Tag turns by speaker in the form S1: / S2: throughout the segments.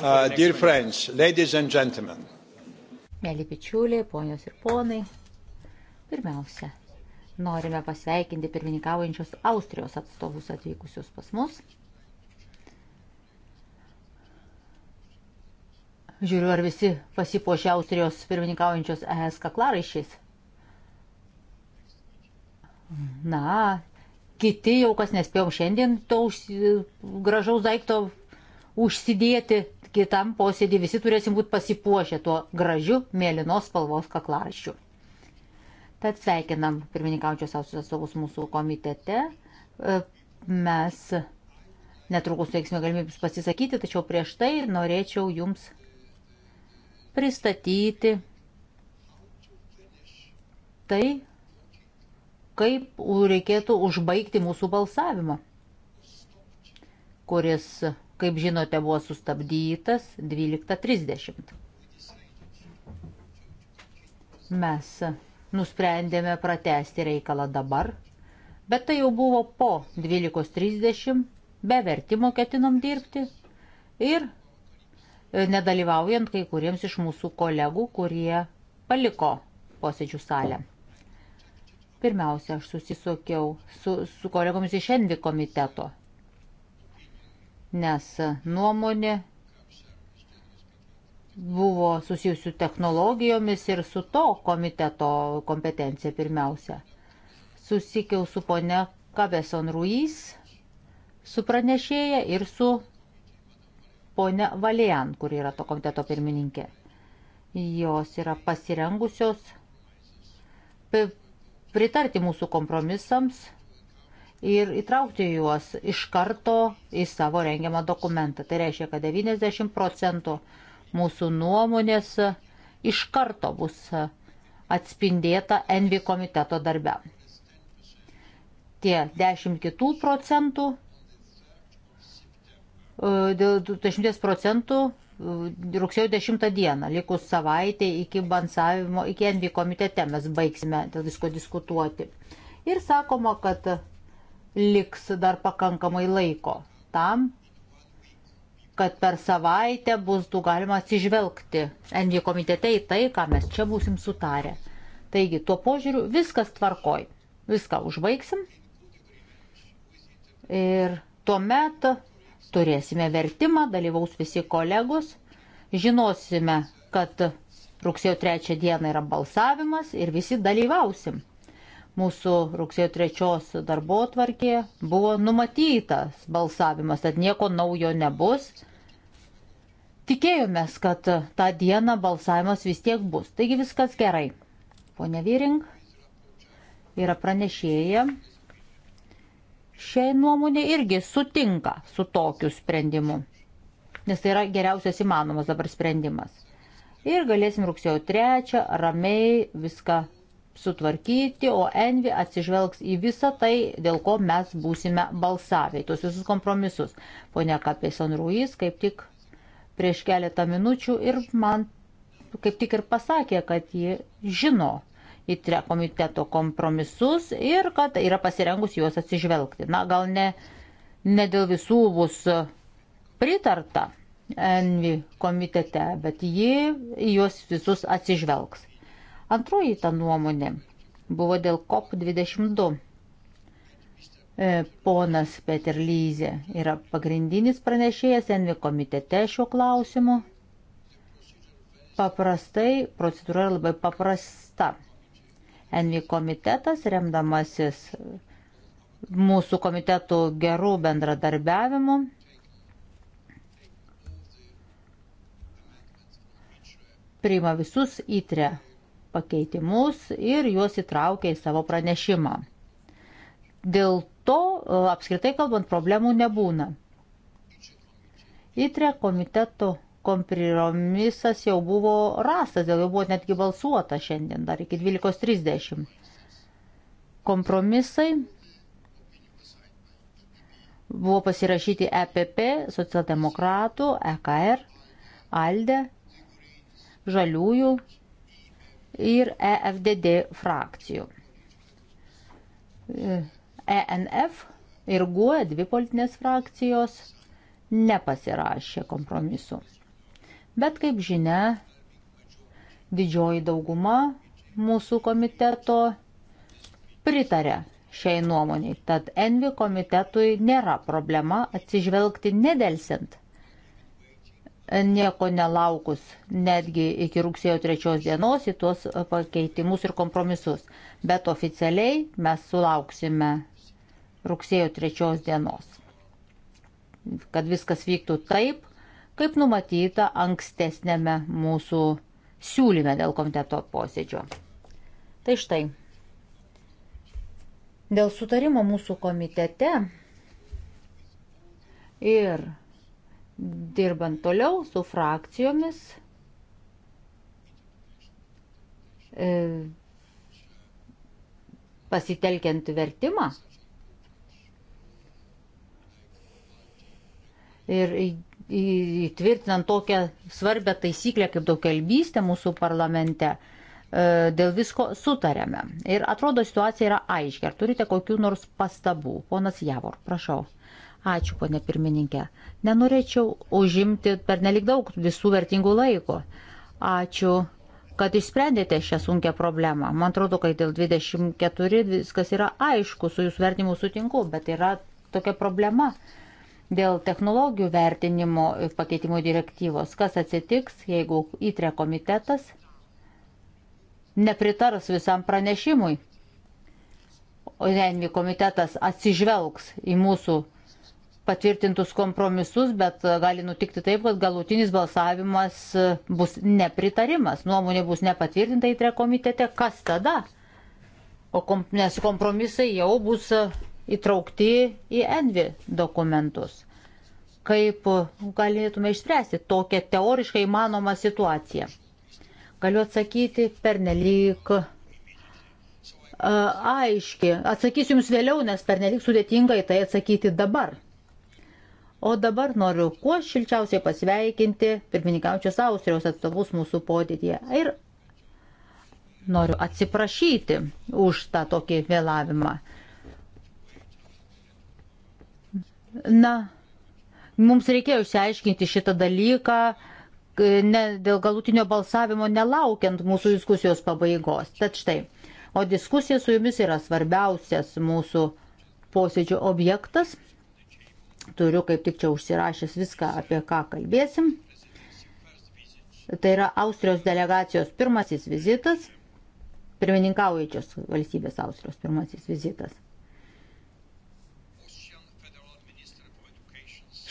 S1: Uh, dear
S2: friends, ladies and gentlemen.
S1: Mėly bičiuliai, ponios ir ponai, pirmiausia, norime pasveikinti pirmininkaujančios Austrijos atstovus atvykusius pas mus. Žiūriu, ar visi pasipuošia Austrijos pirmininkaujančios ES kaklaraišiais. Na, kiti jau kas nespėjom šiandien to už, gražaus daikto užsidėti, kitam posėdį visi turėsim būti pasipuošę tuo gražiu mėlynos spalvos kaklarščiu. Tad sveikinam pirmininkaujančios ausios atstovus mūsų komitete. E, mes netrukus teiksime galimybės pasisakyti, tačiau prieš tai norėčiau jums pristatyti tai, kaip reikėtų užbaigti mūsų balsavimą, kuris, kaip žinote, buvo sustabdytas 12.30. Mes nusprendėme pratesti reikalą dabar, bet tai jau buvo po 12.30, be vertimo ketinom dirbti ir e, nedalyvaujant kai kuriems iš mūsų kolegų, kurie paliko posėdžių salę. Pirmiausia, aš susisokiau su, su kolegomis iš Envi komiteto, nes nuomonė buvo susijusių technologijomis ir su to komiteto kompetencija pirmiausia. Susikiau su pone Kabeson Ruiz, su pranešėja ir su pone Valian, kur yra to komiteto pirmininkė. Jos yra pasirengusios pritarti mūsų kompromisams ir įtraukti juos iš karto į savo rengiamą dokumentą. Tai reiškia, kad 90 procentų mūsų nuomonės iš karto bus atspindėta Envi komiteto darbe. Tie 10 kitų procentų, e, dėl 20 procentų rugsėjo 10 dieną, likus savaitė iki balsavimo, iki NV komitete mes baigsime dėl visko diskutuoti. Ir sakoma, kad liks dar pakankamai laiko tam, kad per savaitę bus du galima atsižvelgti NV komitete į tai, ką mes čia būsim sutarę. Taigi, tuo požiūriu viskas tvarkoj. Viską užbaigsim. Ir tuomet turėsime vertimą, dalyvaus visi kolegos, žinosime, kad rugsėjo 3 dieną yra balsavimas ir visi dalyvausim. Mūsų rugsėjo 3 darbo tvarkė buvo numatytas balsavimas, tad nieko naujo nebus. Tikėjomės, kad tą dieną balsavimas vis tiek bus. Taigi viskas gerai. Pone Vyring yra pranešėja šiai nuomonė irgi sutinka su tokiu sprendimu, nes tai yra geriausias įmanomas dabar sprendimas. Ir galėsim rugsėjo 3 ramiai viską sutvarkyti, o Envi atsižvelgs į visą tai, dėl ko mes būsime balsavę, tuos visus kompromisus. Pone Kapėson Ruiz kaip tik prieš keletą minučių ir man kaip tik ir pasakė, kad ji žino, įtre komiteto kompromisus ir kad yra pasirengus juos atsižvelgti. Na, gal ne, ne dėl visų bus pritarta Envi komitete, bet ji juos visus atsižvelgs. Antroji ta nuomonė buvo dėl COP22. E, ponas Peter Lyze yra pagrindinis pranešėjas Envi komitete šiuo klausimu. Paprastai procedūra yra labai paprasta. Envi komitetas, remdamasis mūsų komitetų gerų bendradarbiavimų, priima visus įtre pakeitimus ir juos įtraukia į savo pranešimą. Dėl to, e, apskritai kalbant, problemų nebūna. Įtre komiteto kompromisas jau buvo rastas, dėl jo buvo netgi balsuota šiandien dar iki 12.30. Kompromisai buvo pasirašyti EPP, socialdemokratų, EKR, ALDE, žaliųjų ir EFDD frakcijų. ENF ir GUE dvi politinės frakcijos nepasirašė kompromisu. Bet kaip žinia, didžioji dauguma mūsų komiteto pritarė šiai nuomoniai. Tad Envi komitetui nėra problema atsižvelgti nedelsiant, nieko nelaukus, netgi iki rugsėjo trečios dienos į tuos pakeitimus ir kompromisus. Bet oficialiai mes sulauksime rugsėjo trečios dienos. Kad viskas vyktų taip, kaip numatyta ankstesnėme mūsų siūlyme dėl komiteto posėdžio. Tai štai. Dėl sutarimo mūsų komitete ir dirbant toliau su frakcijomis e, pasitelkiant vertimą ir įtvirtinant tokią svarbę taisyklę kaip daugiakalbystė mūsų parlamente, e, dėl visko sutarėme. Ir atrodo situacija yra aiški. Ar turite kokių nors pastabų? Ponas Javor, prašau. Ačiū, ponė pirmininkė. Nenorėčiau užimti per nelik daug visų vertingų laiko. Ačiū, kad išsprendėte šią sunkę problemą. Man atrodo, kad dėl 24 viskas yra aišku, su jūsų vertimu sutinku, bet yra tokia problema dėl technologijų vertinimo pakeitimo direktyvos, kas atsitiks, jeigu įtre komitetas nepritars visam pranešimui, o rengi komitetas atsižvelgs į mūsų patvirtintus kompromisus, bet gali nutikti taip, kad galutinis balsavimas bus nepritarimas, nuomonė bus nepatvirtinta įtre komitete, kas tada? O kom, nes kompromisai jau bus įtraukti į Envi dokumentus. Kaip galėtume išspręsti tokią teoriškai įmanomą situaciją? Galiu atsakyti per nelik e, aiški. Atsakysiu jums vėliau, nes per nelik sudėtinga į tai atsakyti dabar. O dabar noriu kuo šilčiausiai pasveikinti pirmininkaučios Austrijos atstovus mūsų podėtėje. Ir noriu atsiprašyti už tą tokį vėlavimą. Na, mums reikėjo išsiaiškinti šitą dalyką ne, dėl galutinio balsavimo nelaukiant mūsų diskusijos pabaigos. Tad štai, o diskusija su jumis yra svarbiausias mūsų posėdžio objektas. Turiu kaip tik čia užsirašęs viską, apie ką kalbėsim. Tai yra Austrijos delegacijos pirmasis vizitas, pirmininkaujančios valstybės Austrijos pirmasis vizitas.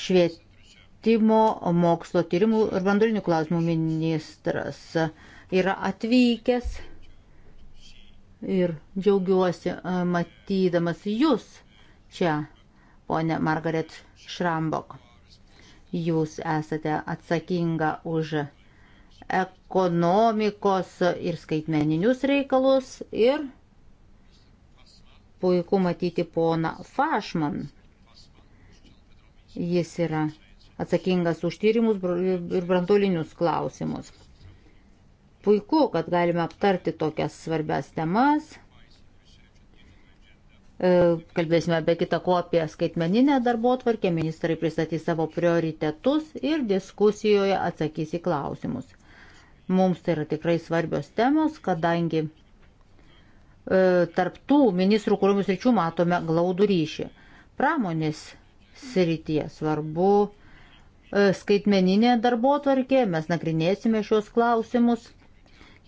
S1: švietimo, mokslo tyrimų ir bandurinių klausimų ministras yra atvykęs ir džiaugiuosi e, matydamas jūs čia, ponė Margaret Šrambok. Jūs esate atsakinga už ekonomikos ir skaitmeninius reikalus ir puiku matyti poną Fašman Jis yra atsakingas už tyrimus ir brandolinius klausimus. Puiku, kad galime aptarti tokias svarbias temas. E, kalbėsime be kita ko apie skaitmeninę darbo tvarkę, ministrai pristatys savo prioritetus ir diskusijoje atsakys į klausimus. Mums tai yra tikrai svarbios temos, kadangi e, tarptų ministrų kūrimus ryčių matome glaudų ryšį. Pramonės srityje. Svarbu e, skaitmeninė darbo tvarkė, mes nagrinėsime šios klausimus.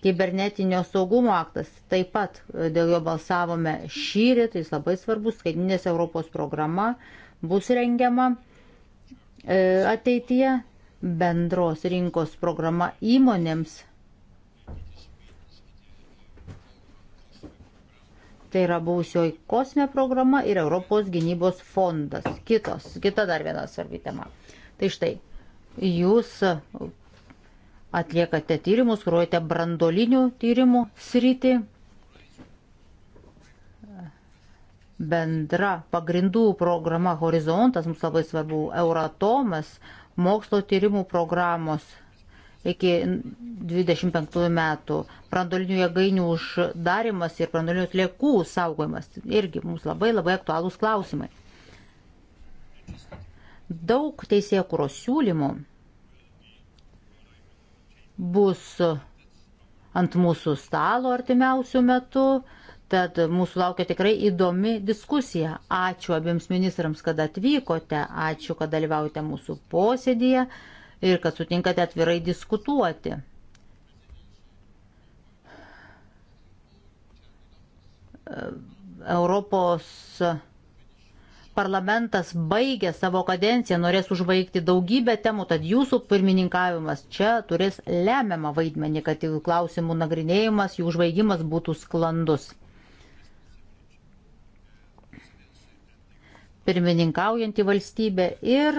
S1: Kibernetinio saugumo aktas taip pat e, dėl jo balsavome šyri, tai jis labai svarbus, skaitminės Europos programa bus rengiama e, ateityje, bendros rinkos programa įmonėms Tai yra būsioji kosminė programa ir Europos gynybos fondas. Kitos, kita dar viena svarbi tema. Tai štai, jūs atliekate tyrimus, kruojate brandolinių tyrimų sritį. Bendra pagrindų programa Horizontas mums labai svarbu, Euratomas, mokslo tyrimų programos iki 25 metų. Prandolinių jėgainių uždarimas ir prandolinių atliekų saugojimas irgi mums labai labai aktualūs klausimai. Daug teisėjų kuros siūlymų bus ant mūsų stalo artimiausių metų, tad mūsų laukia tikrai įdomi diskusija. Ačiū abiems ministrams, kad atvykote, ačiū, kad dalyvaujate mūsų posėdėje ir kad sutinkate atvirai diskutuoti. Europos parlamentas baigė savo kadenciją, norės užbaigti daugybę temų, tad jūsų pirmininkavimas čia turės lemiamą vaidmenį, kad jų klausimų nagrinėjimas, jų užbaigimas būtų sklandus. Pirmininkaujantį valstybę ir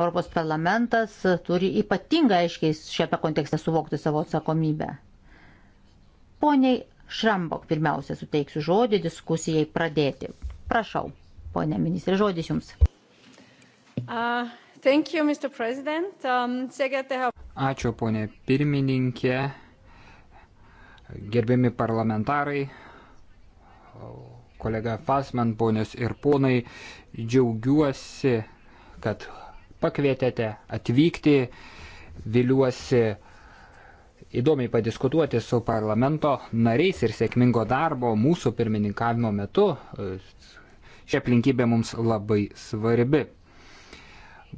S1: Europos parlamentas turi ypatingai aiškiai šiame kontekste suvokti savo atsakomybę. Poniai Šrambok pirmiausia suteiksiu žodį diskusijai pradėti. Prašau, ponė ministrė, žodis jums.
S3: Uh, you, um,
S2: Ačiū, ponė pirmininkė, gerbiami parlamentarai, kolega Fasman, ponios ir ponai, džiaugiuosi, kad pakvietėte atvykti. Viliuosi įdomiai padiskutuoti su parlamento nariais ir sėkmingo darbo mūsų pirmininkavimo metu. Ši aplinkybė mums labai svarbi.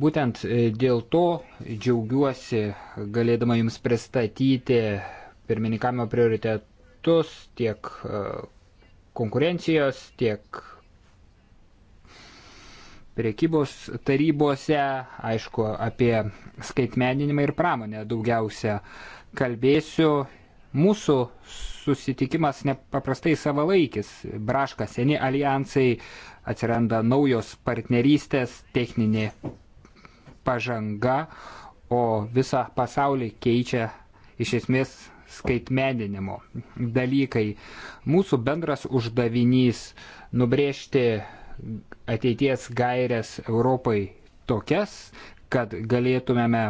S2: Būtent e, dėl to džiaugiuosi galėdama Jums pristatyti pirmininkavimo prioritetus tiek e, konkurencijos, tiek priekybos tarybose, aišku, apie skaitmeninimą ir pramonę daugiausia kalbėsiu. Mūsų susitikimas nepaprastai savalaikis, braška seni alijansai, atsiranda naujos partnerystės, techninė pažanga, o visą pasaulį keičia iš esmės skaitmeninimo dalykai. Mūsų bendras uždavinys nubrėžti ateities gairias Europai tokias, kad galėtumėme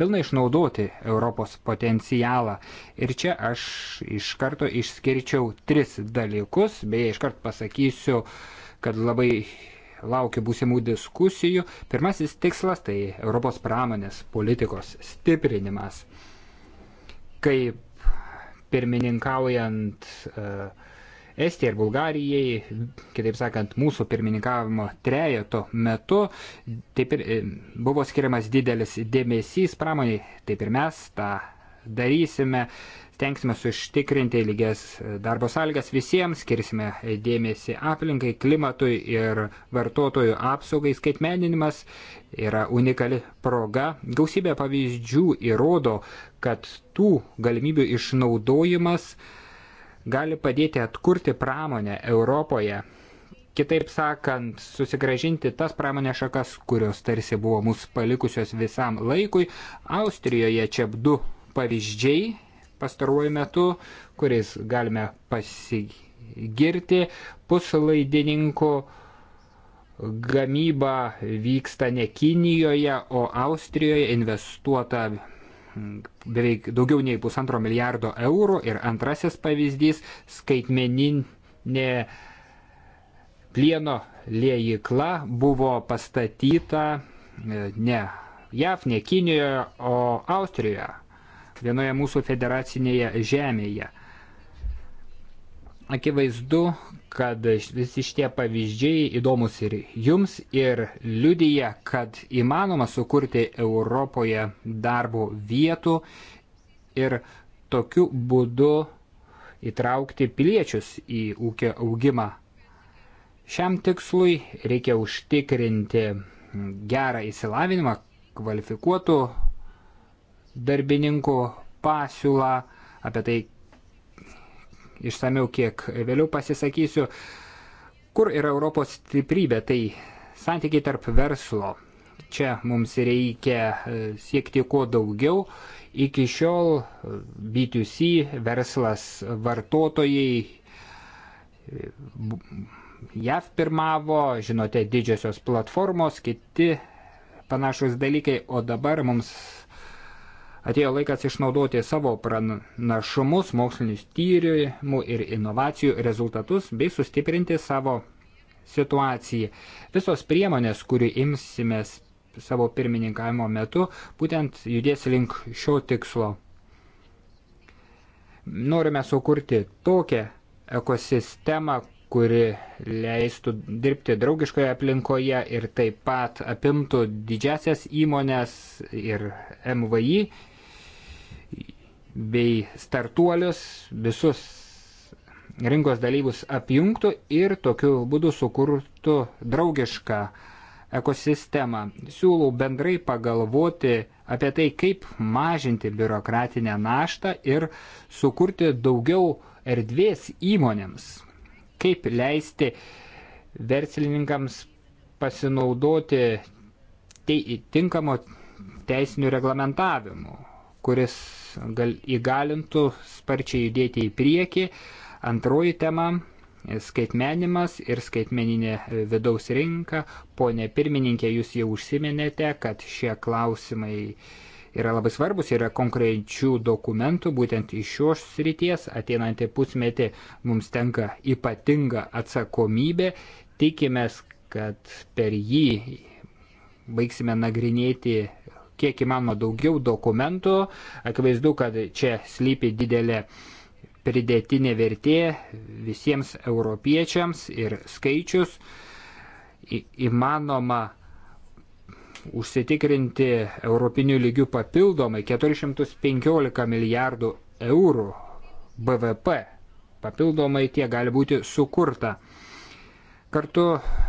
S2: pilnai išnaudoti Europos potencialą. Ir čia aš iš karto išskirčiau tris dalykus, beje, iškart pasakysiu, kad labai laukia būsimų diskusijų. Pirmasis tikslas tai Europos pramonės politikos stiprinimas. Kaip pirmininkaujant uh, Estijai ir Bulgarijai, kitaip sakant, mūsų pirmininkavimo trejeto metu, taip ir e, buvo skiriamas didelis dėmesys pramoniai, taip ir mes tą darysime. Tenksime suštikrinti lygias darbo sąlygas visiems, skirsime dėmesį aplinkai, klimatui ir vartotojų apsaugai. Skaitmeninimas yra unikali proga. Gausybė pavyzdžių įrodo, kad tų galimybių išnaudojimas uh, gali padėti atkurti pramonę Europoje. Kitaip sakant, susigražinti tas pramonės šakas, kurios tarsi buvo mūsų palikusios visam laikui. Austrijoje čia du pavyzdžiai pastaruoju metu, kuriais galime pasigirti. Puslaidininkų gamyba vyksta ne Kinijoje, o Austrijoje investuota Mm, beveik daugiau nei pusantro milijardo eurų ir antrasis pavyzdys - skaitmeninė plieno liejikla buvo pastatyta e, ne JAV, ne Kinijoje, o Austrijoje, vienoje mūsų federacinėje žemėje. Akivaizdu, kad visi šitie pavyzdžiai įdomus ir jums ir liudyja, kad įmanoma sukurti Europoje darbo vietų ir tokiu būdu įtraukti piliečius į ūkio augimą. Šiam tikslui reikia užtikrinti gerą įsilavinimą, kvalifikuotų darbininkų pasiūlą, apie tai išsameu kiek vėliau pasisakysiu. Kur yra Europos stiprybė? Tai santykiai tarp verslo. Čia mums reikia e, siekti kuo daugiau. Iki šiol e, B2C verslas vartotojai e, JAV pirmavo, žinote, didžiosios platformos, kiti panašus dalykai, o dabar mums Atėjo laikas išnaudoti savo pranašumus, mokslinius tyrimų ir inovacijų rezultatus bei sustiprinti savo situaciją. Visos priemonės, kurių imsimės savo pirmininkavimo metu, būtent judės link šio tikslo. Norime sukurti tokią ekosistemą, kuri leistų dirbti draugiškoje aplinkoje ir taip pat apimtų didžiasias įmonės ir MVI bei startuolius, visus rinkos dalyvus apjungtų ir tokiu būdu sukurtų draugišką ekosistemą. Siūlau bendrai pagalvoti apie tai, kaip mažinti biurokratinę naštą ir sukurti daugiau erdvės įmonėms, kaip leisti verslininkams pasinaudoti tinkamo teisinių reglamentavimų, kuris gal, įgalintų sparčiai judėti į priekį. Antroji tema - skaitmenimas ir skaitmeninė vidaus rinka. Pone pirmininkė, jūs jau užsiminėte, kad šie klausimai yra labai svarbus, yra konkrečių dokumentų, būtent iš šios srities ateinantį pusmetį mums tenka ypatinga atsakomybė. Tikimės, kad per jį baigsime nagrinėti kiek įmanoma daugiau dokumentų. Akivaizdu, kad čia slypi didelė pridėtinė vertė visiems europiečiams ir skaičius į, įmanoma užsitikrinti europinių lygių papildomai 415 milijardų eurų BVP. Papildomai tie gali būti sukurta. Kartu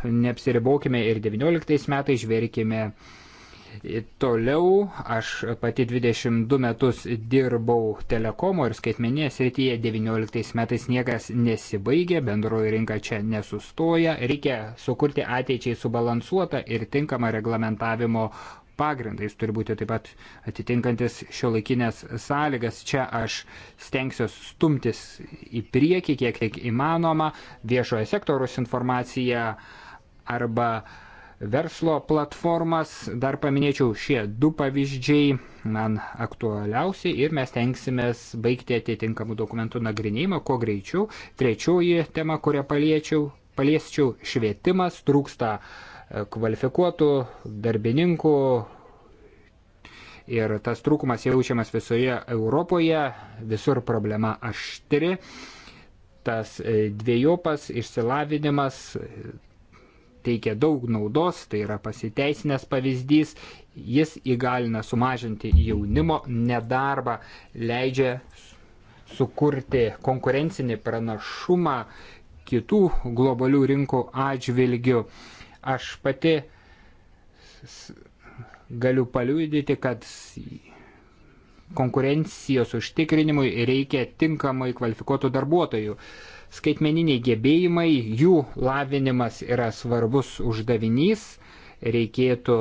S2: neapsiribokime ir 19 metais žverkime Toliau aš pati 22 metus dirbau telekomo ir skaitmeninėje srityje, 19 metais niekas nesibaigė, bendroji rinka čia nesustoja, reikia sukurti ateičiai subalansuotą ir tinkamą reglamentavimo pagrindais turi būti taip pat atitinkantis šio laikinės sąlygas. Čia aš stengsiuosi stumtis į priekį, kiek tik įmanoma, viešojo sektoriaus informacija arba uh, verslo platformas. Dar paminėčiau šie du pavyzdžiai man aktualiausi ir mes tenksimės baigti atitinkamų dokumentų nagrinėjimą kuo greičiau. Trečioji tema, kurią paliečiau, paliesčiau - švietimas. Trūksta e, kvalifikuotų darbininkų. Ir tas trūkumas jaučiamas visoje Europoje, visur problema aštri tas e, dviejopas išsilavinimas teikia daug naudos, tai yra pasiteisinęs pavyzdys, jis įgalina sumažinti jaunimo nedarbą, leidžia sukurti konkurencinį pranašumą kitų globalių rinkų atžvilgių. Aš pati galiu paliūdyti, kad konkurencijos užtikrinimui reikia tinkamai kvalifikuotų darbuotojų. Skaitmeniniai gebėjimai, jų lavinimas yra svarbus uždavinys, reikėtų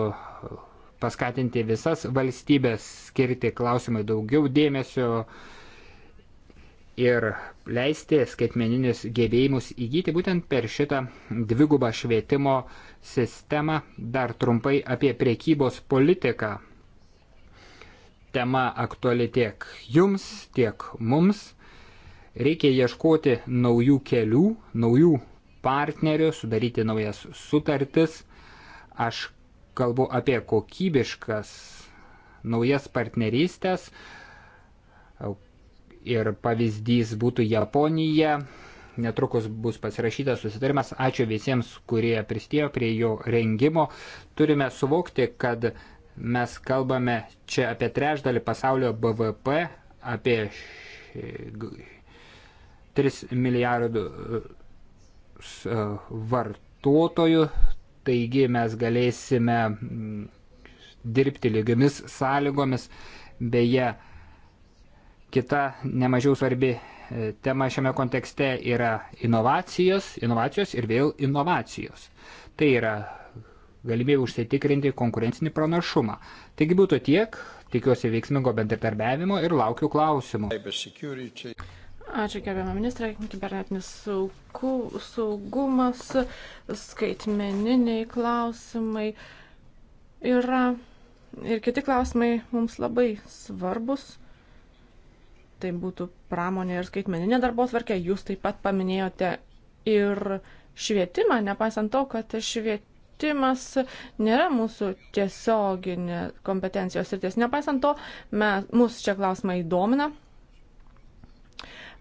S2: paskatinti visas valstybės skirti klausimai daugiau dėmesio ir leisti skaitmeninius gebėjimus įgyti būtent per šitą dvigubą švietimo sistemą. Dar trumpai apie priekybos politiką. Tema aktuali tiek jums, tiek mums. Reikia ieškoti naujų kelių, naujų partnerių, sudaryti naujas sutartis. Aš kalbu apie kokybiškas naujas partnerystės. Ir pavyzdys būtų Japonija. Netrukus bus pasirašytas susitarimas. Ačiū visiems, kurie pristėjo prie jo rengimo. Turime suvokti, kad mes kalbame čia apie trešdalį pasaulio BVP, apie 3 milijardus e, vartotojų, taigi mes galėsime mm, dirbti lygiomis sąlygomis. Beje, kita nemažiau svarbi e, tema šiame kontekste yra inovacijos, inovacijos ir vėl inovacijos. Tai yra galimybė užsitikrinti konkurencinį pranašumą. Taigi būtų tiek, tikiuosi veiksmingo bendradarbiavimo ir laukiu klausimų.
S3: Ačiū gerbiamą ministrą, kibernetinis saugu, saugumas, skaitmeniniai klausimai yra ir kiti klausimai mums labai svarbus. Tai būtų pramonė ir skaitmeninė darbo tvarkė. Jūs taip pat paminėjote ir švietimą, nepaisant to, kad švietimas švietimas nėra mūsų tiesioginė kompetencijos ir ties. Nepaisant to, mes, mūsų čia klausimai įdomina,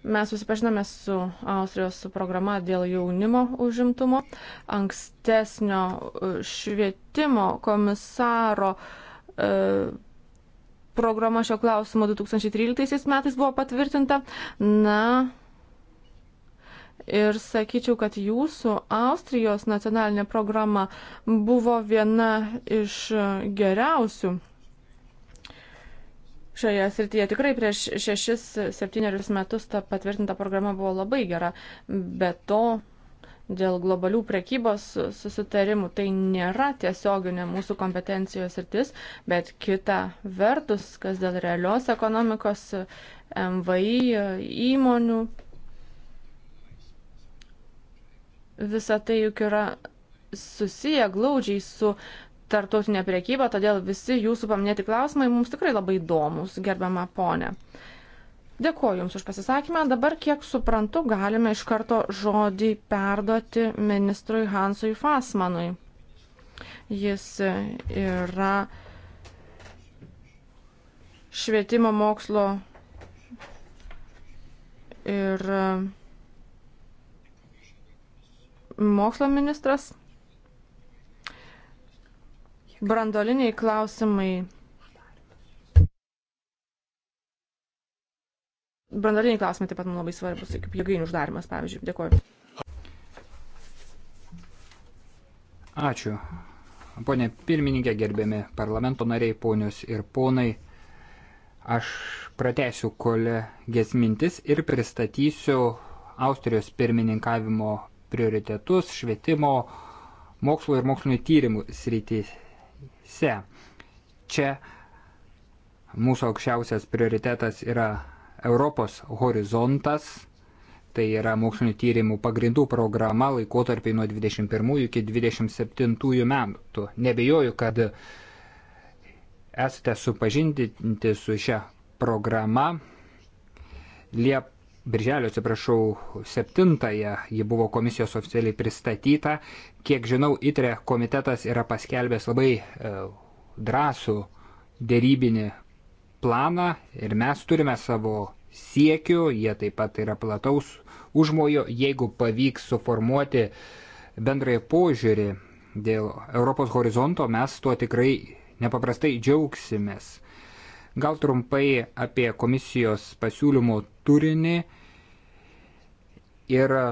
S3: Mes susipažinome su Austrijos programa dėl jaunimo užimtumo. Ankstesnio e, švietimo komisaro e, programa šio klausimo 2013 metais buvo patvirtinta. Na, ir sakyčiau, kad jūsų Austrijos nacionalinė programa buvo viena iš geriausių šioje srityje. Tikrai prieš šešis, septynerius metus ta patvirtinta programa buvo labai gera. Be to, dėl globalių prekybos susitarimų tai nėra tiesioginė mūsų kompetencijos sritis, bet kita vertus, kas dėl realios ekonomikos, MVI, įmonių, visa tai juk yra susiję glaudžiai su tartautinę priekybą, todėl visi jūsų paminėti klausimai mums tikrai labai įdomus, gerbiama ponė. Dėkuoju Jums už pasisakymą. Dabar, kiek suprantu, galime iš karto žodį perduoti ministrui Hansui Fasmanui. Jis yra švietimo mokslo ir mokslo ministras. Brandoliniai klausimai. Brandoliniai klausimai taip pat man labai svarbus, kaip jėgainių uždarimas, pavyzdžiui. Dėkuoju.
S2: Ačiū. Pone pirmininkė, gerbiami parlamento nariai, ponios ir ponai, aš pratęsiu kolegės mintis ir pristatysiu Austrijos pirmininkavimo prioritetus švietimo, mokslo ir mokslinio tyrimų srityje šalyse. Čia mūsų aukščiausias prioritetas yra Europos horizontas, tai yra mokslinio tyrimų pagrindų programa laikotarpiai nuo 21 iki 27 metų. Nebejoju, kad esate supažindinti su šia programa. Liep birželio, atsiprašau, 7-ąją ji buvo komisijos oficialiai pristatyta. Kiek žinau, ITRE komitetas yra paskelbęs labai e, drąsų dėrybinį planą ir mes turime savo siekių, jie taip pat yra plataus užmojo, jeigu pavyks suformuoti bendrąją požiūrį dėl Europos horizonto, mes tuo tikrai nepaprastai džiaugsimės. Gal trumpai apie komisijos pasiūlymų turinį ir e,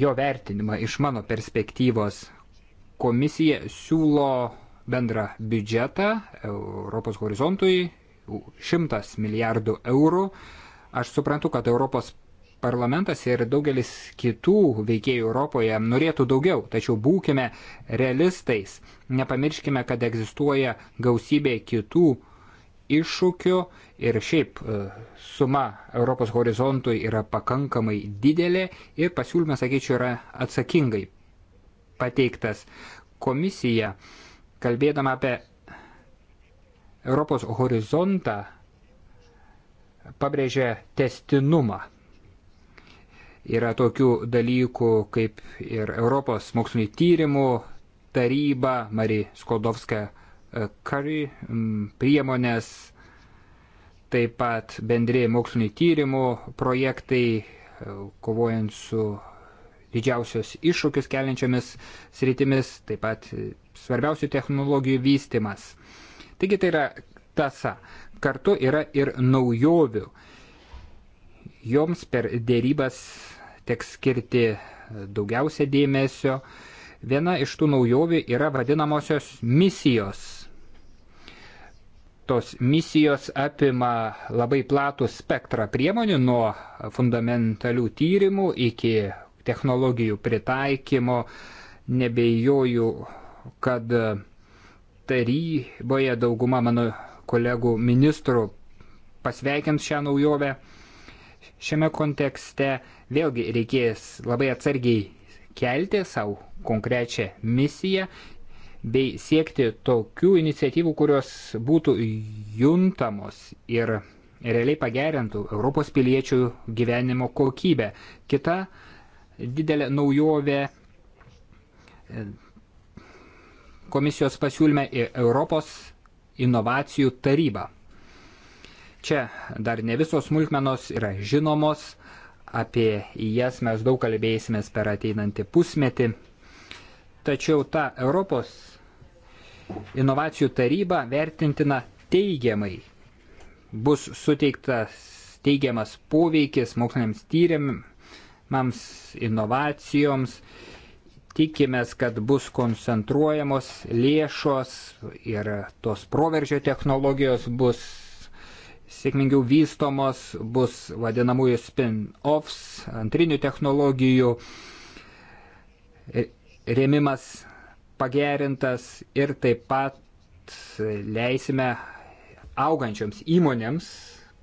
S2: jo vertinimą iš mano perspektyvos. Komisija siūlo bendrą biudžetą Europos horizontui 100 milijardų eurų. Aš suprantu, kad Europos parlamentas ir daugelis kitų veikėjų Europoje norėtų daugiau, tačiau būkime realistais. Nepamirškime, kad egzistuoja gausybė kitų iššūkių ir šiaip e, suma Europos horizontui yra pakankamai didelė ir pasiūlymas, sakyčiau, yra atsakingai pateiktas. Komisija, kalbėdama apie Europos horizontą, pabrėžia testinumą. Yra tokių dalykų kaip ir Europos mokslinio tyrimų taryba, Mari Skodovska kari priemonės, taip pat bendrėjai moksliniai tyrimų projektai, e, kovojant su didžiausios iššūkius keliančiomis sritimis, taip pat svarbiausių technologijų vystimas. Taigi tai yra tasa. Kartu yra ir naujovių. Joms per dėrybas teks skirti daugiausia dėmesio. Viena iš tų naujovių yra vadinamosios misijos tos misijos apima labai platų spektrą priemonių nuo fundamentalių tyrimų iki technologijų pritaikymo. Nebejoju, kad taryboje dauguma mano kolegų ministrų pasveikins šią naujovę. Šiame kontekste vėlgi reikės labai atsargiai kelti savo konkrečią misiją bei siekti tokių iniciatyvų, kurios būtų juntamos ir realiai pagerintų Europos piliečių gyvenimo kokybę. Kita didelė naujovė e, komisijos pasiūlyme į Europos inovacijų tarybą. Čia dar ne visos smulkmenos yra žinomos, apie jas mes daug kalbėsimės per ateinantį pusmetį. Tačiau ta Europos inovacijų taryba vertintina teigiamai. Bus suteiktas teigiamas poveikis moksliniams tyrimams, inovacijoms. Tikimės, kad bus koncentruojamos lėšos ir tos proveržio technologijos bus sėkmingiau vystomos, bus vadinamųjų spin-offs, antrinių technologijų rėmimas pagerintas ir taip pat leisime augančioms įmonėms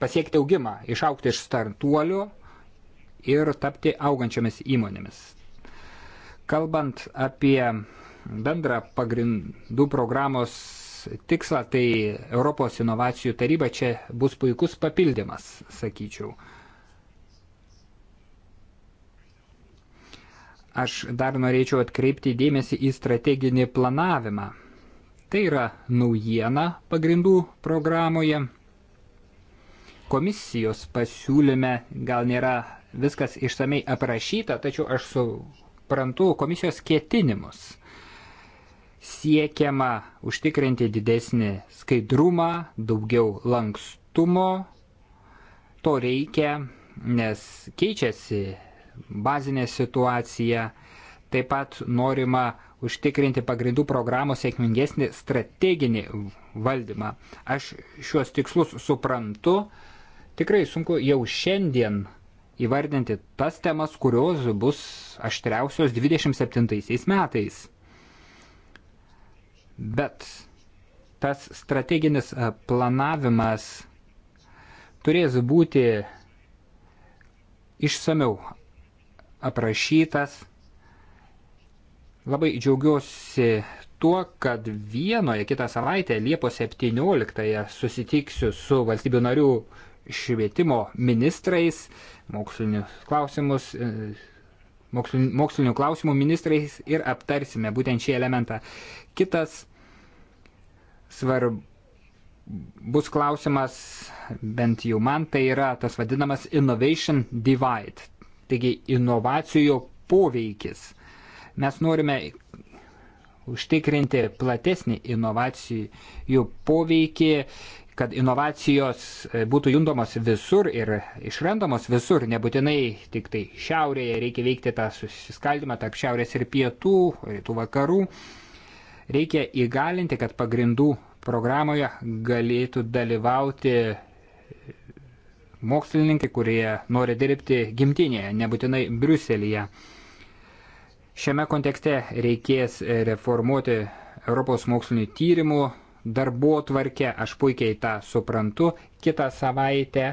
S2: pasiekti augimą, išaukti iš startuolių ir tapti augančiomis įmonėmis. Kalbant apie bendrą pagrindų programos tikslą, tai Europos inovacijų taryba čia bus puikus papildymas, sakyčiau. Aš dar norėčiau atkreipti dėmesį į strateginį planavimą. Tai yra naujiena pagrindų programoje. Komisijos pasiūlyme gal nėra viskas išsamei aprašyta, tačiau aš suprantu komisijos ketinimus. Siekiama užtikrinti didesnį skaidrumą, daugiau lankstumo. To reikia, nes keičiasi bazinę situaciją. Taip pat norima užtikrinti pagrindų programos sėkmingesnį strateginį valdymą. Aš šiuos tikslus suprantu. Tikrai sunku jau šiandien įvardinti tas temas, kurios bus aštriausios 27 metais. Bet tas strateginis e, planavimas turės būti išsameu aprašytas. Labai džiaugiuosi tuo, kad vienoje kitą savaitę, Liepos 17-ąją, susitiksiu su valstybių narių švietimo ministrais, mokslinių, klausimus, e, mokslinių, mokslinių klausimų ministrais ir aptarsime būtent šį elementą. Kitas svarbus bus klausimas, bent jau man, tai yra tas vadinamas innovation divide. Taigi inovacijų poveikis. Mes norime užtikrinti platesnį inovacijų poveikį, kad inovacijos e, būtų jundomos visur ir išrandamos visur, nebūtinai tik tai šiaurėje reikia veikti tą susiskaldimą tarp šiaurės ir pietų, rytų vakarų. Reikia įgalinti, kad pagrindų programoje galėtų dalyvauti mokslininkai, kurie nori dirbti gimtinėje, nebūtinai Briuselėje. Šiame kontekste reikės reformuoti Europos mokslinių tyrimų darbo tvarkę, aš puikiai tą suprantu. Kitą savaitę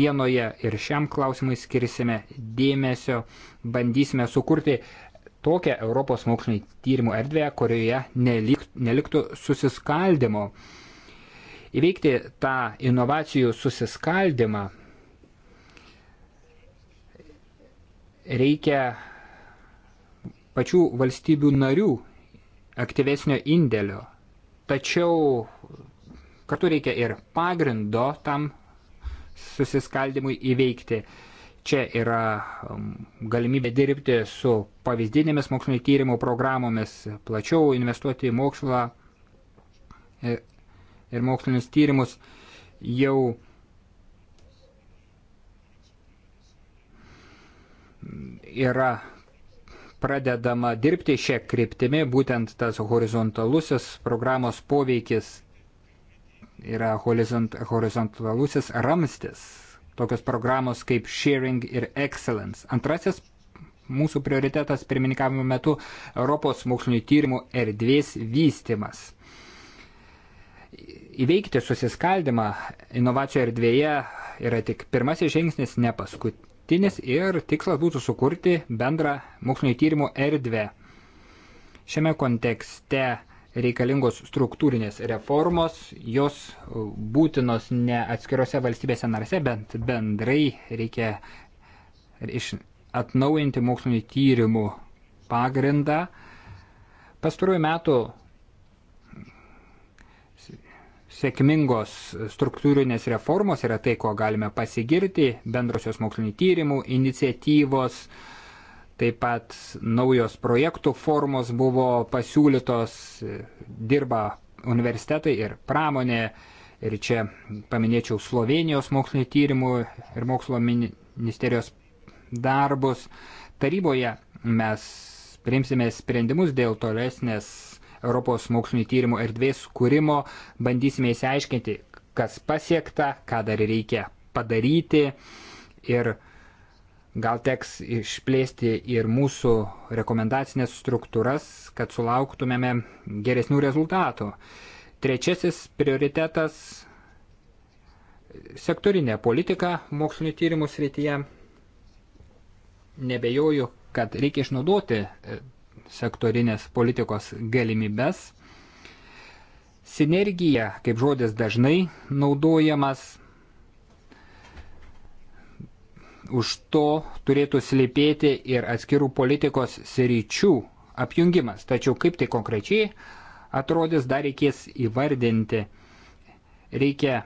S2: vienoje ir šiam klausimui skirsime dėmesio, bandysime sukurti tokią Europos mokslinį tyrimų erdvę, kurioje neliktų susiskaldimo įveikti tą inovacijų susiskaldimą, reikia pačių valstybių narių aktyvesnio indėlio. Tačiau kartu reikia ir pagrindo tam susiskaldimui įveikti. Čia yra um, galimybė dirbti su pavyzdinėmis mokslinio tyrimo programomis, plačiau investuoti į mokslą e, ir mokslinius tyrimus jau yra pradedama dirbti šią kryptimį, būtent tas horizontalusis programos poveikis yra horizont, horizontalusis ramstis, tokios programos kaip Sharing ir Excellence. Antrasis mūsų prioritetas pirmininkavimo metu Europos mokslinio tyrimų erdvės vystimas įveikti susiskaldimą inovacijų erdvėje yra tik pirmasis žingsnis, ne paskutinis ir tikslas būtų sukurti bendrą mokslinio tyrimų erdvę. Šiame kontekste reikalingos struktūrinės reformos, jos būtinos ne atskirose valstybėse narse, bet bendrai reikia iš atnaujinti mokslinio tyrimų pagrindą. Pastaruoju metu sėkmingos struktūrinės reformos yra tai, ko galime pasigirti, bendrosios mokslinio tyrimų iniciatyvos, taip pat naujos projektų formos buvo pasiūlytos, dirba universitetai ir pramonė. Ir čia paminėčiau Slovenijos mokslinio tyrimų ir mokslo ministerijos darbus. Taryboje mes priimsime sprendimus dėl tolesnės Europos mokslinio tyrimo erdvės kūrimo, bandysime įsiaiškinti, kas pasiekta, ką dar reikia padaryti ir gal teks išplėsti ir mūsų rekomendacinės struktūras, kad sulauktumėme geresnių rezultatų. Trečiasis prioritetas - sektorinė politika mokslinio tyrimų srityje. Nebejoju, kad reikia išnaudoti e, sektorinės politikos galimybes. Sinergija, kaip žodis dažnai naudojamas, už to turėtų slėpėti ir atskirų politikos sričių apjungimas. Tačiau kaip tai konkrečiai atrodys, dar reikės įvardinti. Reikia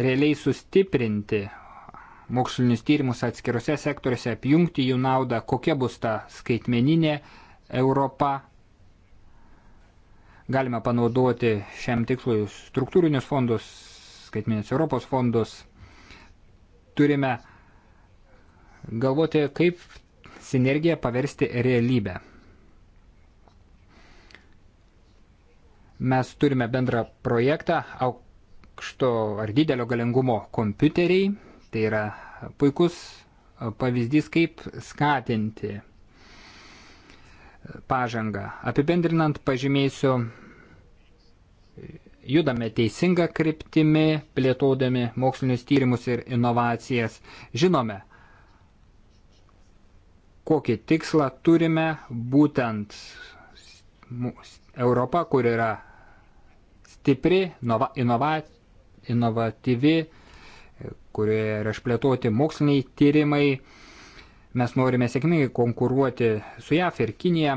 S2: realiai sustiprinti mokslinius tyrimus atskiruose sektoriuose, apjungti jų naudą, kokia bus ta skaitmeninė Europą. Galime panaudoti šiam tikslui struktūrinius fondus, skaitminės Europos fondus. Turime galvoti, kaip sinergiją paversti realybę. Mes turime bendrą projektą aukšto ar didelio galingumo kompiuteriai. Tai yra puikus pavyzdys, kaip skatinti pažangą. Apibendrinant, pažymėsiu, judame teisinga kryptimi, plėtodami mokslinius tyrimus ir inovacijas. Žinome, kokį tikslą turime būtent Europa, kur yra stipri, nova, inova, inovatyvi, kurioje yra išplėtoti moksliniai tyrimai, Mes norime sėkmingai konkuruoti su JAF ir Kinija.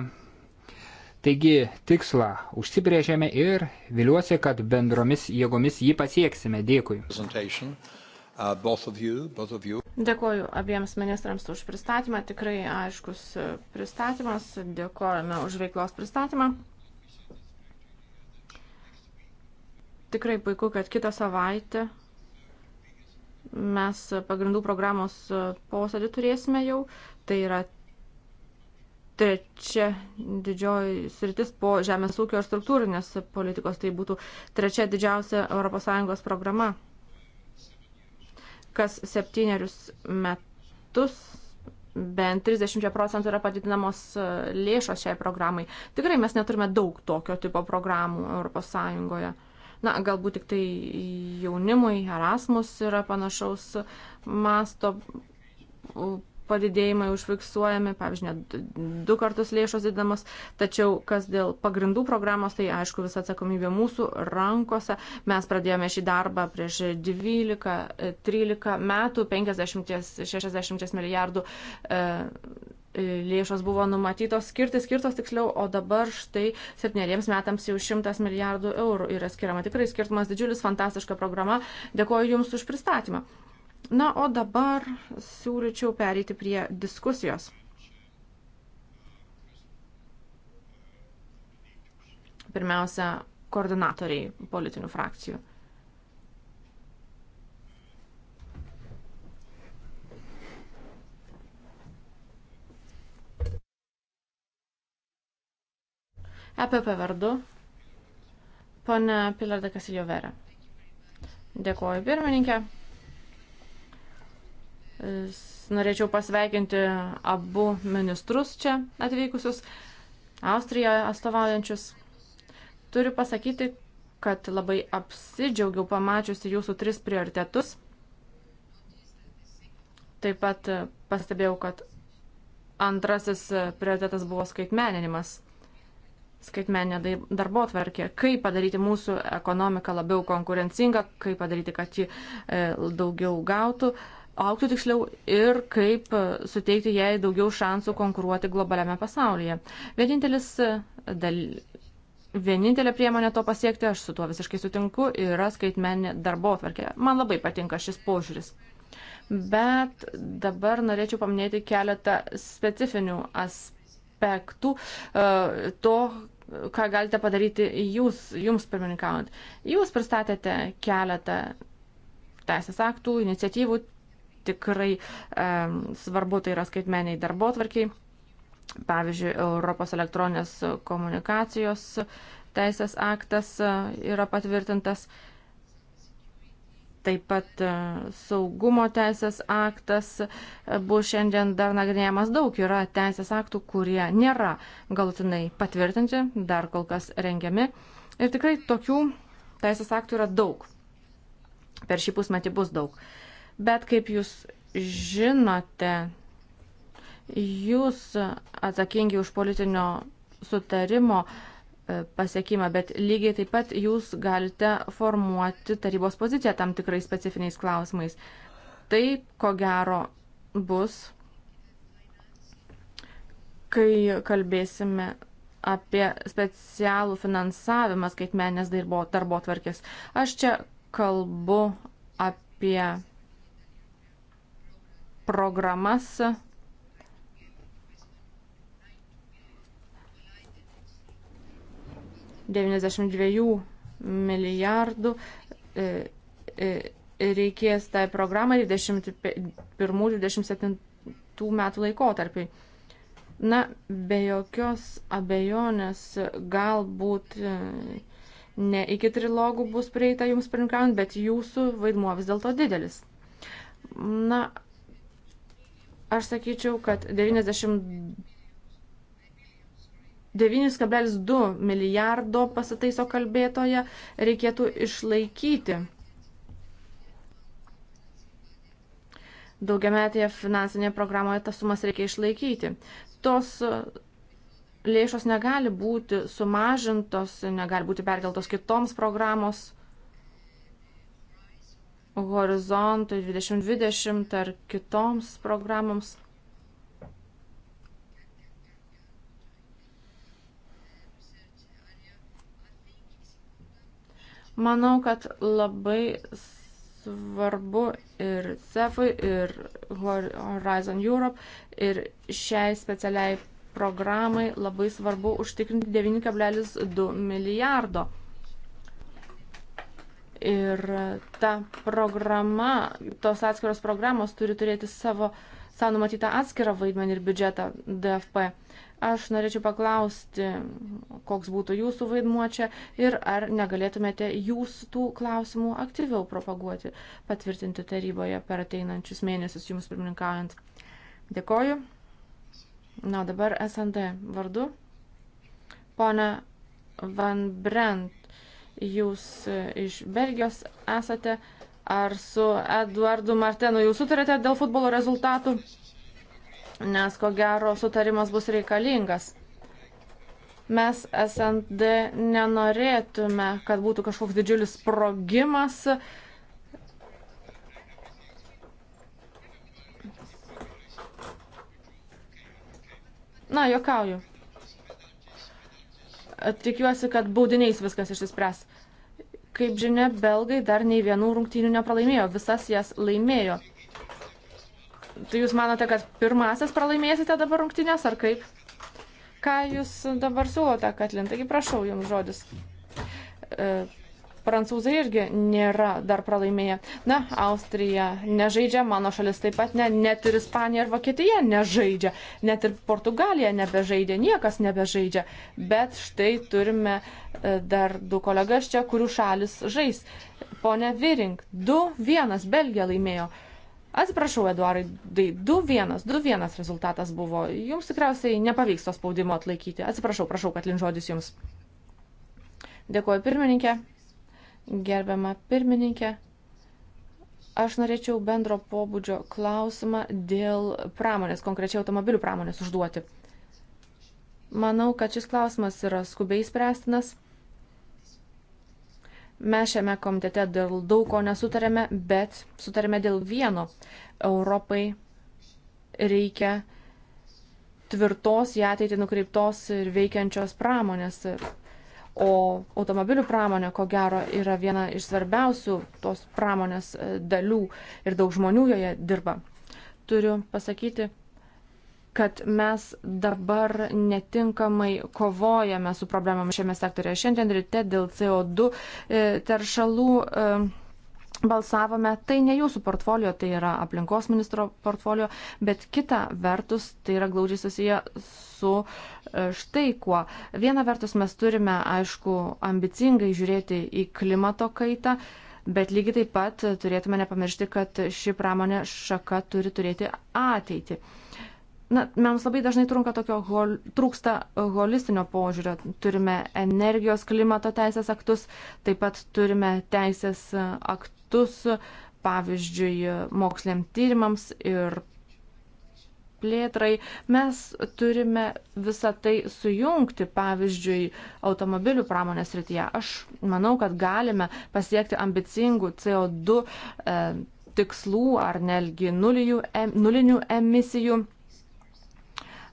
S2: Taigi tikslą užsibrėžėme ir viliuosi, kad bendromis jėgomis jį pasieksime. Dėkui. Uh,
S3: Dėkoju abiems ministrams už pristatymą. Tikrai aiškus pristatymas. Dėkojame už veiklos pristatymą. Tikrai puiku, kad kitą savaitę mes pagrindų programos posėdį turėsime jau. Tai yra trečia didžioji sritis po žemės ūkio ir struktūrinės politikos. Tai būtų trečia didžiausia ES programa. Kas septynerius metus bent 30 procentų yra padidinamos lėšos šiai programai. Tikrai mes neturime daug tokio tipo programų ES. Na, galbūt tik tai jaunimui Erasmus yra panašaus masto padidėjimai užfiksuojami, pavyzdžiui, net du kartus lėšos didamos, tačiau kas dėl pagrindų programos, tai aišku, visa atsakomybė mūsų rankose. Mes pradėjome šį darbą prieš 12-13 metų, 50-60 milijardų e, lėšos buvo numatytos skirti, skirtos tiksliau, o dabar štai septyneriems metams jau šimtas milijardų eurų yra skiriama. Tikrai skirtumas didžiulis, fantastiška programa. Dėkuoju Jums už pristatymą. Na, o dabar siūlyčiau pereiti prie diskusijos. Pirmiausia, koordinatoriai politinių frakcijų. EPP vardu Pone Pilarda Kasilio Vera. Dėkuoju pirmininkė. Norėčiau pasveikinti abu ministrus čia atvykusius, Austriją atstovaujančius. Turiu pasakyti, kad labai apsidžiaugiau pamačiusi jūsų tris prioritetus. Taip pat pastebėjau, kad antrasis prioritetas buvo skaitmeninimas skaitmenė darbo tvarkė, kaip padaryti mūsų ekonomiką labiau konkurencingą, kaip padaryti, kad ji e, daugiau gautų, auktų tiksliau ir kaip e, suteikti jai daugiau šansų konkuruoti globaliame pasaulyje. Vienintelis e, dal... Vienintelė priemonė to pasiekti, aš su tuo visiškai sutinku, yra skaitmenė darbo tvarkė. Man labai patinka šis požiūris. Bet dabar norėčiau paminėti keletą specifinių aspektų aspektų e, to, ką galite padaryti jūs, jums pirmininkaujant. Jūs pristatėte keletą teisės aktų, iniciatyvų, tikrai um, svarbu tai yra skaitmeniai darbo tvarkiai, pavyzdžiui, Europos elektroninės komunikacijos teisės aktas e, yra patvirtintas. Uh, Taip pat e, saugumo teisės aktas e, bus šiandien dar nagrinėjamas daug. Yra teisės aktų, kurie nėra galutinai patvirtinti, dar kol kas rengiami. Ir tikrai tokių teisės aktų yra daug. Per šį pusmetį bus daug. Bet kaip jūs žinote, jūs atsakingi už politinio sutarimo uh, pasiekimą, bet lygiai taip pat jūs galite formuoti tarybos poziciją tam tikrais specifiniais klausimais. Tai, ko gero, bus, kai kalbėsime apie specialų finansavimą skaitmenės darbo, darbo tvarkės. Aš čia kalbu apie programas 92 milijardų e, e, reikės tai programai 21-27 metų laikotarpiai. Na, be jokios abejonės galbūt e, ne iki trilogų bus prieita jums prinkaujant, bet jūsų vaidmuo vis dėlto didelis. Na, aš sakyčiau, kad 92 9,2 milijardo pasitaiso kalbėtoje reikėtų išlaikyti. Daugiametėje finansinėje programoje tas sumas reikia išlaikyti. Tos lėšos negali būti sumažintos, negali būti perkeltos kitoms programos horizontui 2020 ar kitoms programoms. Manau, kad labai svarbu ir CEFui, ir Horizon Europe, ir šiai specialiai programai labai svarbu užtikrinti 9,2 milijardo. Ir ta programa, tos atskiros programos turi turėti savo uh, savo numatytą atskirą vaidmenį ir biudžetą DFP. Aš norėčiau paklausti, koks būtų jūsų vaidmuo čia ir ar negalėtumėte jūs tų klausimų aktyviau propaguoti, patvirtinti taryboje per ateinančius mėnesius jums pirmininkaujant. Dėkoju. Na, dabar SND vardu. Pone Van Brent, jūs iš Belgijos esate ar su Eduardu Martenu jūs sutarėte dėl futbolo rezultatų, nes ko gero sutarimas bus reikalingas. Mes SND nenorėtume, kad būtų kažkoks didžiulis sprogimas. Na, jokauju. Tikiuosi, kad baudiniais viskas išsispręs. Kaip žinia, belgai dar nei vienų rungtynių nepralaimėjo, visas jas laimėjo. Tai jūs manote, kad pirmasis pralaimėsite dabar rungtynės ar kaip? Ką jūs dabar siūlote, Katlin? Taigi prašau jums žodis. E, Prancūzai irgi nėra dar pralaimėję. Na, Austrija nežaidžia, mano šalis taip pat ne, net ir Ispanija ir Vokietija nežaidžia, net ir Portugalija nebežaidžia, niekas nebežaidžia. Bet štai turime e, dar du kolegas čia, kurių šalis žais. Pone Virink, 2-1 Belgija laimėjo. Atsiprašau, Eduarai, tai 2-1, 2-1 rezultatas buvo. Jums tikriausiai nepavyks to spaudimo atlaikyti. Atsiprašau, prašau, kad lin žodis jums. Dėkuoju pirmininkė. Gerbiama pirmininkė, aš norėčiau bendro pobūdžio klausimą dėl pramonės, konkrečiai automobilių pramonės užduoti. Manau, kad šis klausimas yra skubiai spręstinas. Mes šiame komitete dėl daug ko nesutarėme, bet sutarėme dėl vieno. Europai reikia tvirtos į ateitį nukreiptos ir veikiančios pramonės. O automobilių pramonė, ko gero, yra viena iš svarbiausių tos pramonės e, dalių ir daug žmonių joje dirba. Turiu pasakyti, kad mes dabar netinkamai kovojame su problemam šiame sektorėje. Šiandien ryte dėl CO2 e, teršalų e, balsavome, tai ne jūsų portfolio, tai yra aplinkos ministro portfolio, bet kita vertus tai yra glaudžiai susiję su e, štai kuo. Viena vertus mes turime, aišku, ambicingai žiūrėti į klimato kaitą, bet lygiai taip pat turėtume nepamiršti, kad ši pramonė šaka turi turėti ateitį. Na, mums labai dažnai trunka tokio hol, trūksta holistinio požiūrio. Turime energijos klimato teisės aktus, taip pat turime teisės aktus projektus, pavyzdžiui, moksliam tyrimams ir plėtrai. Mes turime visą tai sujungti, pavyzdžiui, automobilių pramonės rytyje. Aš manau, kad galime pasiekti ambicingų CO2 e, tikslų ar netgi nulinių emisijų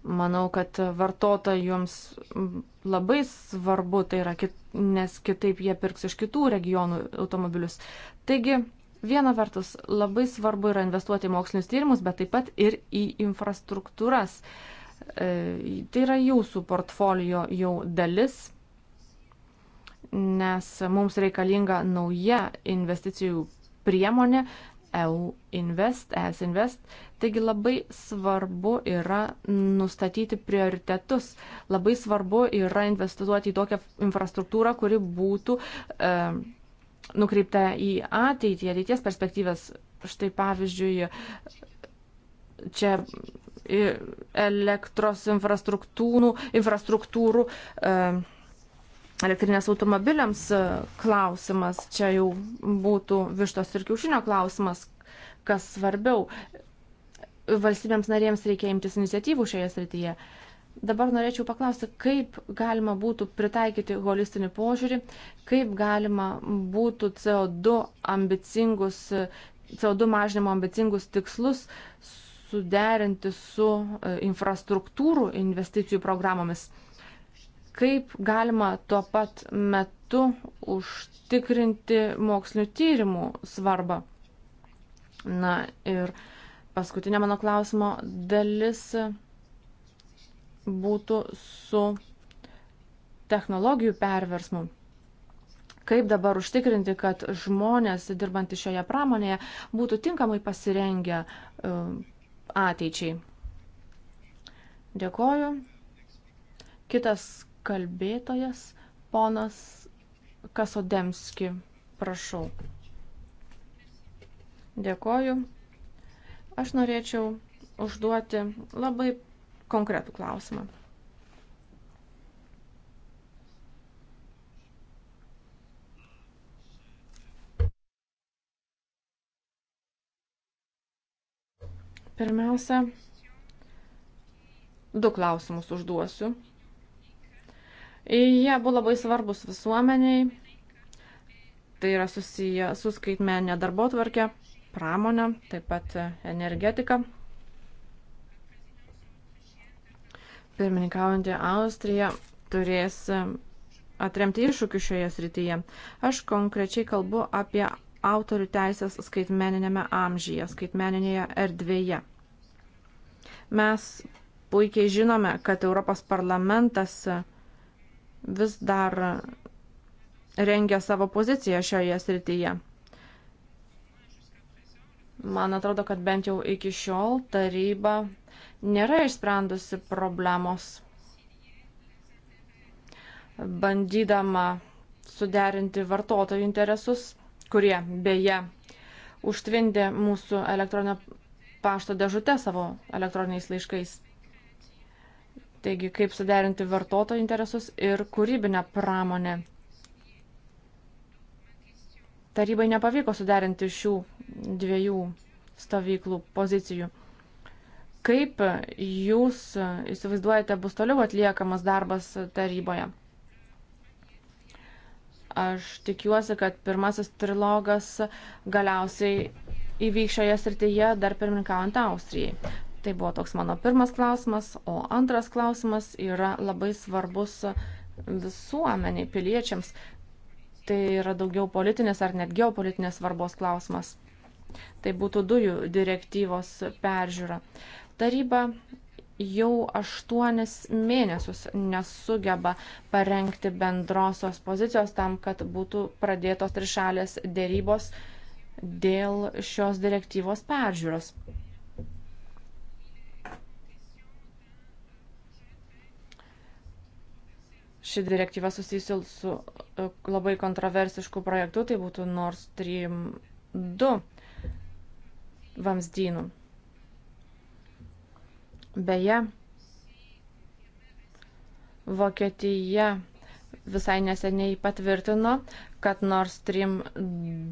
S3: Manau, kad vartotojams labai svarbu tai yra, kit, nes kitaip jie pirks iš kitų regionų automobilius. Taigi, viena vertus, labai svarbu yra investuoti į mokslinius tyrimus, bet taip pat ir į infrastruktūras. E, tai yra jūsų portfolio jau dalis, nes mums reikalinga nauja investicijų priemonė, EU Invest, ES Invest. Taigi labai svarbu yra nustatyti prioritetus. Labai svarbu yra investuoti į tokią infrastruktūrą, kuri būtų e, nukreipta į ateitį, ateities perspektyvas. Štai pavyzdžiui, čia elektros infrastruktūrų, infrastruktūrų e, elektrinės automobiliams e, klausimas, čia jau būtų vištos ir kiaušinio klausimas, kas svarbiau. Valstybėms narėms reikia imtis iniciatyvų šioje srityje. Dabar norėčiau paklausti, kaip galima būtų pritaikyti holistinį požiūrį, kaip galima būtų CO2 ambicingus, CO2 mažinimo ambicingus tikslus suderinti su e, infrastruktūrų investicijų programomis kaip galima tuo pat metu užtikrinti mokslinių tyrimų svarbą. Na ir paskutinė mano klausimo dalis būtų su technologijų perversmu. Kaip dabar užtikrinti, kad žmonės dirbantys šioje pramonėje būtų tinkamai pasirengę e, ateičiai? Dėkoju. Kitas kalbėtojas ponas Kasodemski. Prašau. Dėkoju. Aš norėčiau užduoti labai konkretų klausimą. Pirmiausia, du klausimus užduosiu. Jie buvo labai svarbus visuomeniai, tai yra susiję su skaitmenė darbo tvarkė, pramonė, taip pat energetika. Pirmininkaujantį Austriją turės atremti iššūkių šioje srityje. Aš konkrečiai kalbu apie autorių teisės skaitmeninėme amžyje, skaitmeninėje erdvėje. Mes puikiai žinome, kad Europos parlamentas vis dar rengia savo poziciją šioje srityje. Man atrodo, kad bent jau iki šiol taryba nėra išsprendusi problemos, bandydama suderinti vartotojų interesus, kurie beje užtvindė mūsų elektroninę pašto dėžutę savo elektroniniais laiškais. Taigi, kaip suderinti vartotojų interesus ir kūrybinę pramonę. Tarybai nepavyko suderinti šių dviejų stovyklų pozicijų. Kaip jūs įsivaizduojate, bus toliau atliekamas darbas taryboje? Aš tikiuosi, kad pirmasis trilogas galiausiai įvyks šioje srityje dar pirmininkaujant Austrijai. Tai buvo toks mano pirmas klausimas, o antras klausimas yra labai svarbus visuomeniai, piliečiams. Tai yra daugiau politinės ar net geopolitinės svarbos klausimas. Tai būtų dujų direktyvos peržiūra. Taryba jau aštuonis mėnesius nesugeba parengti bendrosios pozicijos tam, kad būtų pradėtos trišalės dėrybos dėl šios direktyvos peržiūros. ši direktyva susijusi su e, labai kontroversišku projektu, tai būtų Nord Stream 2 vamzdynų. Beje, Vokietija visai neseniai patvirtino, kad Nord Stream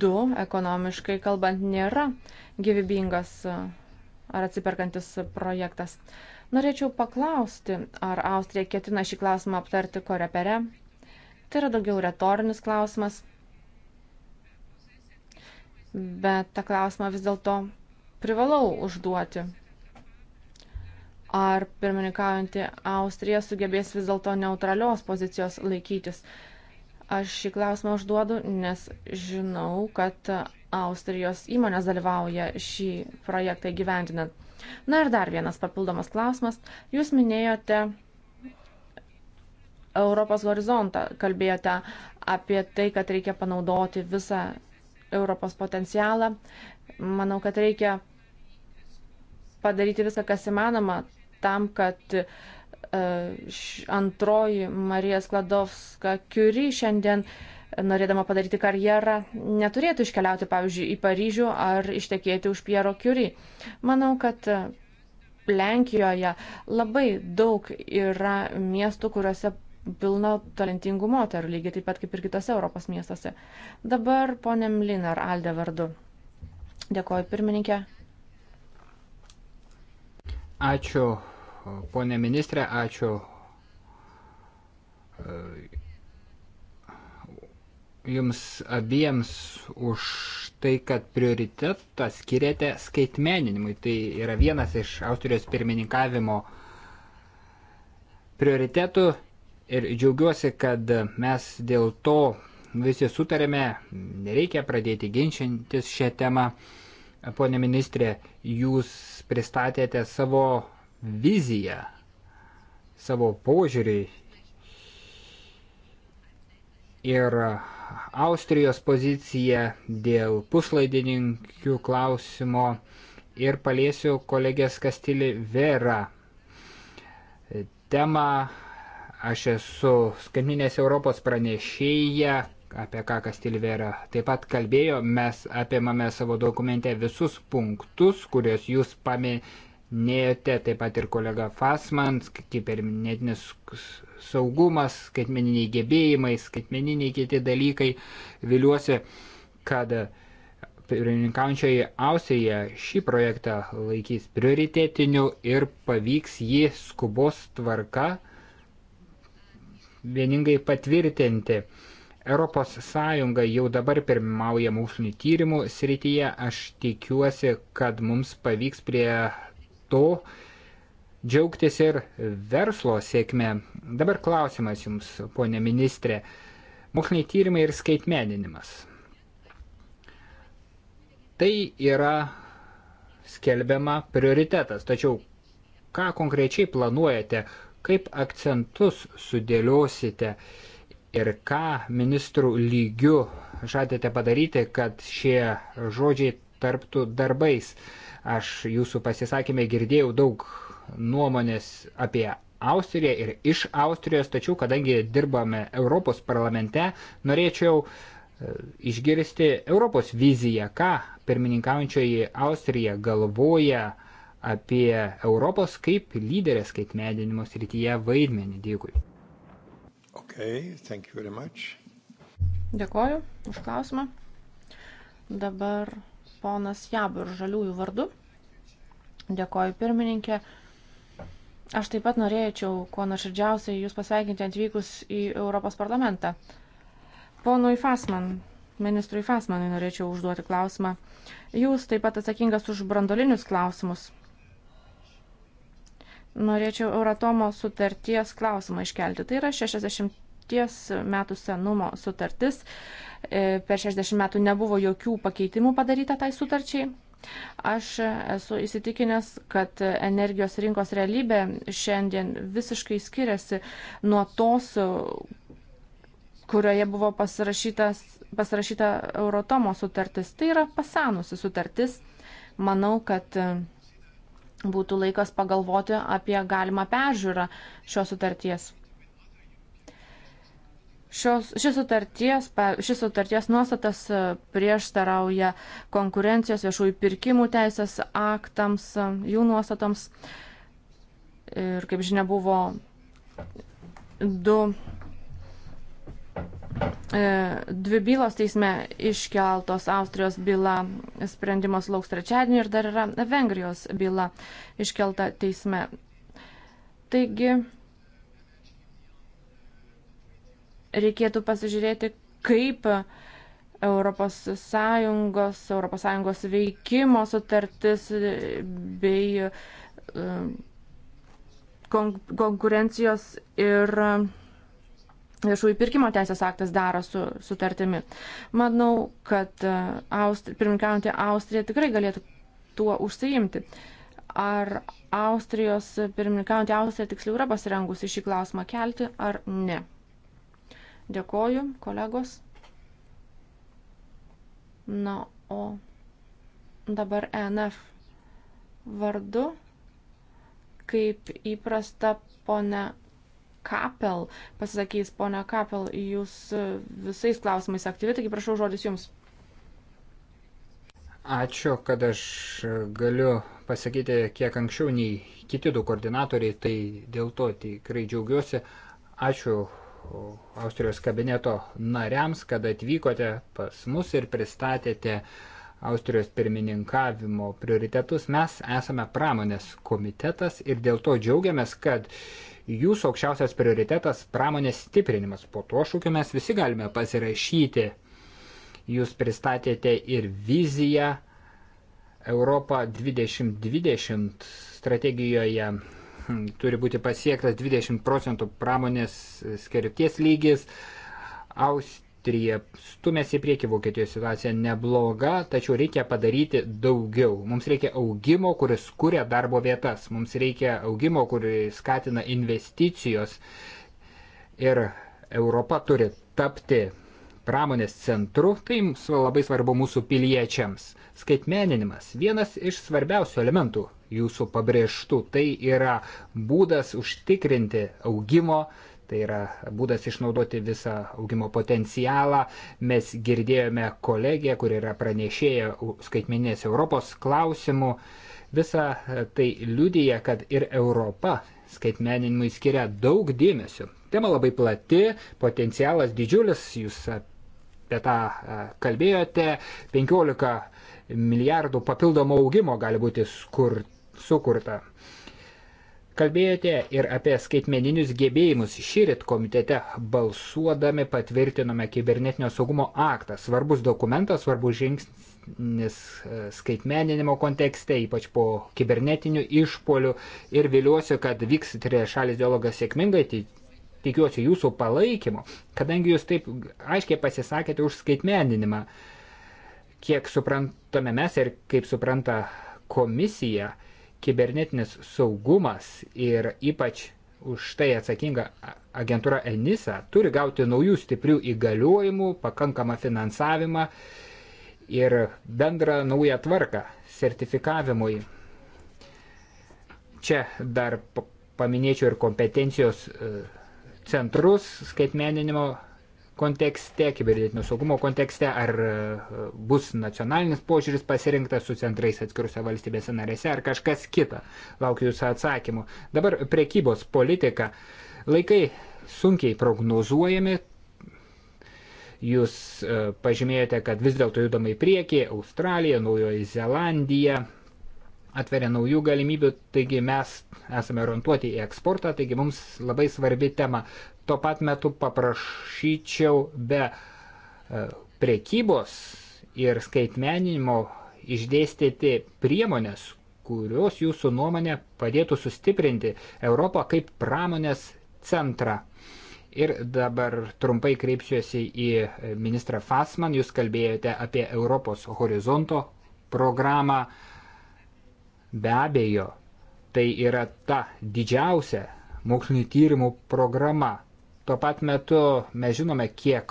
S3: 2 ekonomiškai kalbant nėra gyvybingas e, ar atsiperkantis projektas. Uh, Norėčiau paklausti, ar Austrija ketina šį klausimą aptarti korepere. Tai yra daugiau retorinis klausimas, bet tą klausimą vis dėlto privalau užduoti. Ar pirmininkaujanti Austrija sugebės vis dėlto neutralios pozicijos laikytis? Aš šį klausimą užduodu, nes žinau, kad Austrijos įmonės dalyvauja šį projektą gyvendinant. Na ir dar vienas papildomas klausimas. Jūs minėjote Europos horizontą, kalbėjote apie tai, kad reikia panaudoti visą Europos potencialą. Manau, kad reikia padaryti viską, kas įmanoma, tam, kad e, antroji Marija Skladovska Kiuri šiandien uh, norėdama padaryti karjerą, neturėtų iškeliauti, pavyzdžiui, į Paryžių ar ištekėti už Piero Curie. Manau, kad Lenkijoje labai daug yra miestų, kuriuose pilna talentingų moterų, lygiai taip pat kaip ir kitose Europos miestuose. Dabar ponė Mlinar, Alde vardu. Dėkoju, pirmininkė.
S2: Ačiū, ponė ministrė, ačiū Jums abiems už tai, kad prioritetą skiriate skaitmeninimui. Tai yra vienas iš Austrijos pirmininkavimo prioritetų ir džiaugiuosi, kad mes dėl to visi sutarėme, nereikia pradėti ginčintis šią temą. Pone ministrė, jūs pristatėte savo viziją, savo požiūrį ir Austrijos poziciją, dėl puslaidininkių klausimo ir paliesiu kolegės Kastilį Vera. Tema aš esu skaitminės Europos pranešėja, apie ką Kastilvera taip pat kalbėjo, mes apimame savo dokumente visus punktus, kuriuos jūs paminėjote minėjote, taip pat ir kolega Fasman, kibernetinis saugumas, skaitmeniniai gebėjimai, skaitmeniniai kiti dalykai. Viliuosi, kad pirmininkaujančioji Austrija šį projektą laikys prioritetiniu ir pavyks jį skubos tvarka vieningai patvirtinti. Europos Sąjunga jau dabar pirmauja mokslinių tyrimų srityje. Aš tikiuosi, kad mums pavyks prie to džiaugtis ir verslo sėkme. Dabar klausimas jums, ponė ministrė. Moksliniai tyrimai ir skaitmeninimas. Tai yra skelbiama prioritetas, tačiau ką konkrečiai planuojate, kaip akcentus sudėliosite ir ką ministrų lygių žadate padaryti, kad šie žodžiai tarptų darbais. Aš jūsų pasisakymę girdėjau daug nuomonės apie Austriją ir iš Austrijos, tačiau kadangi dirbame Europos parlamente, norėčiau e, išgirsti Europos viziją, ką pirmininkaujančioji Austrija galvoja apie Europos kaip lyderės skaitmedinimo srityje vaidmenį. Dėkui. Okay, thank you very much.
S3: Dėkoju už klausimą. Dabar ponas Jabur žaliųjų vardu. Dėkoju pirmininkė. Aš taip pat norėčiau, kuo nuoširdžiausiai Jūs pasveikinti atvykus į Europos parlamentą. Ponui Fasman, ministrui Fasmanui norėčiau užduoti klausimą. Jūs taip pat atsakingas už brandolinius klausimus. Norėčiau Euratomo sutarties klausimą iškelti. Tai yra 60 metų senumo sutartis. E, per 60 metų nebuvo jokių pakeitimų padaryta tai sutarčiai. Aš esu įsitikinęs, kad energijos rinkos realybė šiandien visiškai skiriasi nuo tos, kurioje buvo pasirašyta Eurotomo sutartis. Tai yra pasenusi sutartis. Manau, kad būtų laikas pagalvoti apie galimą peržiūrą šios sutarties. Šios, šis, sutarties, šis sutarties nuostatas e, prieštarauja konkurencijos viešųjų pirkimų teisės aktams, e, jų nuostatams. Ir kaip žinia, buvo du, e, dvi bylos teisme iškeltos Austrijos byla, sprendimas lauks trečiadienį ir dar yra Vengrijos byla iškelta teisme. Taigi, reikėtų pasižiūrėti, kaip ES, ES veikimo sutartis bei um, konkurencijos ir viešųjų pirkimo teisės aktas daro su sutartimi. Manau, kad Austri, pirmininkaujantį Austriją tikrai galėtų tuo užsiimti. Ar Austrijos pirmininkaujantį Austriją tiksliau yra pasirengusi šį klausimą kelti ar ne? Dėkoju, kolegos. Na, o dabar e NF vardu, kaip įprasta, ponia Kapel, pasisakys ponia Kapel, jūs visais klausimais aktyvi, taigi prašau žodis jums.
S2: Ačiū, kad aš galiu pasakyti kiek anksčiau nei kiti du koordinatoriai, tai dėl to tikrai džiaugiuosi. Ačiū Austrijos kabineto nariams, kad atvykote pas mus ir pristatėte Austrijos pirmininkavimo prioritetus. Mes esame pramonės komitetas ir dėl to džiaugiamės, kad jūsų aukščiausias prioritetas - pramonės stiprinimas. Po tuo šūkiu mes visi galime pasirašyti. Jūs pristatėte ir viziją Europą 2020 strategijoje turi būti pasiektas 20 procentų pramonės skirties lygis. Austrija stumėsi prieki, Vokietijos situacija nebloga, tačiau reikia padaryti daugiau. Mums reikia augimo, kuris kuria darbo vietas. Mums reikia augimo, kuris skatina investicijos. Ir Europa turi tapti pramonės centru, tai labai svarbu mūsų piliečiams. Skaitmeninimas - vienas iš svarbiausių elementų jūsų pabrėžtų. Tai yra būdas užtikrinti augimo, tai yra būdas išnaudoti visą augimo potencialą. Mes girdėjome kolegiją, kur yra pranešėja skaitminės Europos klausimų. Visa tai liudyja, kad ir Europa skaitmeninimui skiria daug dėmesio. Tema labai plati, potencialas didžiulis, jūs apie tą kalbėjote, 15 milijardų papildomo augimo gali būti skur, sukurta. Kalbėjote ir apie skaitmeninius gebėjimus. Šįryt komitete balsuodami patvirtinome kibernetinio saugumo aktą. Svarbus dokumentas, svarbus žingsnis e, skaitmeninimo kontekste, ypač po kibernetinių išpolių. Ir viliuosi, kad vyks triešalis dialogas sėkmingai. Tikiuosi jūsų palaikymo, kadangi jūs taip aiškiai pasisakėte už skaitmeninimą. Kiek suprantame mes ir kaip supranta komisija, uh, Kibernetinis saugumas ir ypač už tai atsakinga agentūra Enisa turi gauti naujų stiprių įgaliojimų, pakankamą finansavimą ir bendrą naują tvarką sertifikavimui. Čia dar paminėčiau ir kompetencijos e, centrus skaitmeninimo kontekste, kibernetinio saugumo kontekste, ar e, bus nacionalinis požiūris pasirinktas su centrais atskiruose valstybėse narėse, ar kažkas kita. Laukiu jūsų atsakymų. Dabar prekybos politika. Laikai sunkiai prognozuojami. Jūs e, pažymėjote, kad vis dėlto judama į priekį Australija, Naujoji Zelandija atveria naujų galimybių, taigi mes esame orientuoti į eksportą, taigi mums labai svarbi tema tuo pat metu paprašyčiau be e, prekybos ir skaitmeninimo išdėstyti priemonės, kurios jūsų nuomonė padėtų sustiprinti Europą kaip pramonės centrą. Ir dabar trumpai kreipsiuosi į ministrą Fasman. Jūs kalbėjote apie Europos horizonto programą. Be abejo, tai yra ta didžiausia mokslinio tyrimų programa Tuo pat metu mes žinome, kiek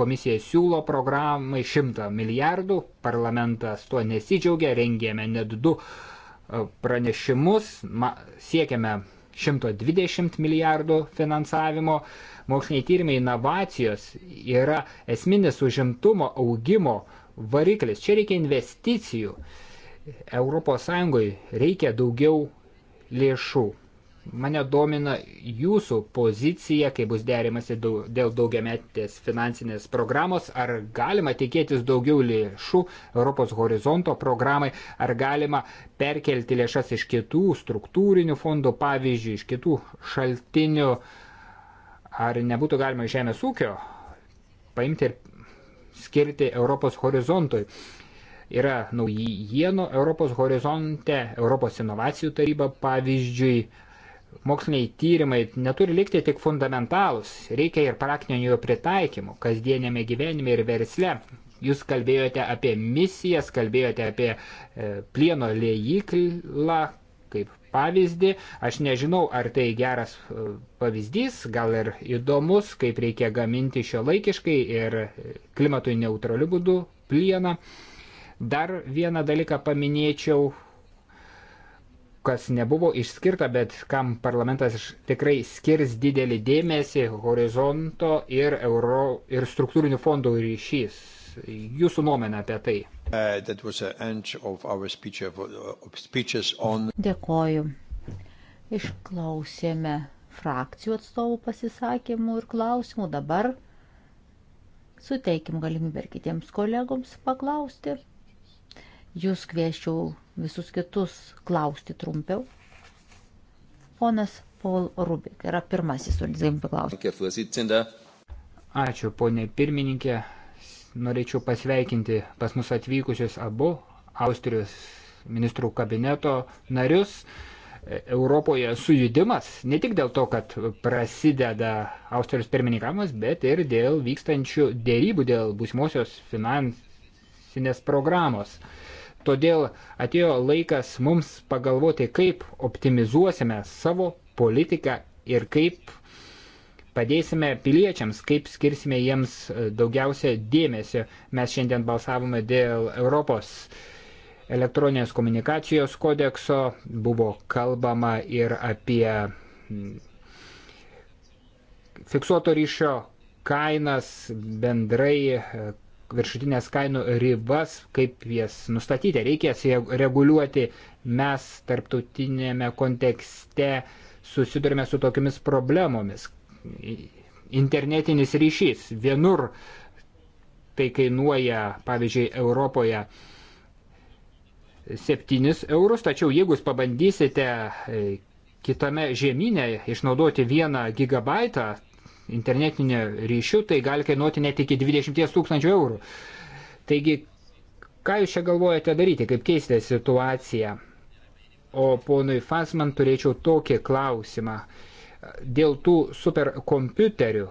S2: komisija siūlo programai 100 milijardų, parlamentas tuo nesidžiaugia, rengėme net du e, pranešimus, siekiame 120 milijardų finansavimo. Moksliniai tyrimai inovacijos yra esminis užimtumo augimo variklis. Čia reikia investicijų. ES reikia daugiau lėšų. Mane domina jūsų pozicija, kai bus derimasi dėl daugiametės finansinės programos, ar galima tikėtis daugiau lėšų Europos horizonto programai, ar galima perkelti lėšas iš kitų struktūrinių fondų, pavyzdžiui, iš kitų šaltinių, ar nebūtų galima iš žemės ūkio paimti ir skirti Europos horizontui yra naujienų Europos horizonte, Europos inovacijų taryba pavyzdžiui, moksliniai tyrimai neturi likti tik fundamentalus, reikia ir praktinio jo pritaikymų kasdienėme gyvenime ir versle. Jūs kalbėjote apie misijas, kalbėjote apie e, plieno lėjiklą kaip pavyzdį. Aš nežinau, ar tai geras e, pavyzdys, gal ir įdomus, kaip reikia gaminti šio laikiškai ir e, klimatui neutraliu būdu plieną. Dar vieną dalyką paminėčiau kas nebuvo išskirta, bet kam parlamentas tikrai skirs didelį dėmesį horizonto ir, euro, ir struktūrinių fondų ryšys. Jūsų nuomenė apie tai. Uh, uh
S1: Dėkoju. Išklausėme frakcijų atstovų pasisakymų ir klausimų. Dabar suteikim galimybę ir kitiems kolegoms paklausti. Jūs kvieščiau visus kitus
S2: klausti trumpiau. Ponas Paul Rubik yra pirmasis, kuris galim paklausti. Ačiū, ponė pirmininkė. Norėčiau pasveikinti pas mus atvykusius abu Austrijos ministrų kabineto narius. Europoje sujudimas ne tik dėl to, kad prasideda Austrijos pirmininkavimas, bet ir dėl vykstančių dėrybų dėl būsimosios finansinės programos. Uh, Todėl atėjo laikas mums pagalvoti, kaip optimizuosime savo politiką ir kaip padėsime piliečiams, kaip skirsime jiems e, daugiausia dėmesio. Mes šiandien balsavome dėl Europos elektroninės komunikacijos kodekso, buvo kalbama ir apie fiksuoto ryšio kainas bendrai, e, viršutinės kainų ribas, kaip jas nustatyti, reikia jas reguliuoti. Mes tarptautinėme kontekste susidurime su tokiamis problemomis. Internetinis ryšys vienur tai kainuoja, pavyzdžiui, Europoje 7 eurus, tačiau jeigu jūs pabandysite kitame žemynė išnaudoti vieną gigabaitą, internetinio ryšių, tai gali kainuoti net iki 20 tūkstančių eurų. Taigi, ką jūs čia galvojate daryti, kaip keisti situaciją? O ponui Fasman turėčiau tokį klausimą. Dėl tų superkompiuterių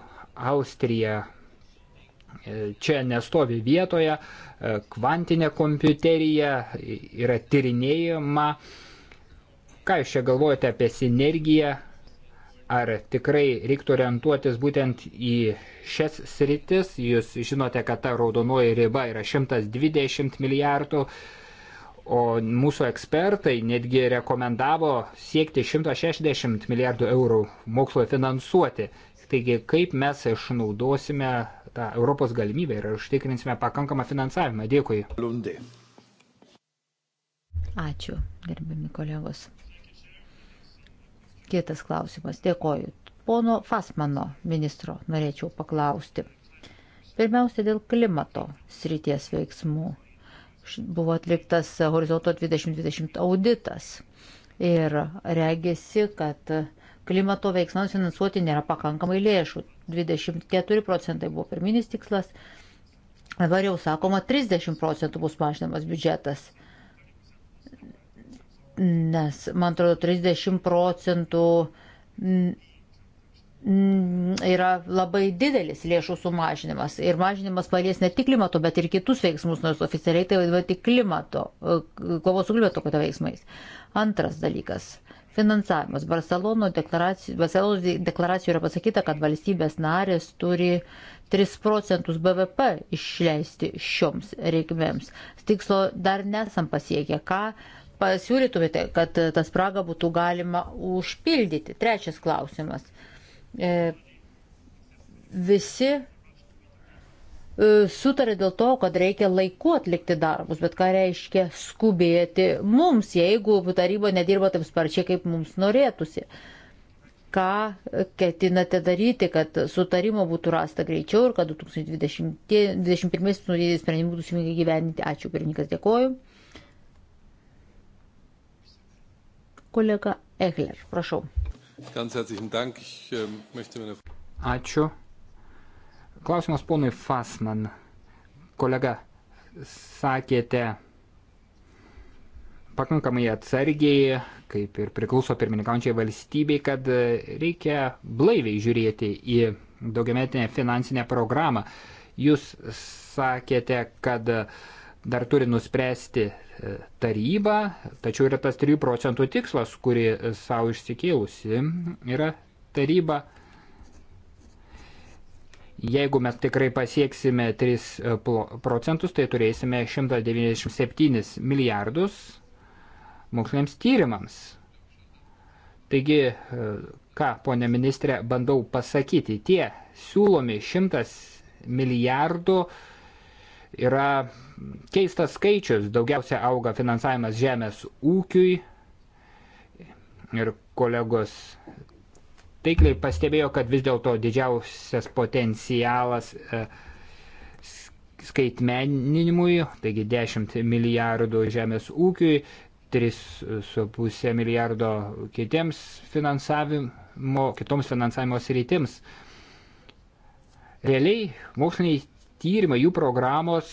S2: Austrija e, čia nestovi vietoje, e, kvantinė kompiuterija e, yra tyrinėjama. Ką jūs čia galvojate apie sinergiją ar tikrai reiktų orientuotis būtent į šias sritis. Jūs žinote, kad ta raudonoji riba yra 120 milijardų, o mūsų ekspertai netgi rekomendavo siekti 160 milijardų eurų mokslo finansuoti. Taigi, kaip mes išnaudosime tą Europos galimybę ir užtikrinsime pakankamą finansavimą. Dėkui. Lundė.
S1: Ačiū, gerbiami kolegos kitas klausimas. Dėkoju. Pono Fasmano ministro norėčiau paklausti. Pirmiausia, dėl klimato srities veiksmų. Buvo atliktas horizonto 2020 auditas. Ir regėsi, kad klimato veiksmams finansuoti nėra pakankamai lėšų. 24 procentai buvo pirminis tikslas. Dabar jau sakoma, 30 procentų bus mažinamas biudžetas nes, man atrodo, 30 procentų yra labai didelis lėšų sumažinimas. Ir mažinimas palies ne tik klimato, bet ir kitus veiksmus, nors oficialiai tai vadinasi tik klimato, e, kovos su klimato kata veiksmais. Antras dalykas - finansavimas. Barcelono deklaracijų, Barcelonos deklaracijų yra pasakyta, kad valstybės narės turi 3 procentus BVP išleisti šioms reikmėms. Tikslo dar nesam pasiekę. Ką pasiūlytumėte, kad e, tą spragą būtų galima užpildyti? Trečias klausimas. E, visi e, sutarė dėl to, kad reikia laiku atlikti darbus, bet ką reiškia skubėti mums, jeigu taryba nedirba taip sparčiai, kaip mums norėtųsi. Ką ketinate daryti, kad sutarimo būtų rasta greičiau ir kad 2021 sprendimai būtų sėkmingai gyveninti? Ačiū, pirmininkas, dėkoju.
S2: Kolega Egler, prašau.
S1: Ähm,
S2: Ačiū. Klausimas ponui Fasman. Kolega, sakėte pakankamai atsargiai, kaip ir priklauso pirmininkaujančiai valstybei, kad reikia blaiviai žiūrėti į daugiametinę finansinę programą. Jūs sakėte, kad uh, dar turi nuspręsti e, taryba, tačiau yra tas 3 procentų tikslas, kurį savo išsikėlusi yra taryba. Jeigu mes tikrai pasieksime 3 e, procentus, tai turėsime 197 milijardus moksliniams tyrimams. Taigi, e, ką, ponė ministrė, bandau pasakyti, tie siūlomi 100 milijardų uh, Yra keistas skaičius, daugiausia auga finansavimas žemės ūkiui ir kolegos taikliai pastebėjo, kad vis dėlto didžiausias potencialas e, skaitmeninimui, taigi 10 milijardų žemės ūkiui, 3,5 milijardo kitiems finansavimo, kitoms finansavimo sritims. Realiai moksliniai tyrimai, jų programos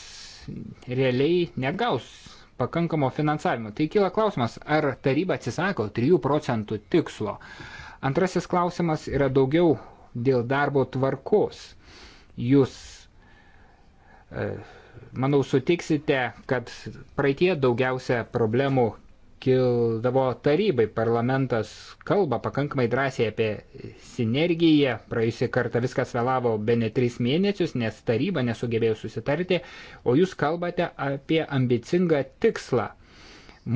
S2: realiai negaus pakankamo finansavimo. Tai kyla klausimas, ar taryba atsisako 3 procentų tikslo. Antrasis klausimas yra daugiau dėl darbo tvarkos. Jūs, e, manau, sutiksite, kad praeitie daugiausia problemų kildavo tarybai. Parlamentas kalba pakankamai drąsiai apie sinergiją. Praėjusį kartą viskas vėlavo be ne tris mėnesius, nes taryba nesugebėjo susitarti, o jūs kalbate apie ambicingą tikslą.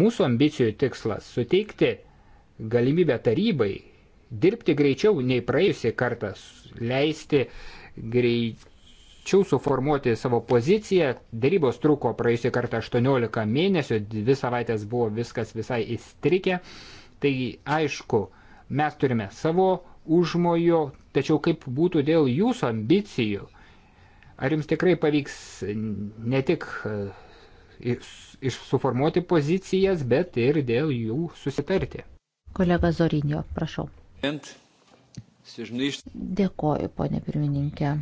S2: Mūsų ambicijų tikslas - suteikti galimybę tarybai dirbti greičiau nei praėjusį kartą, leisti greit greičiau suformuoti savo poziciją. Darybos truko praėjusį kartą 18 mėnesių, dvi savaitės buvo viskas visai įstrikę. Tai aišku, mes turime savo užmojo, tačiau kaip būtų dėl jūsų ambicijų? Ar jums tikrai pavyks ne tik e, suformuoti pozicijas, bet ir dėl jų susitarti?
S1: Kolega Zorinio, prašau. Dėkoju, ponė pirmininkė.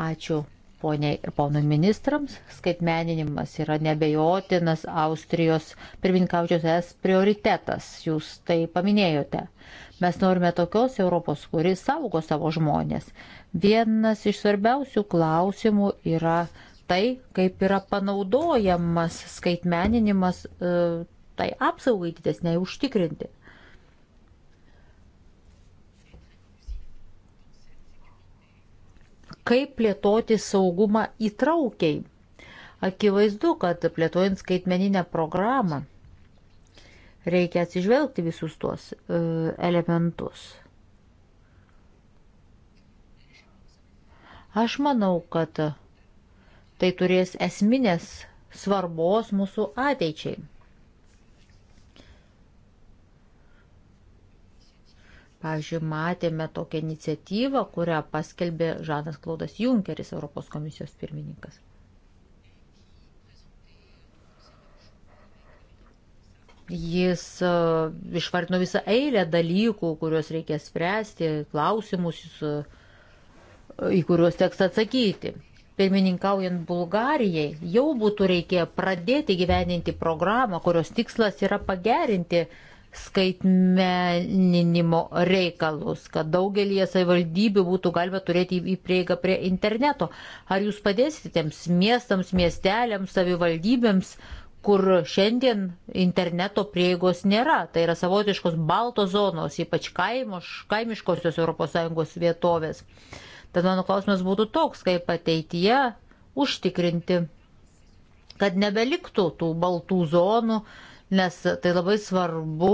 S1: Ačiū poniai ir ponui ministrams. Skaitmeninimas yra nebejotinas Austrijos pirmininkaučios es prioritetas. Jūs tai paminėjote. Mes norime tokios Europos, kuri saugo savo žmonės. Vienas iš svarbiausių klausimų yra tai, kaip yra panaudojamas skaitmeninimas e, tai apsaugai didesniai užtikrinti. kaip plėtoti saugumą įtraukiai. Akivaizdu, kad plėtojant skaitmeninę programą reikia atsižvelgti visus tuos e, elementus. Aš manau, kad tai turės esminės svarbos mūsų ateičiai. Pavyzdžiui, matėme tokią iniciatyvą, kurią paskelbė Žanas Klaudas Junkeris, Europos komisijos pirmininkas. Jis e, išvardino visą eilę dalykų, kuriuos reikia spręsti, klausimus, e, į kuriuos teks atsakyti. Pirmininkaujant Bulgarijai jau būtų reikėję pradėti gyveninti programą, kurios tikslas yra pagerinti uh, skaitmeninimo reikalus, kad daugelį savivaldybių būtų galima turėti į prieigą prie interneto. Ar jūs padėsite tiems miestams, miesteliams, savivaldybėms, kur šiandien interneto prieigos nėra? Tai yra savotiškos balto zonos, ypač kaimos, kaimiškosios ES vietovės. Tad mano klausimas būtų toks, kaip ateityje užtikrinti, kad nebeliktų tų baltų zonų, nes tai labai svarbu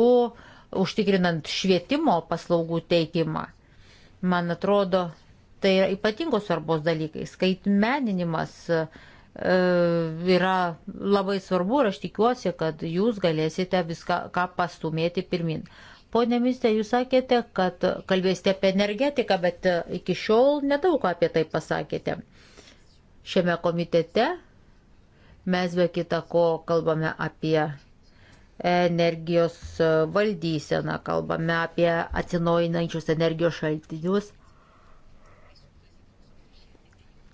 S1: užtikrinant švietimo paslaugų teikimą. Man atrodo, tai yra ypatingos svarbos dalykai. Skaitmeninimas e, yra labai svarbu ir aš tikiuosi, kad jūs galėsite viską ką pastumėti pirmin. Pone Mistė, jūs sakėte, kad kalbėsite apie energetiką, bet e, iki šiol nedaug apie tai pasakėte. Šiame komitete mes be kita ko kalbame apie energijos valdyseną, kalbame apie atsinaujinančius energijos šaltinius.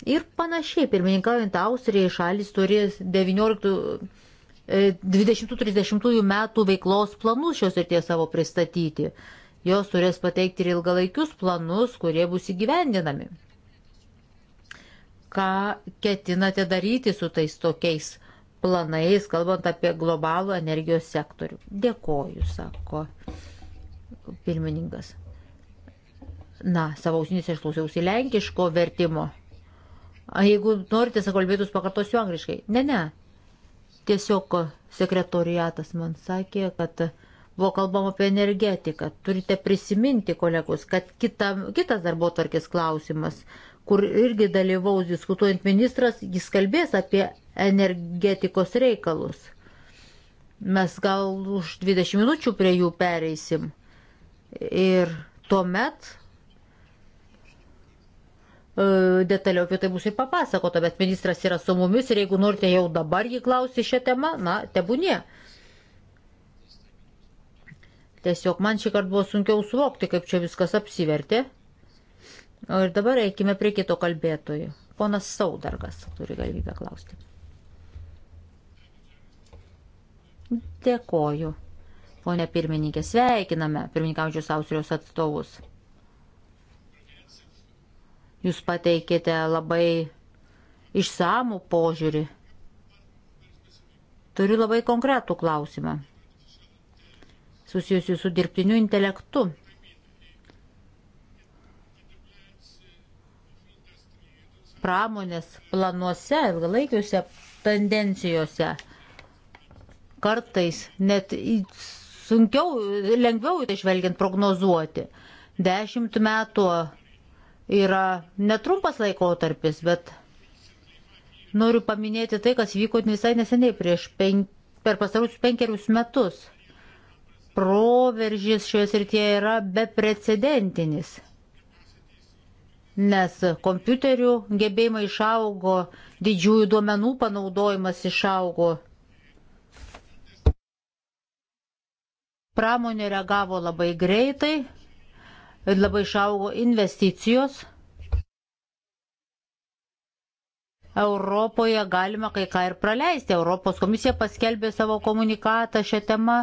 S1: Ir panašiai, pirmininkaujant Austrijai, šalis turi 20-30 e, metų veiklos planus šios ir tie savo pristatyti. Jos turės pateikti ir ilgalaikius planus, kurie bus įgyvendinami. Ką ketinate daryti su tais tokiais planais, kalbant apie globalų energijos sektorių. Dėkoju, sako pirmininkas. Na, savo ausinys aš klausiausi lenkiško vertimo. A, jeigu norite, sakau, kalbėtus pakartosiu angliškai. Ne, ne. Tiesiog sekretoriatas man sakė, kad buvo kalbama apie energetiką. Turite prisiminti, kolegos, kad kita, kitas darbo tvarkės klausimas, kur irgi dalyvaus diskutuojant ministras, jis kalbės apie energetikos reikalus. Mes gal už 20 minučių prie jų pereisim. Ir tuomet e, detaliau apie tai bus ir papasakota, bet ministras yra su mumis ir jeigu norite jau dabar jį klausyti šią temą, na, tebūnie. Tiesiog man šį kartą buvo sunkiau suvokti, kaip čia viskas apsivertė. O ir dabar eikime prie kito kalbėtojų. Ponas Saudargas turi galimybę klausti. Dėkoju. Pone pirmininkė, sveikiname pirmininkaujančius Austrijos atstovus. Jūs pateikėte labai išsamų požiūrį. Turiu labai konkretų klausimą susijusiu su dirbtiniu intelektu. Pramonės planuose, ilgalaikiuose tendencijose kartais net sunkiau, lengviau išvelgiant prognozuoti. Dešimt metų yra netrumpas laikotarpis, bet noriu paminėti tai, kas vyko visai neseniai prieš penk, per pastarus penkerius metus. Proveržys šioje srityje yra beprecedentinis, nes kompiuterių gebėjimai išaugo, didžiųjų duomenų panaudojimas išaugo Pramonė reagavo labai greitai, labai išaugo investicijos. Europoje galima kai ką ir praleisti. Europos komisija paskelbė savo komunikatą šią temą.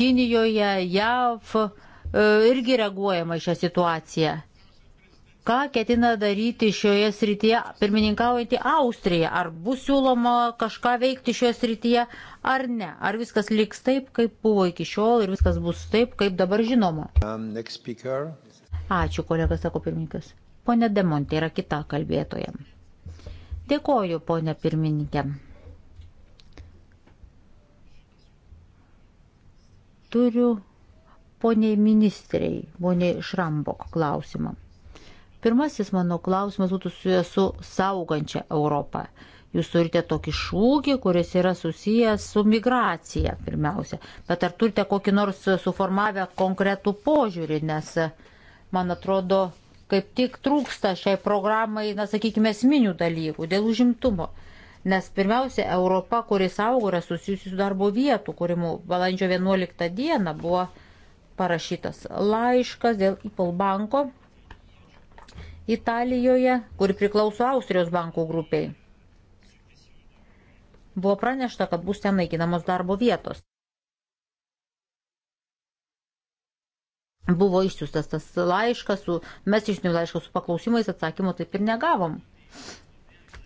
S1: Kinijoje, JAV e, irgi reaguojama šią situaciją ką ketina daryti šioje srityje pirmininkaujantį Austriją? Ar bus siūloma kažką veikti šioje srityje, ar ne? Ar viskas liks taip, kaip buvo iki šiol ir viskas bus taip, kaip dabar žinoma? Um, Ačiū, kolega, sako pirmininkas. Pone Demontė yra kita kalbėtoja. Dėkoju, ponė pirmininkė. Turiu poniai ministrei, poniai Šrambok klausimą. Pirmasis mano klausimas būtų susijęs su saugančia Europą. Jūs turite tokį šūkį, kuris yra susijęs su migracija pirmiausia. Bet ar turite kokį nors suformavę konkretų požiūrį, nes, man atrodo, kaip tik trūksta šiai programai, na, sakykime, esminių dalykų dėl užimtumo. Nes pirmiausia, Europa, kuris augo, yra susijusi su darbo vietų, kurimu balandžio 11 dieną buvo parašytas laiškas dėl IPL banko Italijoje, kuri priklauso Austrijos bankų grupiai. Buvo pranešta, kad bus ten naikinamos darbo vietos. Buvo išsiųstas tas laiškas, su, mes išsiųsime laišką su paklausimais, atsakymo taip ir negavom.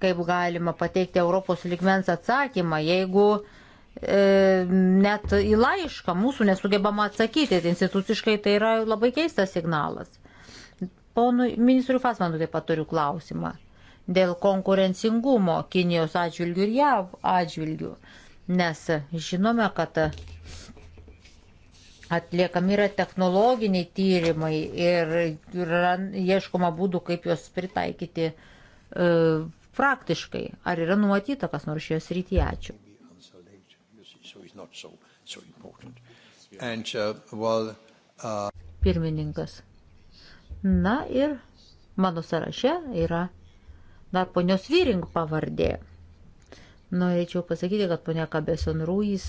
S1: Kaip galima pateikti Europos ligmens atsakymą, jeigu e, net į laišką mūsų nesugebama atsakyti, tai instituciškai tai yra labai keistas signalas. Ponui ministrui Fasmanui taip pat turiu klausimą dėl konkurencingumo Kinijos atžvilgių ir JAV atžvilgių, nes žinome, kad atliekami yra technologiniai tyrimai ir yra ieškoma būdų, kaip juos pritaikyti e, praktiškai. Ar yra numatyta kas nors šioje srityje? Ačiū.
S2: Uh, uh,
S1: Pirmininkas. Na ir mano sąraše yra dar ponios Vyring pavardė. Norėčiau pasakyti, kad ponia Kabeson Ruiz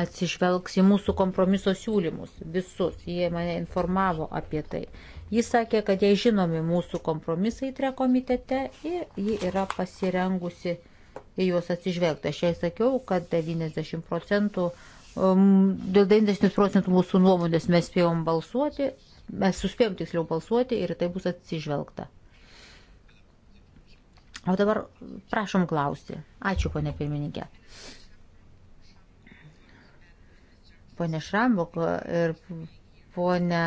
S1: atsižvelgs į mūsų kompromiso siūlymus, visus, jie mane informavo apie tai. Jis sakė, kad jai žinomi mūsų kompromisai tre komitete ir ji yra pasirengusi į juos atsižvelgti. Aš jai sakiau, kad 90 procentų uh, Ehm, dėl 90 procentų mūsų nuomonės mes spėjom balsuoti, mes suspėjom tiksliau balsuoti ir tai bus atsižvelgta. O dabar prašom klausti. Ačiū, ponė pirmininkė. Pone Šrambok ir ponė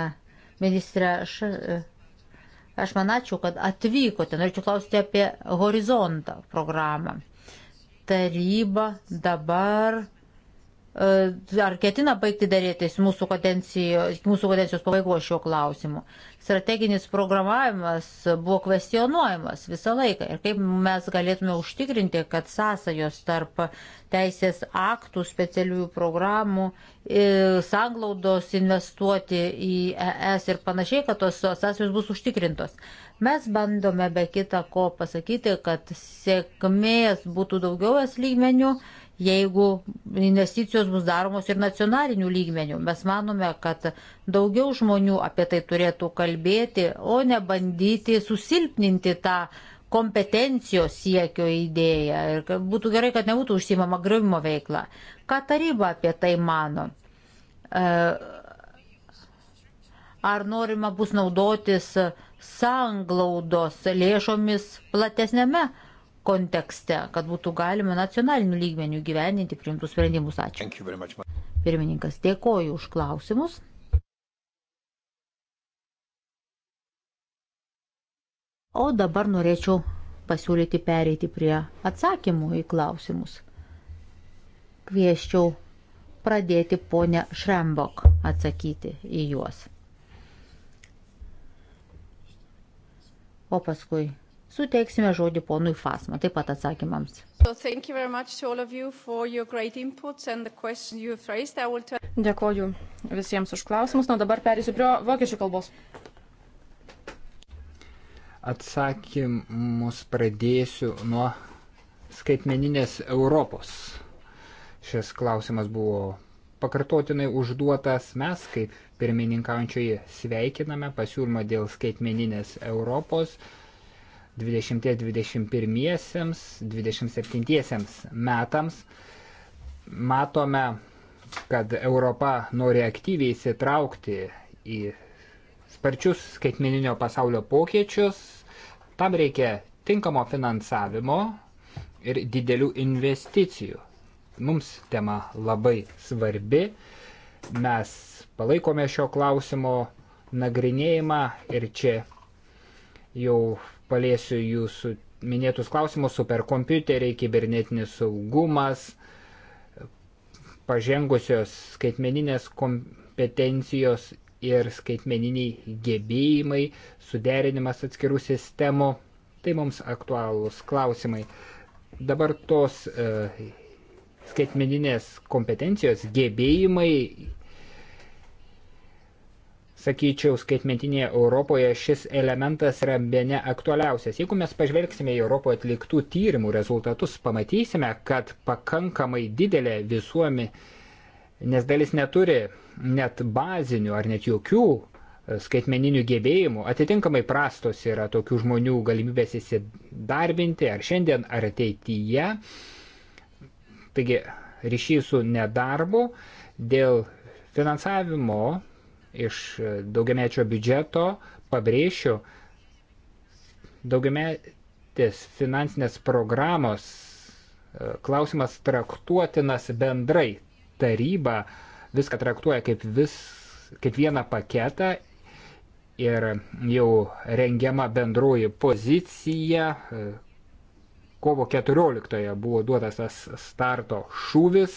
S1: ministrė, aš, aš man ačiū, kad atvykote. Norėčiau klausti apie horizontą programą. Taryba dabar ar ketina baigti darėtis mūsų, kadencijos, mūsų kadencijos pabaigos šiuo klausimu. Strateginis programavimas buvo kvestionuojamas visą laiką ir kaip mes galėtume užtikrinti, kad sąsajos tarp teisės aktų, specialiųjų programų, e, sanglaudos investuoti į ES ir panašiai, kad tos sąsajos bus užtikrintos. Mes bandome be kita ko pasakyti, kad sėkmės būtų daugiau es lygmenių jeigu investicijos bus daromos ir nacionalinių lygmenių. Mes manome, kad daugiau žmonių apie tai turėtų kalbėti, o ne bandyti susilpninti tą kompetencijos siekio idėją ir kad būtų gerai, kad nebūtų užsimama griovimo veikla. Ką taryba apie tai mano? E, ar norima bus naudotis sanglaudos lėšomis platesnėme kontekste, kad būtų galima nacionalinių lygmenių gyveninti priimtų sprendimus. Ačiū. Pirmininkas, dėkoju už klausimus. O dabar norėčiau pasiūlyti pereiti prie atsakymų į klausimus. Kvieščiau pradėti ponę Šrembok atsakyti į juos. O paskui Suteiksime žodį ponui Fasma, taip pat atsakymams.
S3: So you will... Dėkoju visiems už klausimus. Na, dabar perėsiu prie vokiečių kalbos.
S2: Atsakymus pradėsiu nuo skaitmeninės Europos. Šis klausimas buvo pakartotinai užduotas. Mes, kaip pirmininkaujančioji, sveikiname pasiūlymą dėl skaitmeninės Europos. 20-21-27 metams. Matome, kad Europa nori aktyviai įsitraukti į sparčius skaitmeninio pasaulio pokėčius. Tam reikia tinkamo finansavimo ir didelių investicijų. Mums tema labai svarbi. Mes palaikome šio klausimo nagrinėjimą ir čia jau paliesiu jūsų minėtus klausimus - superkompiuteriai, kibernetinis saugumas, pažengusios skaitmeninės kompetencijos ir skaitmeniniai gebėjimai, suderinimas atskirų sistemų. Tai mums aktualūs klausimai. Dabar tos e, skaitmeninės kompetencijos gebėjimai sakyčiau, skaitmetinėje Europoje šis elementas yra bene aktualiausias. Jeigu mes pažvelgsime į Europoje atliktų tyrimų rezultatus, pamatysime, kad pakankamai didelė visuomi, nes dalis neturi net bazinių ar net jokių e, skaitmeninių gebėjimų, atitinkamai prastos yra tokių žmonių galimybės įsidarbinti ar šiandien, ar ateityje. Taigi ryšys su nedarbu dėl finansavimo iš daugiamečio biudžeto, pabrėšiu, daugiametės finansinės programos e, klausimas traktuotinas bendrai. Taryba viską traktuoja kaip, vis, kaip vieną paketą ir jau rengiama bendroji pozicija. E, kovo 14 buvo duotas tas starto šūvis,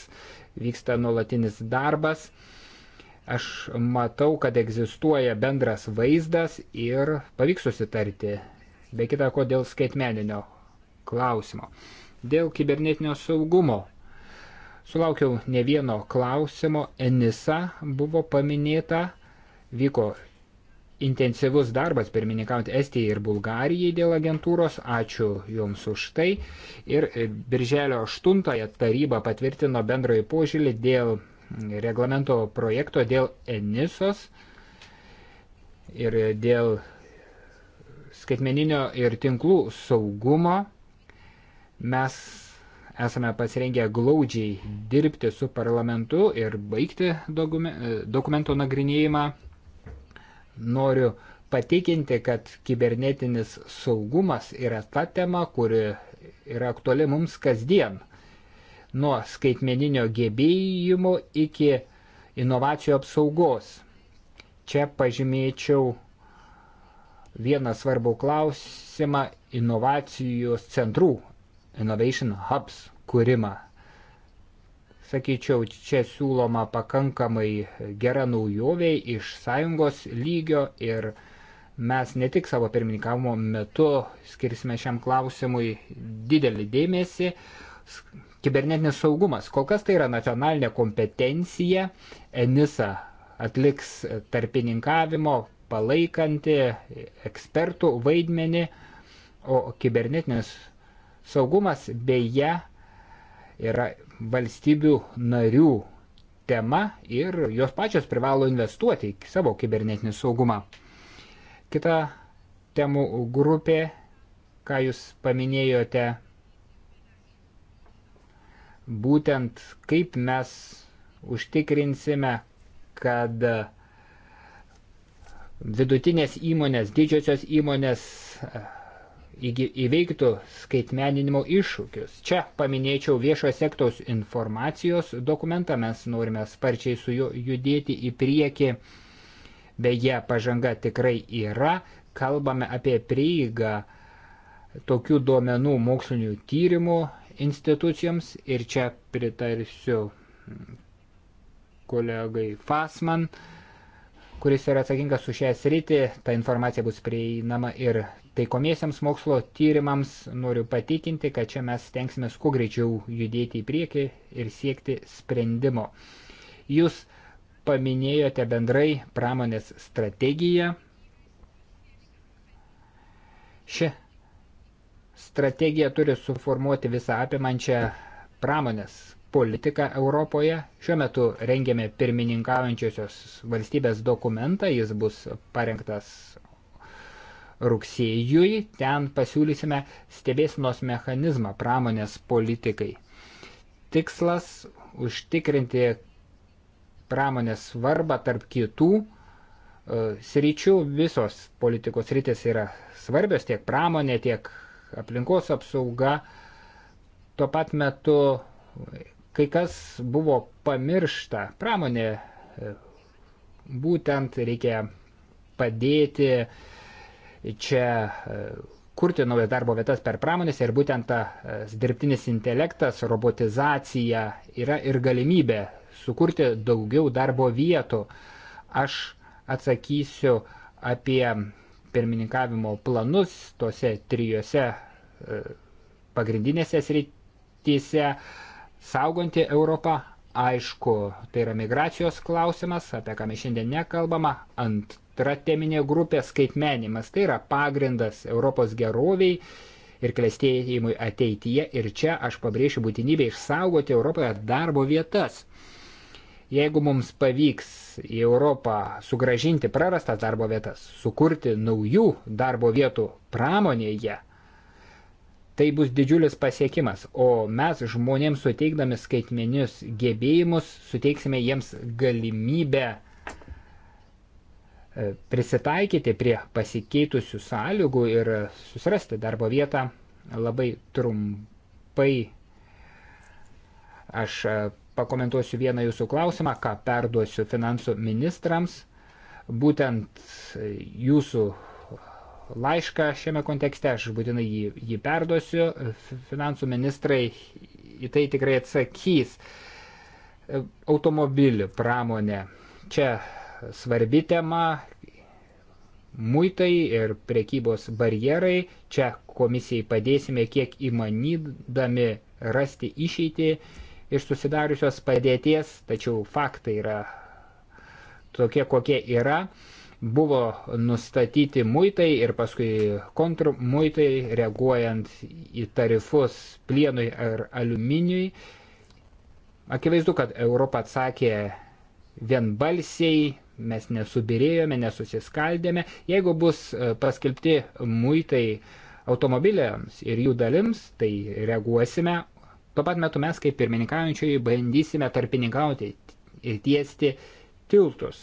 S2: vyksta nuolatinis darbas. Aš matau, kad egzistuoja bendras vaizdas ir pavyks susitarti, be kita ko dėl skaitmeninio klausimo. Dėl kibernetinio saugumo. Sulaukiau ne vieno klausimo, Enisa buvo paminėta, vyko intensyvus darbas pirmininkant Estijai ir Bulgarijai dėl agentūros. Ačiū Jums už tai. Ir Birželio 8-ąją taryba patvirtino bendrąjį požiūrį dėl reglamento projekto dėl Enisos ir dėl skaitmeninio ir tinklų saugumo mes esame pasirengę glaudžiai dirbti su parlamentu ir baigti dokumento nagrinėjimą. Noriu patikinti, kad kibernetinis saugumas yra ta tema, kuri yra aktuali mums kasdien nuo skaitmeninio gebėjimo iki inovacijų apsaugos. Čia pažymėčiau vieną svarbų klausimą - inovacijos centrų, innovation hubs kūrimą. Sakyčiau, čia siūloma pakankamai gera naujovė iš sąjungos lygio ir mes ne tik savo pirmininkavimo metu skirsime šiam klausimui didelį dėmesį, kibernetinis saugumas. Kol kas tai yra nacionalinė kompetencija, ENISA atliks tarpininkavimo, palaikanti ekspertų vaidmenį, o kibernetinis saugumas beje yra valstybių narių tema ir jos pačios privalo investuoti į savo kibernetinį saugumą. Kita temų grupė, ką jūs paminėjote, būtent kaip mes užtikrinsime, kad vidutinės įmonės, didžiosios įmonės e, įveiktų skaitmeninimo iššūkius. Čia paminėčiau viešojo sektoriaus informacijos dokumentą, mes norime sparčiai su juo judėti į priekį. Beje, pažanga tikrai yra, kalbame apie prieigą tokių duomenų mokslinių tyrimų institucijoms ir čia pritarsiu kolegai Fasman, kuris yra atsakingas už šią sritį. Ta informacija bus prieinama ir taikomiesiams mokslo tyrimams. Noriu patikinti, kad čia mes tenksime kuo greičiau judėti į priekį ir siekti sprendimo. Jūs paminėjote bendrai pramonės strategiją. Ši Strategija turi suformuoti visą apimančią pramonės politiką Europoje. Šiuo metu rengiame pirmininkaujančiosios valstybės dokumentą, jis bus parengtas rugsėjui, ten pasiūlysime stebėsinos mechanizmą pramonės politikai. Tikslas - užtikrinti pramonės svarbą tarp kitų e, sričių. Visos politikos rytis yra svarbios tiek pramonė, tiek aplinkos apsauga. Tuo pat metu kai kas buvo pamiršta, pramonė būtent reikia padėti čia e, kurti naujas darbo vietas per pramonės ir būtent tas e, dirbtinis intelektas, robotizacija yra ir galimybė sukurti daugiau darbo vietų. Aš atsakysiu apie pirmininkavimo planus tose trijose e, pagrindinėse srityse sauganti Europą. Aišku, tai yra migracijos klausimas, apie ką mes šiandien nekalbama. Antra teminė grupė - skaitmenimas. Tai yra pagrindas Europos geroviai ir klėstėjimui ateityje. Ir čia aš pabrėšiu būtinybę išsaugoti Europoje darbo vietas. Jeigu mums pavyks į Europą sugražinti prarastas darbo vietas, sukurti naujų darbo vietų pramonėje, tai bus didžiulis pasiekimas, o mes žmonėms suteikdami skaitmenius gebėjimus suteiksime jiems galimybę e, prisitaikyti prie pasikeitusių sąlygų ir susirasti darbo vietą labai trumpai. Aš e, pakomentuosiu vieną jūsų klausimą, ką perduosiu finansų ministrams. Būtent jūsų laišką šiame kontekste, aš būtinai jį, jį perduosiu, finansų ministrai į tai tikrai atsakys. Automobilių pramonė. Čia svarbi tema. Muitai ir prekybos barjerai. Čia komisijai padėsime kiek įmanydami rasti išeitį iš susidariusios padėties, tačiau faktai yra tokie, kokie yra. Buvo nustatyti muitai ir paskui kontrmuitai reaguojant į tarifus plienui ar aliuminiui. Akivaizdu, kad Europa atsakė vienbalsiai, mes nesubirėjome, nesusiskaldėme. Jeigu bus e, paskelbti muitai automobiliams ir jų dalims, tai reaguosime, Tuo pat metu mes kaip pirmininkaujančiai bandysime tarpininkauti ir tiesti tiltus.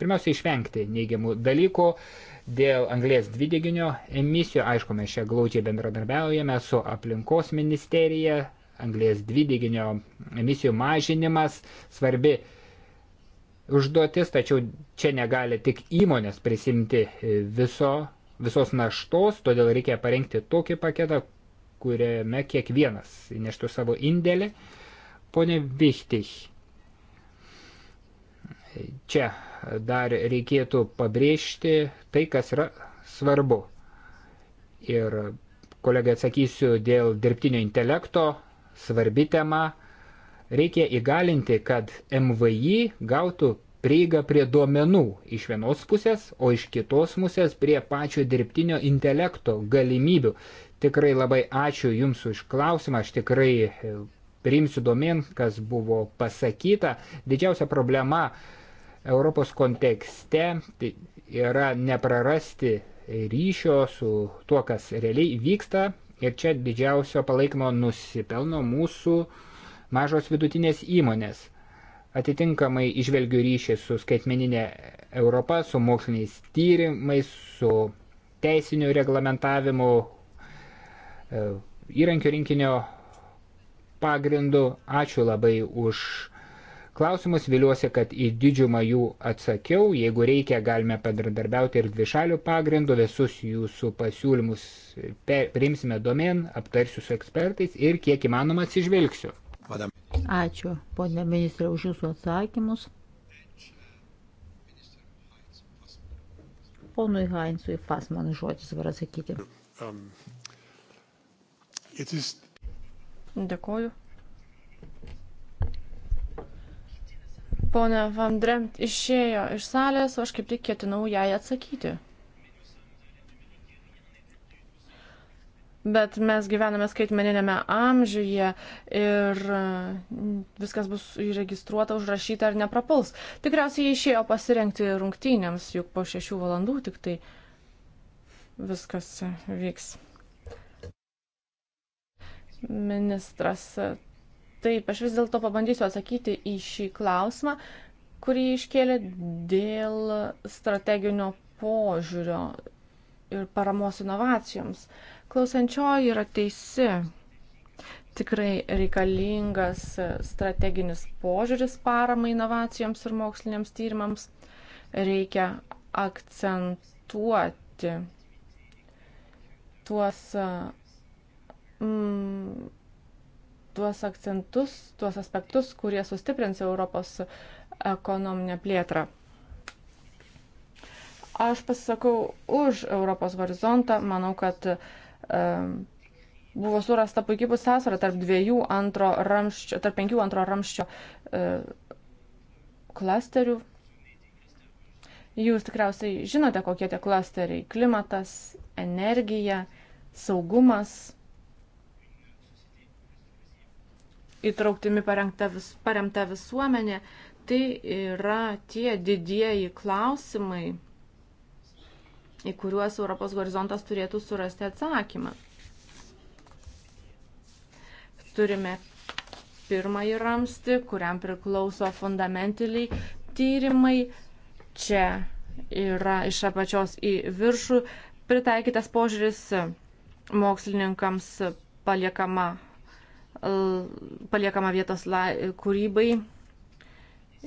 S2: Pirmiausia, išvengti neigiamų dalykų. Dėl anglės dvideginio emisijų, aišku, mes čia glaudžiai bendradarbiaujame su aplinkos ministerija, anglės dvideginio emisijų mažinimas svarbi užduotis, tačiau čia negali tik įmonės prisimti viso, visos naštos, todėl reikia parengti tokį paketą, kuriame kiekvienas neštų savo indėlį. Pone Vichtich, čia dar reikėtų pabrėžti tai, kas yra svarbu. Ir kolegai atsakysiu dėl dirbtinio intelekto, svarbi tema. Reikia įgalinti, kad MVI gautų prieigą prie duomenų iš vienos pusės, o iš kitos pusės prie pačio dirbtinio intelekto galimybių. Tikrai labai ačiū Jums už klausimą, aš tikrai e, priimsiu domin, kas buvo pasakyta. Didžiausia problema Europos kontekste tai yra neprarasti ryšio su tuo, kas realiai vyksta. Ir čia didžiausio palaikymo nusipelno mūsų mažos vidutinės įmonės. Atitinkamai išvelgiu ryšį su skaitmeninė Europa, su moksliniais tyrimais, su teisiniu reglamentavimu, E, įrankio rinkinio pagrindu. Ačiū labai už klausimus, viliuosi, kad į didžiumą jų atsakiau. Jeigu reikia, galime bendradarbiauti ir dvišalių pagrindų. Visus jūsų pasiūlymus priimsime domen, aptarsiu su ekspertais ir kiek įmanoma atsižvelgsiu.
S1: Ačiū, ponė ministrė, už jūsų atsakymus. Ponui Heinzui Fasmanui žodis var atsakyti.
S3: Um.
S2: Is...
S1: Dėkoju.
S3: Pone Van Dremt išėjo iš salės, o aš kaip tik ketinau jai atsakyti. Bet mes gyvename skaitmeninėme amžiuje ir mm, viskas bus įregistruota, užrašyta ar neprapuls. Tikriausiai išėjo pasirenkti rungtynėms, juk po šešių valandų tik tai viskas vyks ministras. Taip, aš vis dėlto pabandysiu atsakyti į šį klausimą, kurį iškėlė dėl strateginio požiūrio ir paramos inovacijoms. Klausančioji yra teisi. Tikrai reikalingas strateginis požiūris paramai inovacijoms ir moksliniams tyrimams. Reikia akcentuoti tuos mm, tuos akcentus, tuos aspektus, kurie sustiprins Europos ekonominę plėtrą. Aš pasisakau už Europos horizontą, manau, kad e, buvo surasta puikiai pusiausvara tarp dviejų antro ramščio, tarp penkių antro ramščio e, klasterių. Jūs tikriausiai žinote, kokie tie klasteriai - klimatas, energija, saugumas įtrauktimi paremta, vis, paremta visuomenė, tai yra tie didieji klausimai, į kuriuos Europos horizontas turėtų surasti atsakymą. Turime pirmąjį ramstį, kuriam priklauso fundamentaliai tyrimai. Čia yra iš apačios į viršų pritaikytas požiūris mokslininkams paliekama E, paliekama vietos lai, kūrybai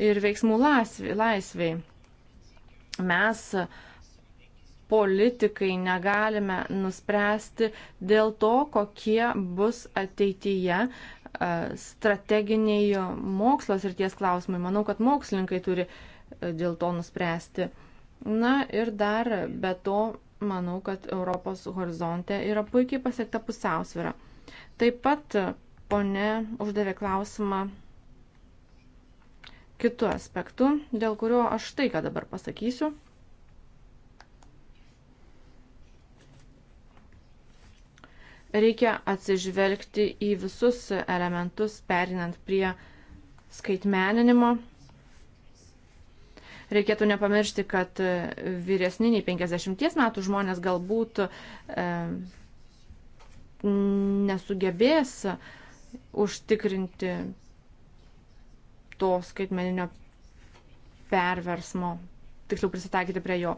S3: ir veiksmų laisviai. Mes politikai negalime nuspręsti dėl to, kokie bus ateityje e, strateginiai mokslos ir ties klausimai. Manau, kad mokslininkai turi e, dėl to nuspręsti. Na ir dar be to, manau, kad Europos horizonte yra puikiai pasiekta pusiausvėra. Taip pat ponė uždavė klausimą kitų aspektų, dėl kurio aš tai, ką dabar pasakysiu. Reikia atsižvelgti į visus elementus, perinant prie skaitmeninimo. Reikėtų nepamiršti, kad vyresniniai 50 metų žmonės galbūt e, nesugebės e, užtikrinti to skaitmeninio perversmo, tiksliau prisitaikyti prie jo.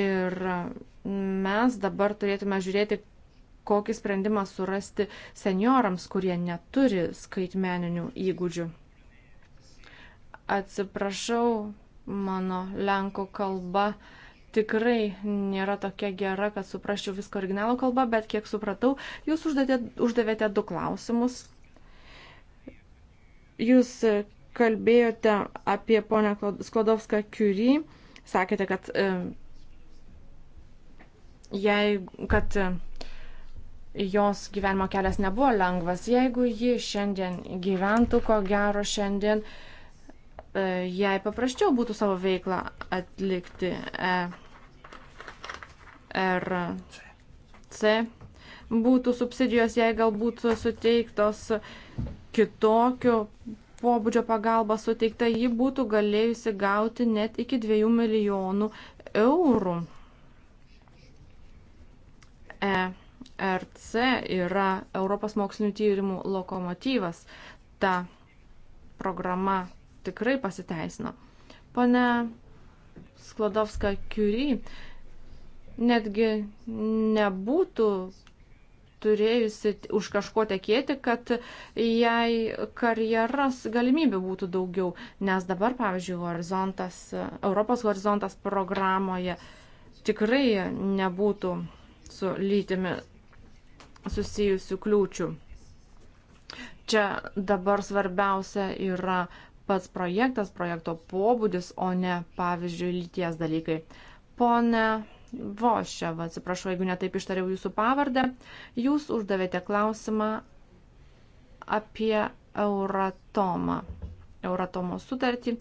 S3: Ir mes dabar turėtume žiūrėti, kokį sprendimą surasti seniorams, kurie neturi skaitmeninių įgūdžių. Atsiprašau, mano lenkų kalba uh, tikrai nėra tokia gera, kad suprasčiau viską originalo kalba, bet kiek supratau, jūs uždavėte, uždavėte du klausimus. Jūs kalbėjote apie ponę Sklodovską Curie, sakėte, kad, e, jei, kad e, jos gyvenimo kelias nebuvo lengvas. Jeigu ji šiandien gyventų, ko gero šiandien uh, E, jai paprasčiau būtų savo veiklą atlikti ERC. Būtų subsidijos, jei galbūt suteiktos kitokio pobūdžio pagalba suteikta, ji būtų galėjusi gauti net iki 2 milijonų eurų. ERC yra Europos mokslinių tyrimų lokomotyvas. Ta programa tikrai pasiteisino. Pane Sklodovska Kiury netgi nebūtų turėjusi už kažko tekėti, kad jai karjeras galimybių būtų daugiau. Nes dabar, pavyzdžiui, horizontas, Europos horizontas programoje tikrai nebūtų su lytimi susijusių kliūčių. Čia dabar svarbiausia yra pats projektas, projekto pobūdis, o ne, pavyzdžiui, lyties dalykai. Pone Voščiava, atsiprašau, jeigu netaip ištariau jūsų pavardę, jūs uždavėte klausimą apie Euratomą, Euratomo sutartį.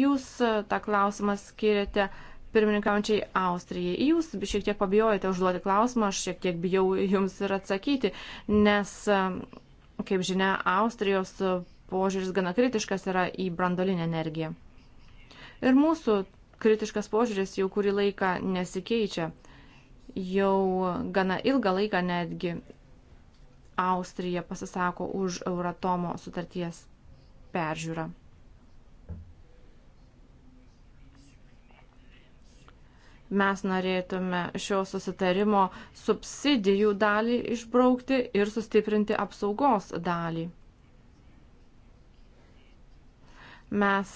S3: Jūs e, tą klausimą skiriate pirmininkaujančiai Austrijai. Jūs šiek tiek pabijojate užduoti klausimą, aš šiek tiek bijau jums ir atsakyti, nes, e, kaip žinia, Austrijos požiūris gana kritiškas yra į brandolinę energiją. Ir mūsų kritiškas požiūris jau kurį laiką nesikeičia. Jau gana ilgą laiką netgi Austrija pasisako už Euratomo sutarties peržiūrą. mes norėtume šio susitarimo subsidijų dalį išbraukti ir sustiprinti apsaugos dalį. Mes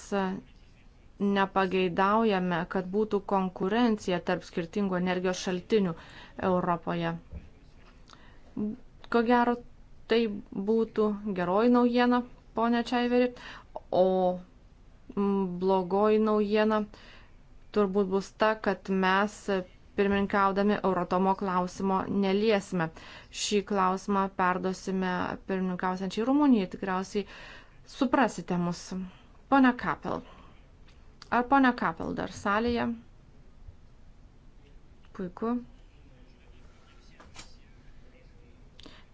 S3: nepageidaujame, kad būtų konkurencija tarp skirtingų energijos šaltinių Europoje. Ko gero, tai būtų geroji naujiena, ponia Čiaiveri, o blogoji naujiena turbūt bus ta, kad mes pirmininkaudami Eurotomo klausimo neliesime. Šį klausimą perdosime pirmininkausiančiai Rumunijai, tikriausiai suprasite mus. Pone Kapel. Ar pone Kapel dar salėje? Puiku.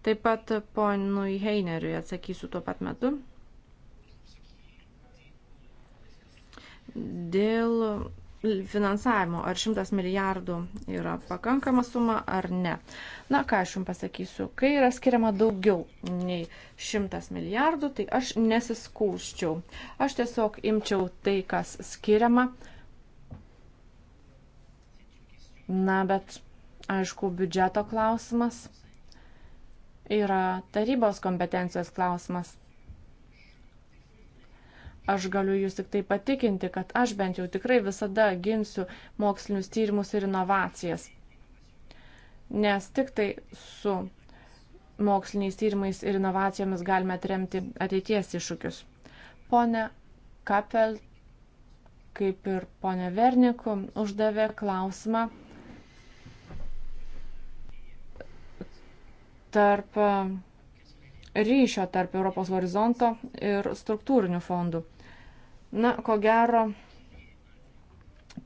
S3: Taip pat ponui Heineriui atsakysiu tuo pat metu. Dėl finansavimo, ar 100 milijardų yra pakankama suma ar ne. Na, ką aš jums pasakysiu, kai yra skiriama daugiau nei 100 milijardų, tai aš nesiskūščiau. Aš tiesiog imčiau tai, kas skiriama. Na, bet, aišku, biudžeto klausimas yra tarybos kompetencijos klausimas. Aš galiu jūs tik tai patikinti, kad aš bent jau tikrai visada ginsiu mokslinius tyrimus ir inovacijas. Nes tik tai su moksliniais tyrimais ir inovacijomis galime atremti ateities iššūkius. Pone Kapel, kaip ir pone Verniku, uždavė klausimą tarp e, ryšio tarp Europos horizonto ir struktūrinių fondų. Na, ko gero,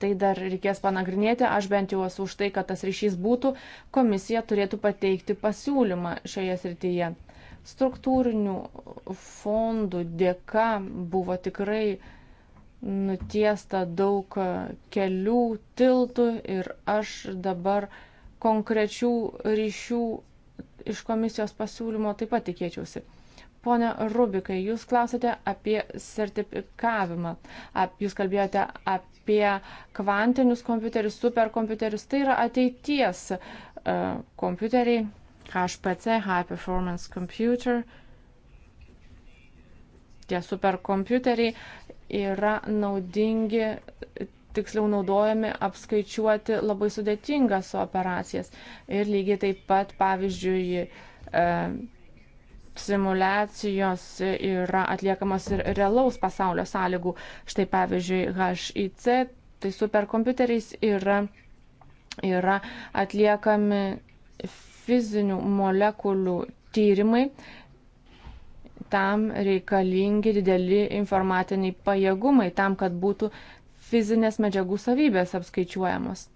S3: tai dar reikės panagrinėti, aš bent jau esu už tai, kad tas ryšys būtų, komisija turėtų pateikti pasiūlymą šioje srityje. Struktūrinių fondų dėka buvo tikrai nutiesta daug kelių, tiltų ir aš dabar konkrečių ryšių iš komisijos pasiūlymo taip pat tikėčiausi. Pone Rubikai, jūs klausėte apie sertifikavimą. Ap, jūs kalbėjote apie kvantinius kompiuterius, superkompiuterius. Tai yra ateities uh, kompiuteriai HPC, High Performance Computer. Tie superkompiuteriai yra naudingi, tiksliau naudojami apskaičiuoti labai sudėtingas operacijas. Ir lygiai taip pat, pavyzdžiui, uh, simulacijos yra atliekamos ir realaus pasaulio sąlygų. Štai pavyzdžiui, HIC, tai superkompiuteriais yra, yra atliekami fizinių molekulių tyrimai. Tam reikalingi dideli informatiniai pajėgumai, tam, kad būtų fizinės medžiagų savybės apskaičiuojamos.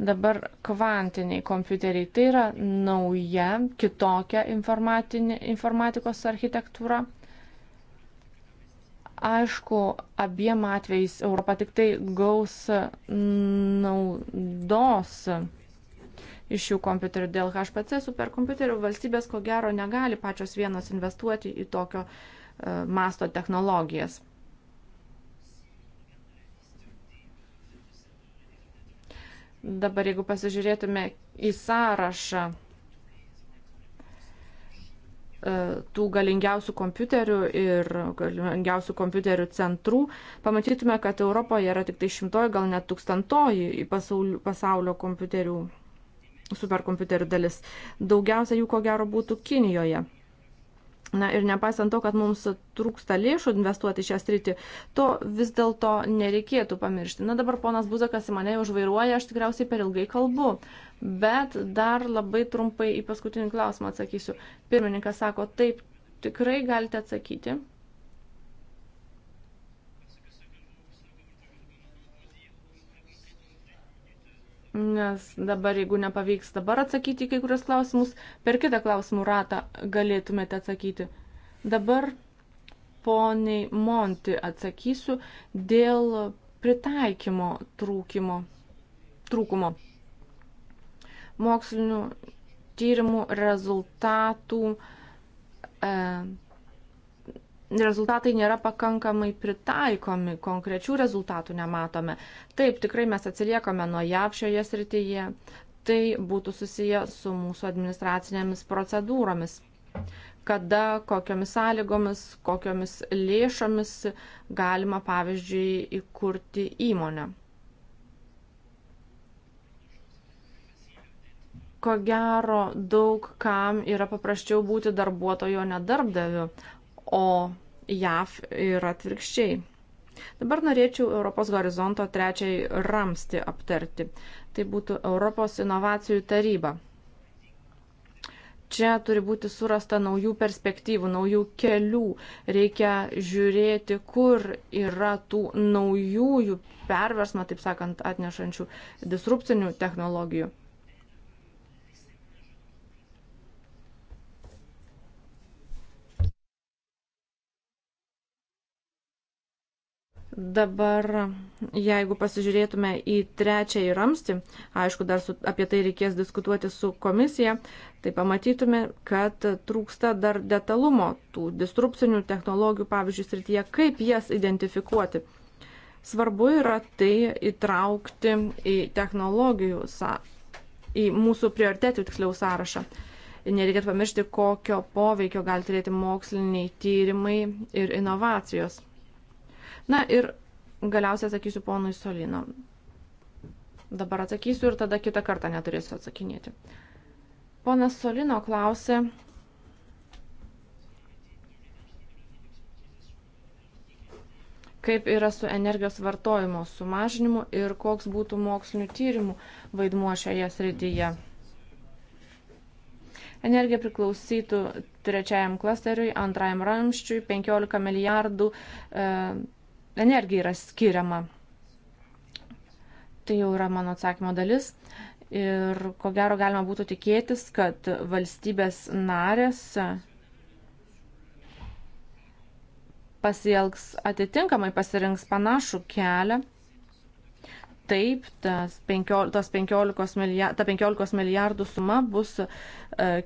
S3: Dabar kvantiniai kompiuteriai tai yra nauja, kitokia informatikos architektūra. Aišku, abiem atvejais Europa tik tai gaus naudos iš šių kompiuterių. Dėl HPC superkompiuterių valstybės ko gero negali pačios vienos investuoti į tokio e, masto technologijas. Dabar jeigu pasižiūrėtume į sąrašą e, tų galingiausių kompiuterių ir galingiausių kompiuterių centrų, pamatytume, kad Europoje yra tik tai šimtoji, gal net tūkstantoji pasaulio, pasaulio kompiuterių, superkompiuterių dalis. Daugiausia jų ko gero būtų Kinijoje. Na ir nepaisant to, kad mums trūksta lėšų investuoti šią sritį, to vis dėlto nereikėtų pamiršti. Na dabar ponas Buzakas į mane užvairuoja, aš tikriausiai per ilgai kalbu, bet dar labai trumpai į paskutinį klausimą atsakysiu. Pirmininkas sako, taip, tikrai galite atsakyti. Nes dabar, jeigu nepavyks dabar atsakyti į kai kurios klausimus, per kitą klausimų ratą galėtumėte atsakyti. Dabar poniai Monti atsakysiu dėl pritaikymo trūkimo, trūkumo. Mokslinių tyrimų rezultatų e, rezultatai nėra pakankamai pritaikomi, konkrečių rezultatų nematome. Taip, tikrai mes atsiliekame nuo JAV šioje srityje. Tai būtų susiję su mūsų administracinėmis procedūromis. Kada, kokiomis sąlygomis, kokiomis lėšomis galima, pavyzdžiui, įkurti įmonę. ko gero daug kam yra paprasčiau būti darbuotojo nedarbdaviu, o JAV ir atvirkščiai. Dabar norėčiau Europos horizonto trečiai ramsti aptarti. Tai būtų Europos inovacijų taryba. Čia turi būti surasta naujų perspektyvų, naujų kelių. Reikia žiūrėti, kur yra tų naujųjų perversmą, taip sakant, atnešančių disrupcinių technologijų. Dabar, jeigu pasižiūrėtume į trečiąjį ramstį, aišku, dar su, apie tai reikės diskutuoti su komisija, tai pamatytume, kad trūksta dar detalumo tų disrupcinių technologijų, pavyzdžiui, srityje, kaip jas identifikuoti. Svarbu yra tai įtraukti į technologijų, į mūsų prioritetų tiksliau sąrašą. Nereikėtų pamiršti, kokio poveikio gali turėti moksliniai tyrimai ir inovacijos. Na ir galiausiai atsakysiu ponui Solino. Dabar atsakysiu ir tada kitą kartą neturėsiu atsakinėti. Ponas Solino klausė. kaip yra su energijos vartojimo sumažinimu ir koks būtų mokslinių tyrimų vaidmuo šioje srityje. Energija priklausytų trečiajam klasteriui, antrajam ramščiui, 15 milijardų e, energija yra skiriama. Tai jau yra mano atsakymo dalis. Ir ko gero galima būtų tikėtis, kad valstybės narės pasielgs atitinkamai, pasirinks panašų kelią Taip, tas 15, tas 15 milijardų, ta 15 milijardų suma bus e,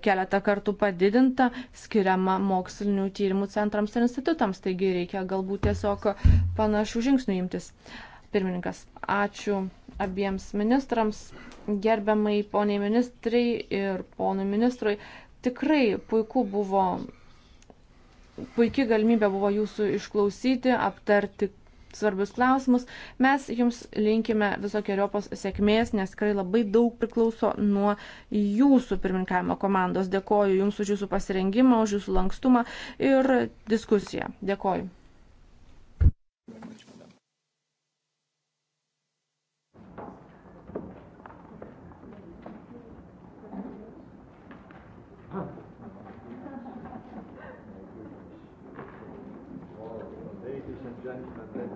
S3: keletą kartų padidinta, skiriama mokslinių tyrimų centrams ir institutams, taigi reikia galbūt tiesiog panašių žingsnių imtis. Pirmininkas, ačiū abiems ministrams, gerbiamai poniai ministrai ir ponui ministrui. Tikrai puiku buvo, puikia galimybė buvo jūsų išklausyti, aptarti svarbius klausimus. Mes jums linkime visokiojopos sėkmės, nes tikrai labai daug priklauso nuo jūsų pirmininkavimo komandos. Dėkoju jums už jūsų pasirengimą, už jūsų lankstumą ir diskusiją. Dėkoju.
S2: gentlemen.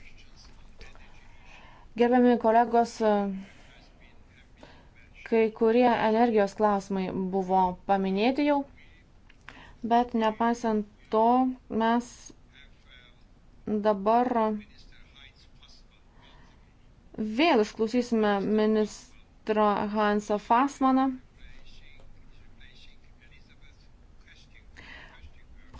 S3: Gerbiami kolegos, kai kurie energijos klausimai buvo paminėti jau, bet nepaisant to mes dabar vėl išklausysime ministro Hansa Fassmaną.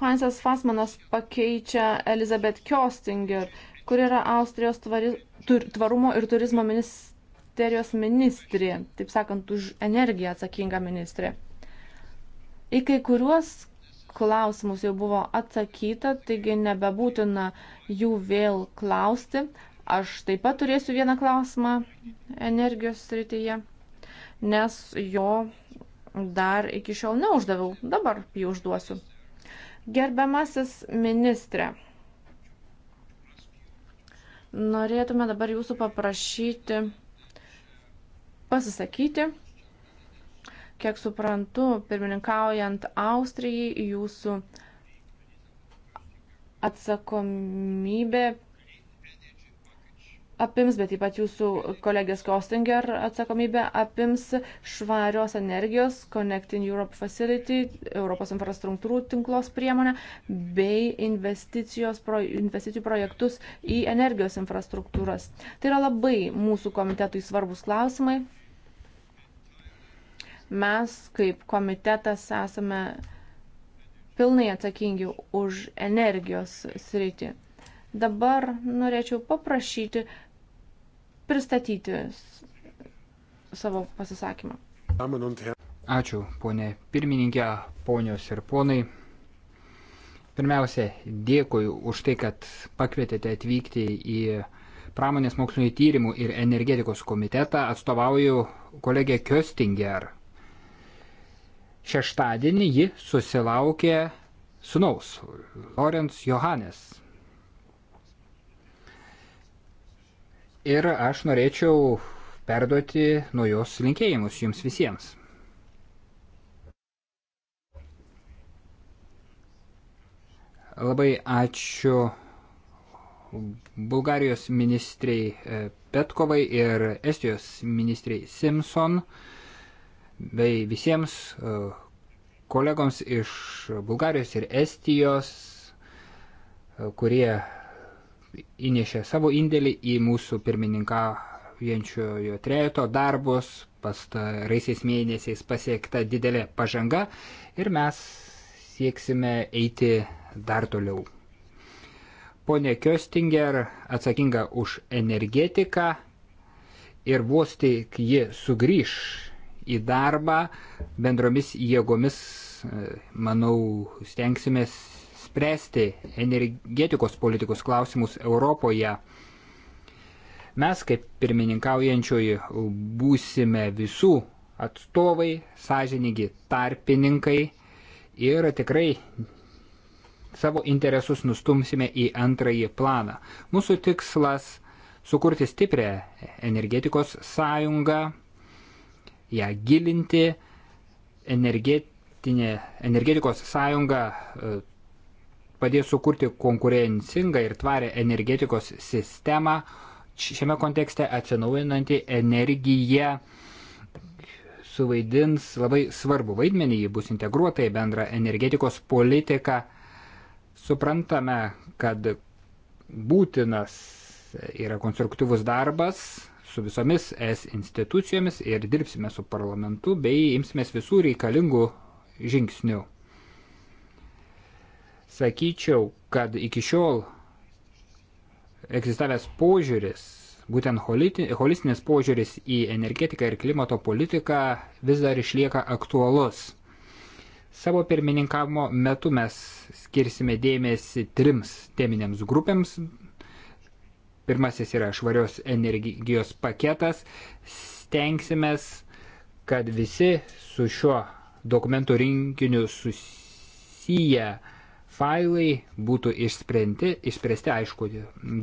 S3: Hansas Fassmanas pakeičia Elizabeth Kjostinger, kur yra Austrijos tvari, tur, tvarumo ir turizmo ministerijos ministrė, taip sakant, už energiją atsakinga ministrė. Į kai kuriuos klausimus jau buvo atsakyta, taigi nebebūtina jų vėl klausti. Aš taip pat turėsiu vieną klausimą energijos srityje, nes jo dar iki šiol neuždaviau, dabar jį užduosiu. Gerbiamasis ministrė, Norėtume dabar jūsų paprašyti pasisakyti. Kiek suprantu, pirmininkaujant Austrijai, jūsų atsakomybė apims, bet ypač jūsų kolegės Kostinger atsakomybė apims švarios energijos Connecting Europe Facility, Europos infrastruktūrų tinklos priemonę bei pro, investicijų projektus į energijos infrastruktūras. Tai yra labai mūsų komitetui svarbus klausimai. Mes kaip komitetas esame pilnai atsakingi už energijos sritį. Dabar norėčiau paprašyti pristatyti savo pasisakymą.
S2: Ačiū, ponė pirmininkė, ponios ir ponai. Pirmiausia, dėkui už tai, kad pakvietėte atvykti į pramonės mokslinio tyrimų ir energetikos komitetą. Atstovauju kolegė Köstinger. Šeštadienį ji susilaukė sunaus, Lorenz Johannes. ir aš norėčiau perduoti nuo jos linkėjimus jums visiems. Labai ačiū Bulgarijos ministrei e, Petkovai ir Estijos ministrei Simpson bei visiems e, kolegoms iš Bulgarijos ir Estijos, e, kurie įnešė savo indėlį į mūsų pirmininkaujančiojo trejeto darbus, pastaraisiais mėnesiais pasiekta didelė pažanga ir mes sieksime eiti dar toliau. Pone Kjostinger atsakinga už energetiką ir vos tik ji sugrįž į darbą bendromis jėgomis, e, manau, stengsimės spręsti energetikos politikos klausimus Europoje. Mes, kaip pirmininkaujančioji, būsime visų atstovai, sąžiningi tarpininkai ir tikrai savo interesus nustumsime į antrąjį planą. Mūsų tikslas - sukurti stiprią energetikos sąjungą, ją gilinti, energetinė, energetikos sąjunga e, padės sukurti konkurencingą ir tvarę energetikos sistemą. Šiame kontekste atsinaujinanti energija suvaidins labai svarbu vaidmenį, ji bus integruota į bendrą energetikos politiką. Suprantame, kad būtinas yra konstruktyvus darbas su visomis es institucijomis ir dirbsime su parlamentu bei imsimės visų reikalingų žingsnių. Sakyčiau, kad iki šiol egzistavęs požiūris, būtent holistinis požiūris į energetiką ir klimato politiką vis dar išlieka aktualus. Savo pirmininkavimo metu mes skirsime dėmesį trims teminėms grupėms. Pirmasis yra švarios energijos paketas. Stengsimės, kad visi su šiuo dokumentų rinkiniu susiję failai būtų išspręsti, išspręsti aišku,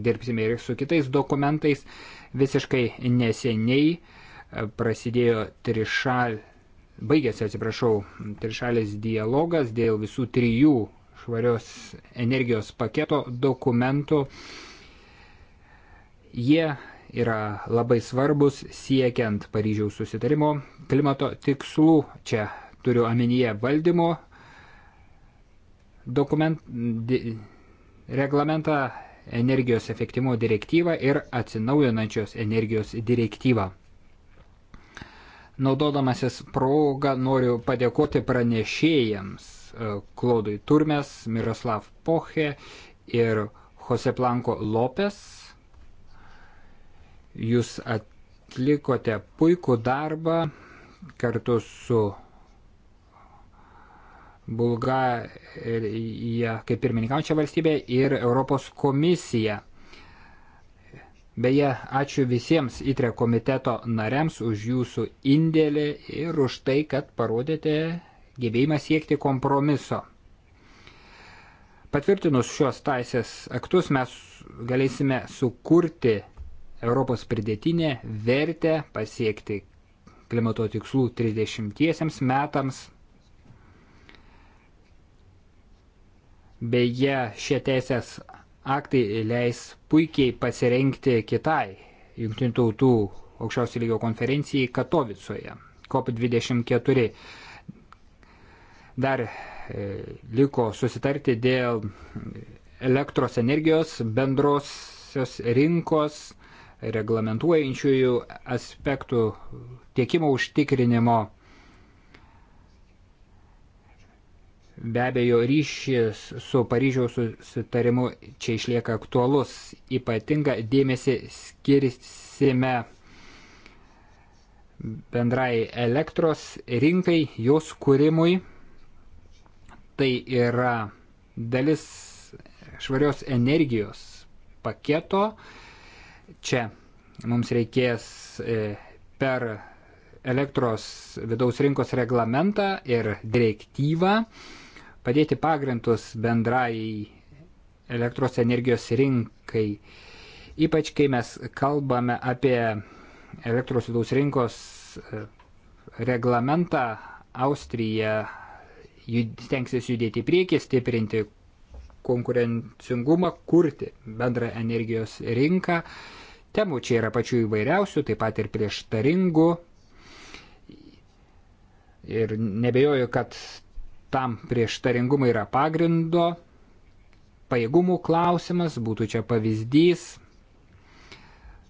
S2: dirbsime ir su kitais dokumentais. Visiškai neseniai e, prasidėjo trišal, baigėsi, atsiprašau, trišalės dialogas dėl visų trijų švarios energijos paketo dokumentų. Jie yra labai svarbus siekiant Paryžiaus susitarimo klimato tikslų. Čia turiu omenyje valdymo dokument, di, reglamentą, energijos efektyvumo direktyvą ir atsinaujinančios energijos direktyvą. Naudodamasis progą noriu padėkoti pranešėjams e, Klodui Turmes, Miroslav Poche ir Jose Planko Lopes. Jūs atlikote puikų darbą kartu su Bulgarija kaip pirmininkaučia valstybė ir Europos komisija. Beje, ačiū visiems ITRE komiteto nariams už jūsų indėlį ir už tai, kad parodėte gebėjimą siekti kompromiso. Patvirtinus šios taisės aktus mes galėsime sukurti Europos pridėtinę vertę, pasiekti klimato tikslų 30 metams Beje, šie teisės aktai leis puikiai pasirengti kitai Junktinių tautų aukščiausio lygio konferencijai Katovicoje, COP24. Dar e, liko susitarti dėl elektros energijos bendrosios rinkos reglamentuojančiųjų aspektų tiekimo užtikrinimo Be abejo, ryšys su Paryžiaus susitarimu čia išlieka aktualus. Ypatinga dėmesį skirsime bendrai elektros rinkai, jos kūrimui. Tai yra dalis švarios energijos paketo. Čia mums reikės e, per elektros vidaus rinkos reglamentą ir direktyvą padėti pagrindus bendrai elektros energijos rinkai. Ypač kai mes kalbame apie elektros vidaus rinkos e, reglamentą, Austrija stengsis judėti į priekį, stiprinti konkurencingumą, kurti bendrą energijos rinką. Temų čia yra pačių įvairiausių, taip pat ir prieštaringų. Ir nebejoju, kad tam prieštaringumai yra pagrindo, pajėgumų klausimas būtų čia pavyzdys.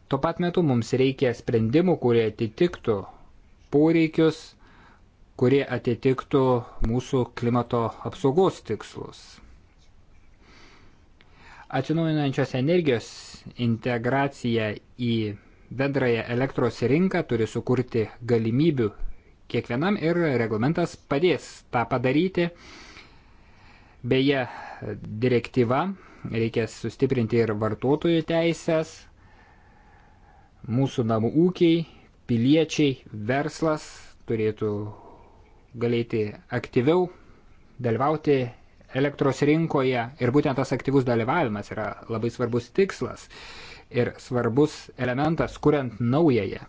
S2: Tuo pat metu mums reikia sprendimų, kurie atitiktų poreikius, kurie atitiktų mūsų klimato apsaugos tikslus. Atsinaujinančios energijos integracija į bendrąją elektros rinką turi sukurti galimybių kiekvienam ir reglamentas padės tą padaryti. Beje, direktyva reikės sustiprinti ir vartotojų teisės, mūsų namų ūkiai, piliečiai, verslas turėtų galėti aktyviau dalyvauti elektros rinkoje ir būtent tas aktyvus dalyvavimas yra labai svarbus tikslas ir svarbus elementas, kuriant naująją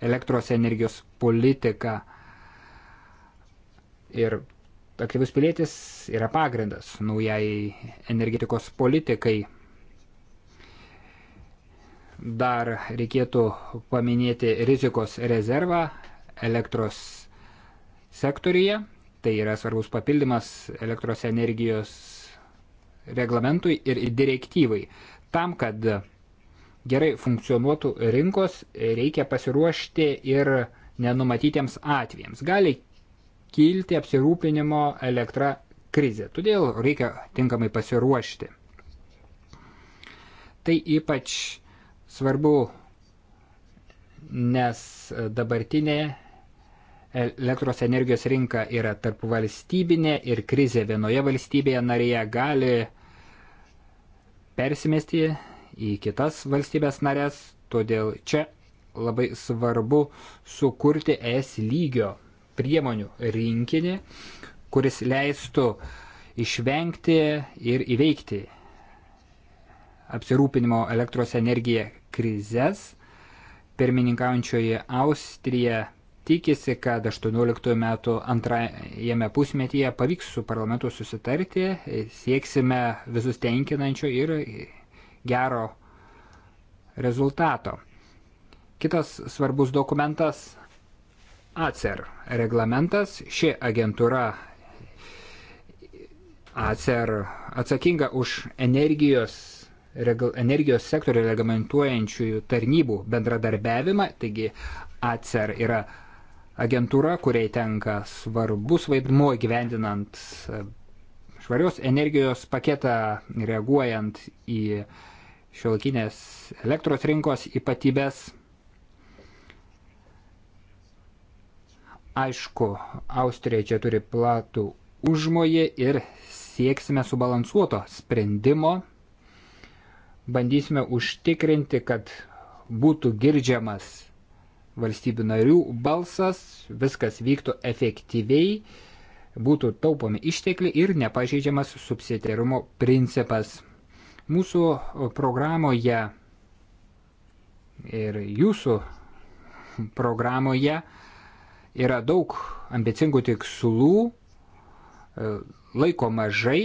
S2: elektros energijos politiką. Ir aktyvus pilietis yra pagrindas naujai energetikos politikai. Dar reikėtų paminėti rizikos rezervą elektros sektoriuje. Tai yra svarbus papildymas elektros energijos reglamentui ir direktyvai. Tam, kad gerai funkcionuotų rinkos, reikia pasiruošti ir nenumatytiems atvejams. Gali kilti apsirūpinimo elektra krizė, todėl reikia tinkamai pasiruošti. Tai ypač svarbu, nes dabartinė elektros energijos rinka yra tarp valstybinė ir krizė vienoje valstybėje narėje gali persimesti į kitas valstybės narės, todėl čia labai svarbu sukurti es lygio priemonių rinkinį, kuris leistų išvengti ir įveikti apsirūpinimo elektros energiją krizės. Pirmininkaujančioji Austrija tikisi, kad 18 metų antrajame pusmetyje pavyks su parlamentu susitarti, sieksime visus tenkinančio ir gero rezultato. Kitas svarbus dokumentas - ACER reglamentas. Ši agentūra ACER atsakinga už energijos energijos sektorių reglamentuojančiųjų tarnybų bendradarbiavimą, taigi ACER yra agentūra, kuriai tenka svarbus vaidmuo gyvendinant švarios energijos paketą, reaguojant į uh, šiolkinės elektros rinkos ypatybės. Aišku, Austrija čia turi platų užmojį ir sieksime subalansuoto sprendimo. Bandysime užtikrinti, kad būtų girdžiamas valstybių narių balsas, viskas vyktų efektyviai, būtų taupomi ištekliai ir nepažeidžiamas subsidiarumo principas. Mūsų programoje ir jūsų programoje yra daug ambicingų tikslų, e, laiko mažai.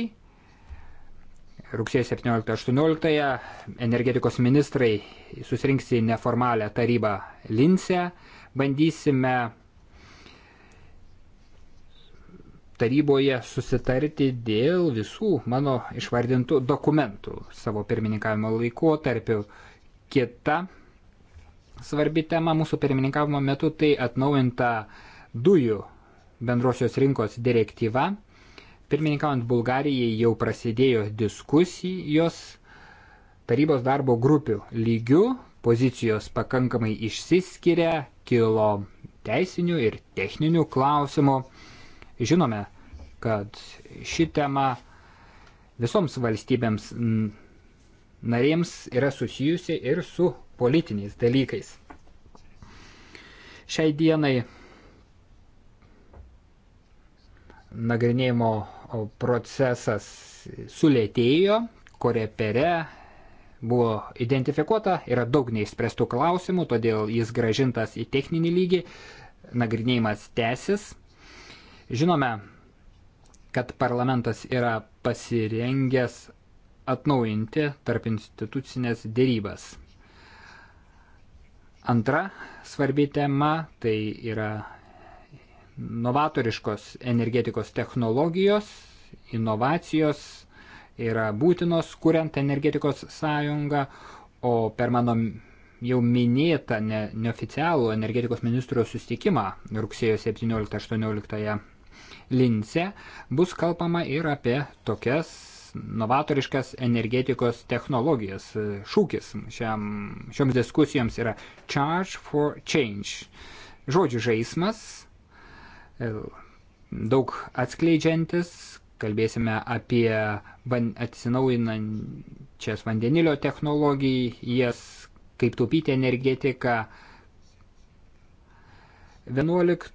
S2: Rugsėjo 17-18 energetikos ministrai susirinks į neformalią tarybą Lince. Bandysime taryboje susitarti dėl visų mano išvardintų dokumentų savo pirmininkavimo laikotarpiu. Kita svarbi tema mūsų pirmininkavimo metu tai atnaujinta dujų bendrosios rinkos direktyva. Pirmininkaujant Bulgarijai jau prasidėjo diskusijos tarybos darbo grupių lygių, pozicijos pakankamai išsiskiria, kilo teisinių ir techninių klausimų. Žinome, kad ši tema visoms valstybėms narėms yra susijusi ir su politiniais dalykais. Šiai dienai nagrinėjimo procesas sulėtėjo, korepere buvo identifikuota, yra daug neįspręstų klausimų, todėl jis gražintas į techninį lygį, nagrinėjimas tęsis Žinome, kad parlamentas yra pasirengęs atnaujinti tarp institucinės dėrybas. Antra svarbi tema tai yra novatoriškos energetikos technologijos, inovacijos yra būtinos kuriant energetikos sąjungą, o per mano jau minėtą ne, neoficialų energetikos ministro susitikimą rugsėjo 17-18 Lince bus kalbama ir apie tokias novatoriškas energetikos technologijas. Šūkis šiam, šioms diskusijoms yra Charge for Change. Žodžių žaismas, e, daug atskleidžiantis, kalbėsime apie van, atsinaujinančias vandenilio technologijas, kaip taupyti energetiką. 11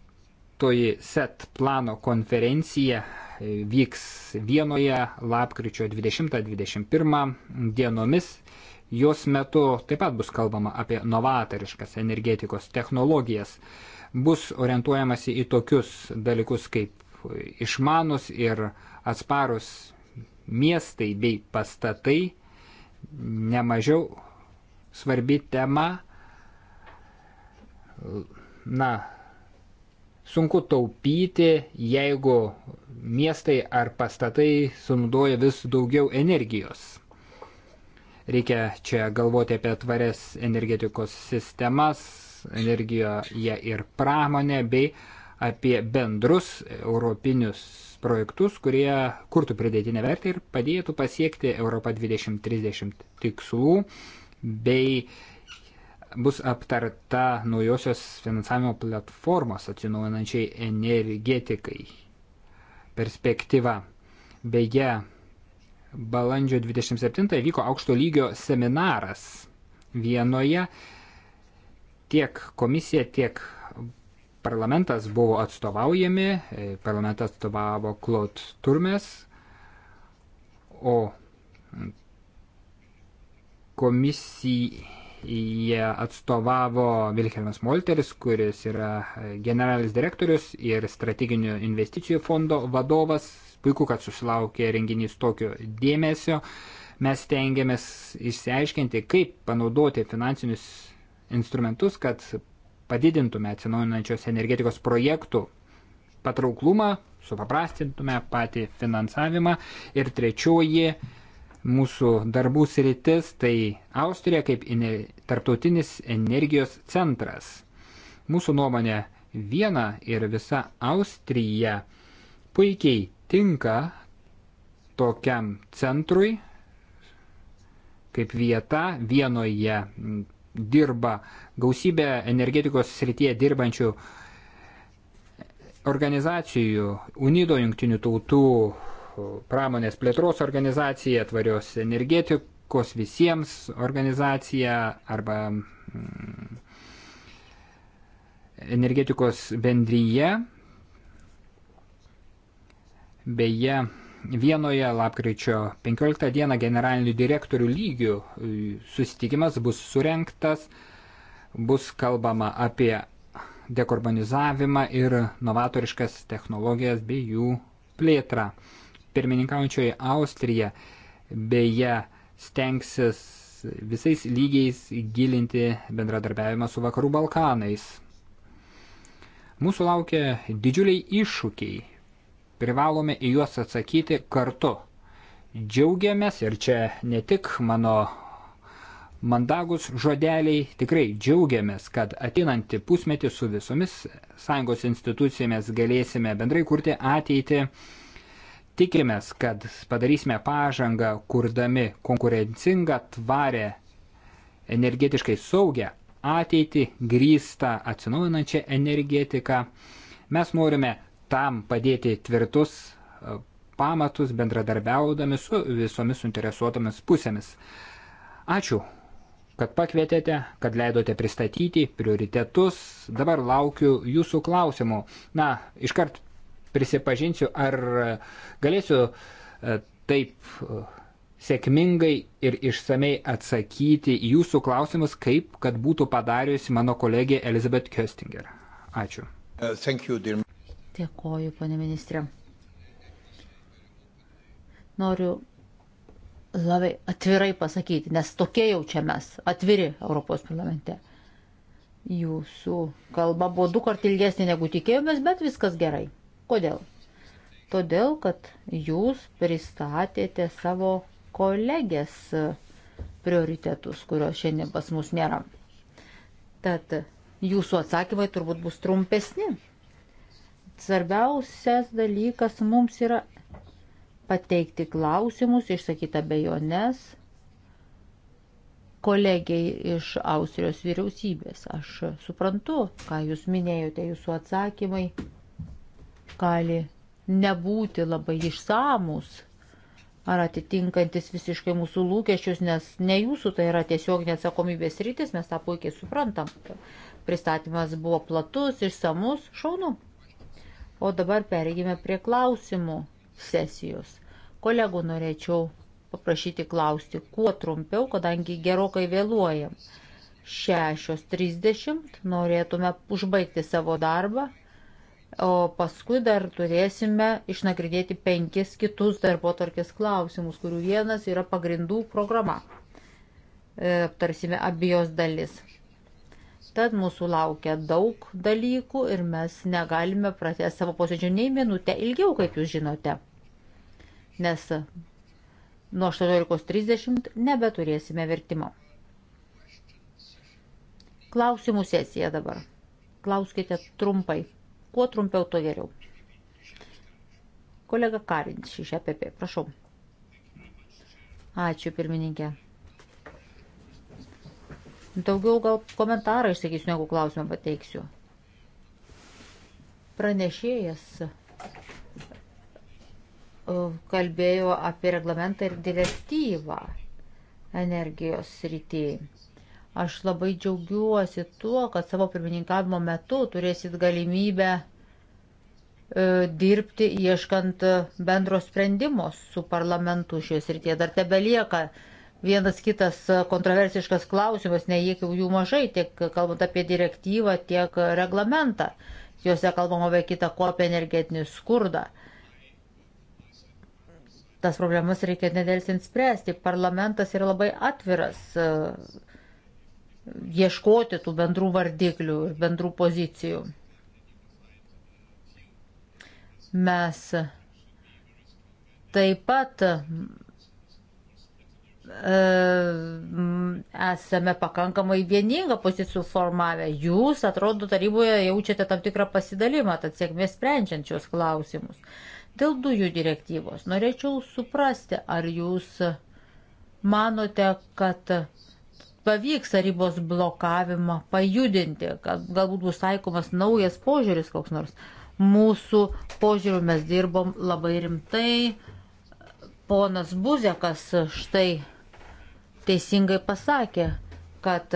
S2: SET plano konferencija e, vyks Vienoje lapkričio 20-21 dienomis. Jos metu taip pat bus kalbama apie novatariškas energetikos technologijas. Bus orientuojamasi į tokius dalykus kaip išmanus ir atsparus miestai bei pastatai. Nemažiau svarbi tema na, Sunku taupyti, jeigu miestai ar pastatai sunaudoja vis daugiau energijos. Reikia čia galvoti apie tvarias energetikos sistemas, energijoje ir pramonę, bei apie bendrus europinius projektus, kurie kurtų pridėtinę vertę ir padėtų pasiekti Europą 2030 tikslų, bei bus aptarta naujosios finansavimo platformos atsinaujinančiai energetikai perspektyva. Beje, balandžio 27 vyko aukšto lygio seminaras Vienoje. Tiek komisija, tiek parlamentas buvo atstovaujami, parlamentas atstovavo Klot Turmes, o komisija jie atstovavo Vilhelmas Molteris, kuris yra generalinis direktorius ir strateginių investicijų fondo vadovas. Puiku, kad susilaukė renginys tokio dėmesio. Mes tengiamės išsiaiškinti, kaip panaudoti finansinius instrumentus, kad padidintume atsinaujinančios energetikos projektų patrauklumą, supaprastintume patį finansavimą. Ir trečioji mūsų darbų sritis, tai Austrija kaip tarptautinis energijos centras. Mūsų nuomonė Viena ir visa Austrija puikiai tinka tokiam centrui, kaip vieta vienoje dirba gausybė energetikos srityje dirbančių organizacijų, UNIDO jungtinių tautų pramonės plėtros organizacija, tvarios energetikos visiems organizacija arba mm, energetikos bendryje. Beje, Vienoje lapkričio 15 dieną generalinių direktorių lygių e, susitikimas bus surenktas, bus kalbama apie dekarbonizavimą ir novatoriškas technologijas bei jų plėtrą pirmininkaujančioji Austrija beje stengsis visais lygiais gilinti bendradarbiavimą su Vakarų Balkanais. Mūsų laukia didžiuliai iššūkiai. Privalome į juos atsakyti kartu. Džiaugiamės ir čia ne tik mano mandagus žodeliai, tikrai džiaugiamės, kad atinantį pusmetį su visomis sąjungos institucijomis galėsime bendrai kurti ateitį. Tikimės, kad padarysime pažangą, kurdami konkurencingą, tvarę, energetiškai saugę ateitį, grįstą atsinaujinančią energetiką. Mes norime tam padėti tvirtus e, pamatus, bendradarbiaudami su visomis suinteresuotomis pusėmis. Ačiū, kad pakvietėte, kad leidote pristatyti prioritetus. Dabar laukiu jūsų klausimų. Na, iškart prisipažinsiu, ar galėsiu e, taip e, sėkmingai ir išsamei atsakyti į jūsų klausimus, kaip kad būtų padariusi mano kolegė Elizabeth Köstinger. Ačiū. E,
S1: Dėkoju, pane ministrė. Noriu labai atvirai pasakyti, nes tokie jaučia mes, atviri Europos parlamente. Jūsų kalba buvo du kart ilgesnė negu tikėjomės, bet viskas gerai. Kodėl? Todėl, kad jūs pristatėte savo kolegės prioritetus, kurios šiandien pas mus nėra. Tad jūsų atsakymai turbūt bus trumpesni. Svarbiausias dalykas mums yra pateikti klausimus, išsakyti abejonės kolegiai iš Austrijos vyriausybės. Aš suprantu, ką jūs minėjote, jūsų atsakymai gali nebūti labai išsamus ar atitinkantis visiškai mūsų lūkesčius, nes ne jūsų tai yra tiesiog neatsakomybės rytis, mes tą puikiai suprantam. Pristatymas buvo platus, išsamus, šaunu. O dabar pereigime prie klausimų sesijos. Kolegų norėčiau paprašyti klausti kuo trumpiau, kadangi gerokai vėluojam. 6.30 norėtume užbaigti savo darbą O paskui dar turėsime išnagrinėti penkis kitus darbo tarkės klausimus, kurių vienas yra pagrindų programa. E, aptarsime abijos dalis. Tad mūsų laukia daug dalykų ir mes negalime pratęs savo posėdžių nei minutę ilgiau, kaip jūs žinote. Nes nuo 18.30 nebeturėsime vertimo. Klausimų sesija dabar. Klauskite trumpai. Kuo trumpiau, to geriau. Kolega Karins iš EPP, prašau. Ačiū, pirmininkė. Daugiau gal komentarą išsakysiu, negu klausimą pateiksiu. Pranešėjas e, kalbėjo apie reglamentą ir direktyvą energijos srityje. Aš labai džiaugiuosi tuo, kad savo pirmininkavimo metu turėsit galimybę e, dirbti ieškant bendro sprendimo su parlamentu šioje srityje. Dar tebelieka vienas kitas kontroversiškas klausimas, ne jiek jau jų mažai, tiek kalbant apie direktyvą, tiek reglamentą. Juose kalbama be kita ko apie energetinį skurdą. Tas problemas reikia nedelsint spręsti. Parlamentas yra labai atviras e, ieškoti tų bendrų vardiklių ir bendrų pozicijų. Mes taip pat e, esame pakankamai vieningą pozicijų formavę. Jūs, atrodo, taryboje jaučiate tam tikrą pasidalimą, tad sėkmės sprendžiančios klausimus. Dėl dujų direktyvos norėčiau suprasti, ar jūs manote, kad pavyks tarybos blokavimą pajudinti, kad galbūt bus taikomas naujas požiūris koks nors. Mūsų požiūriu mes dirbom labai rimtai. Ponas Buzekas štai teisingai pasakė, kad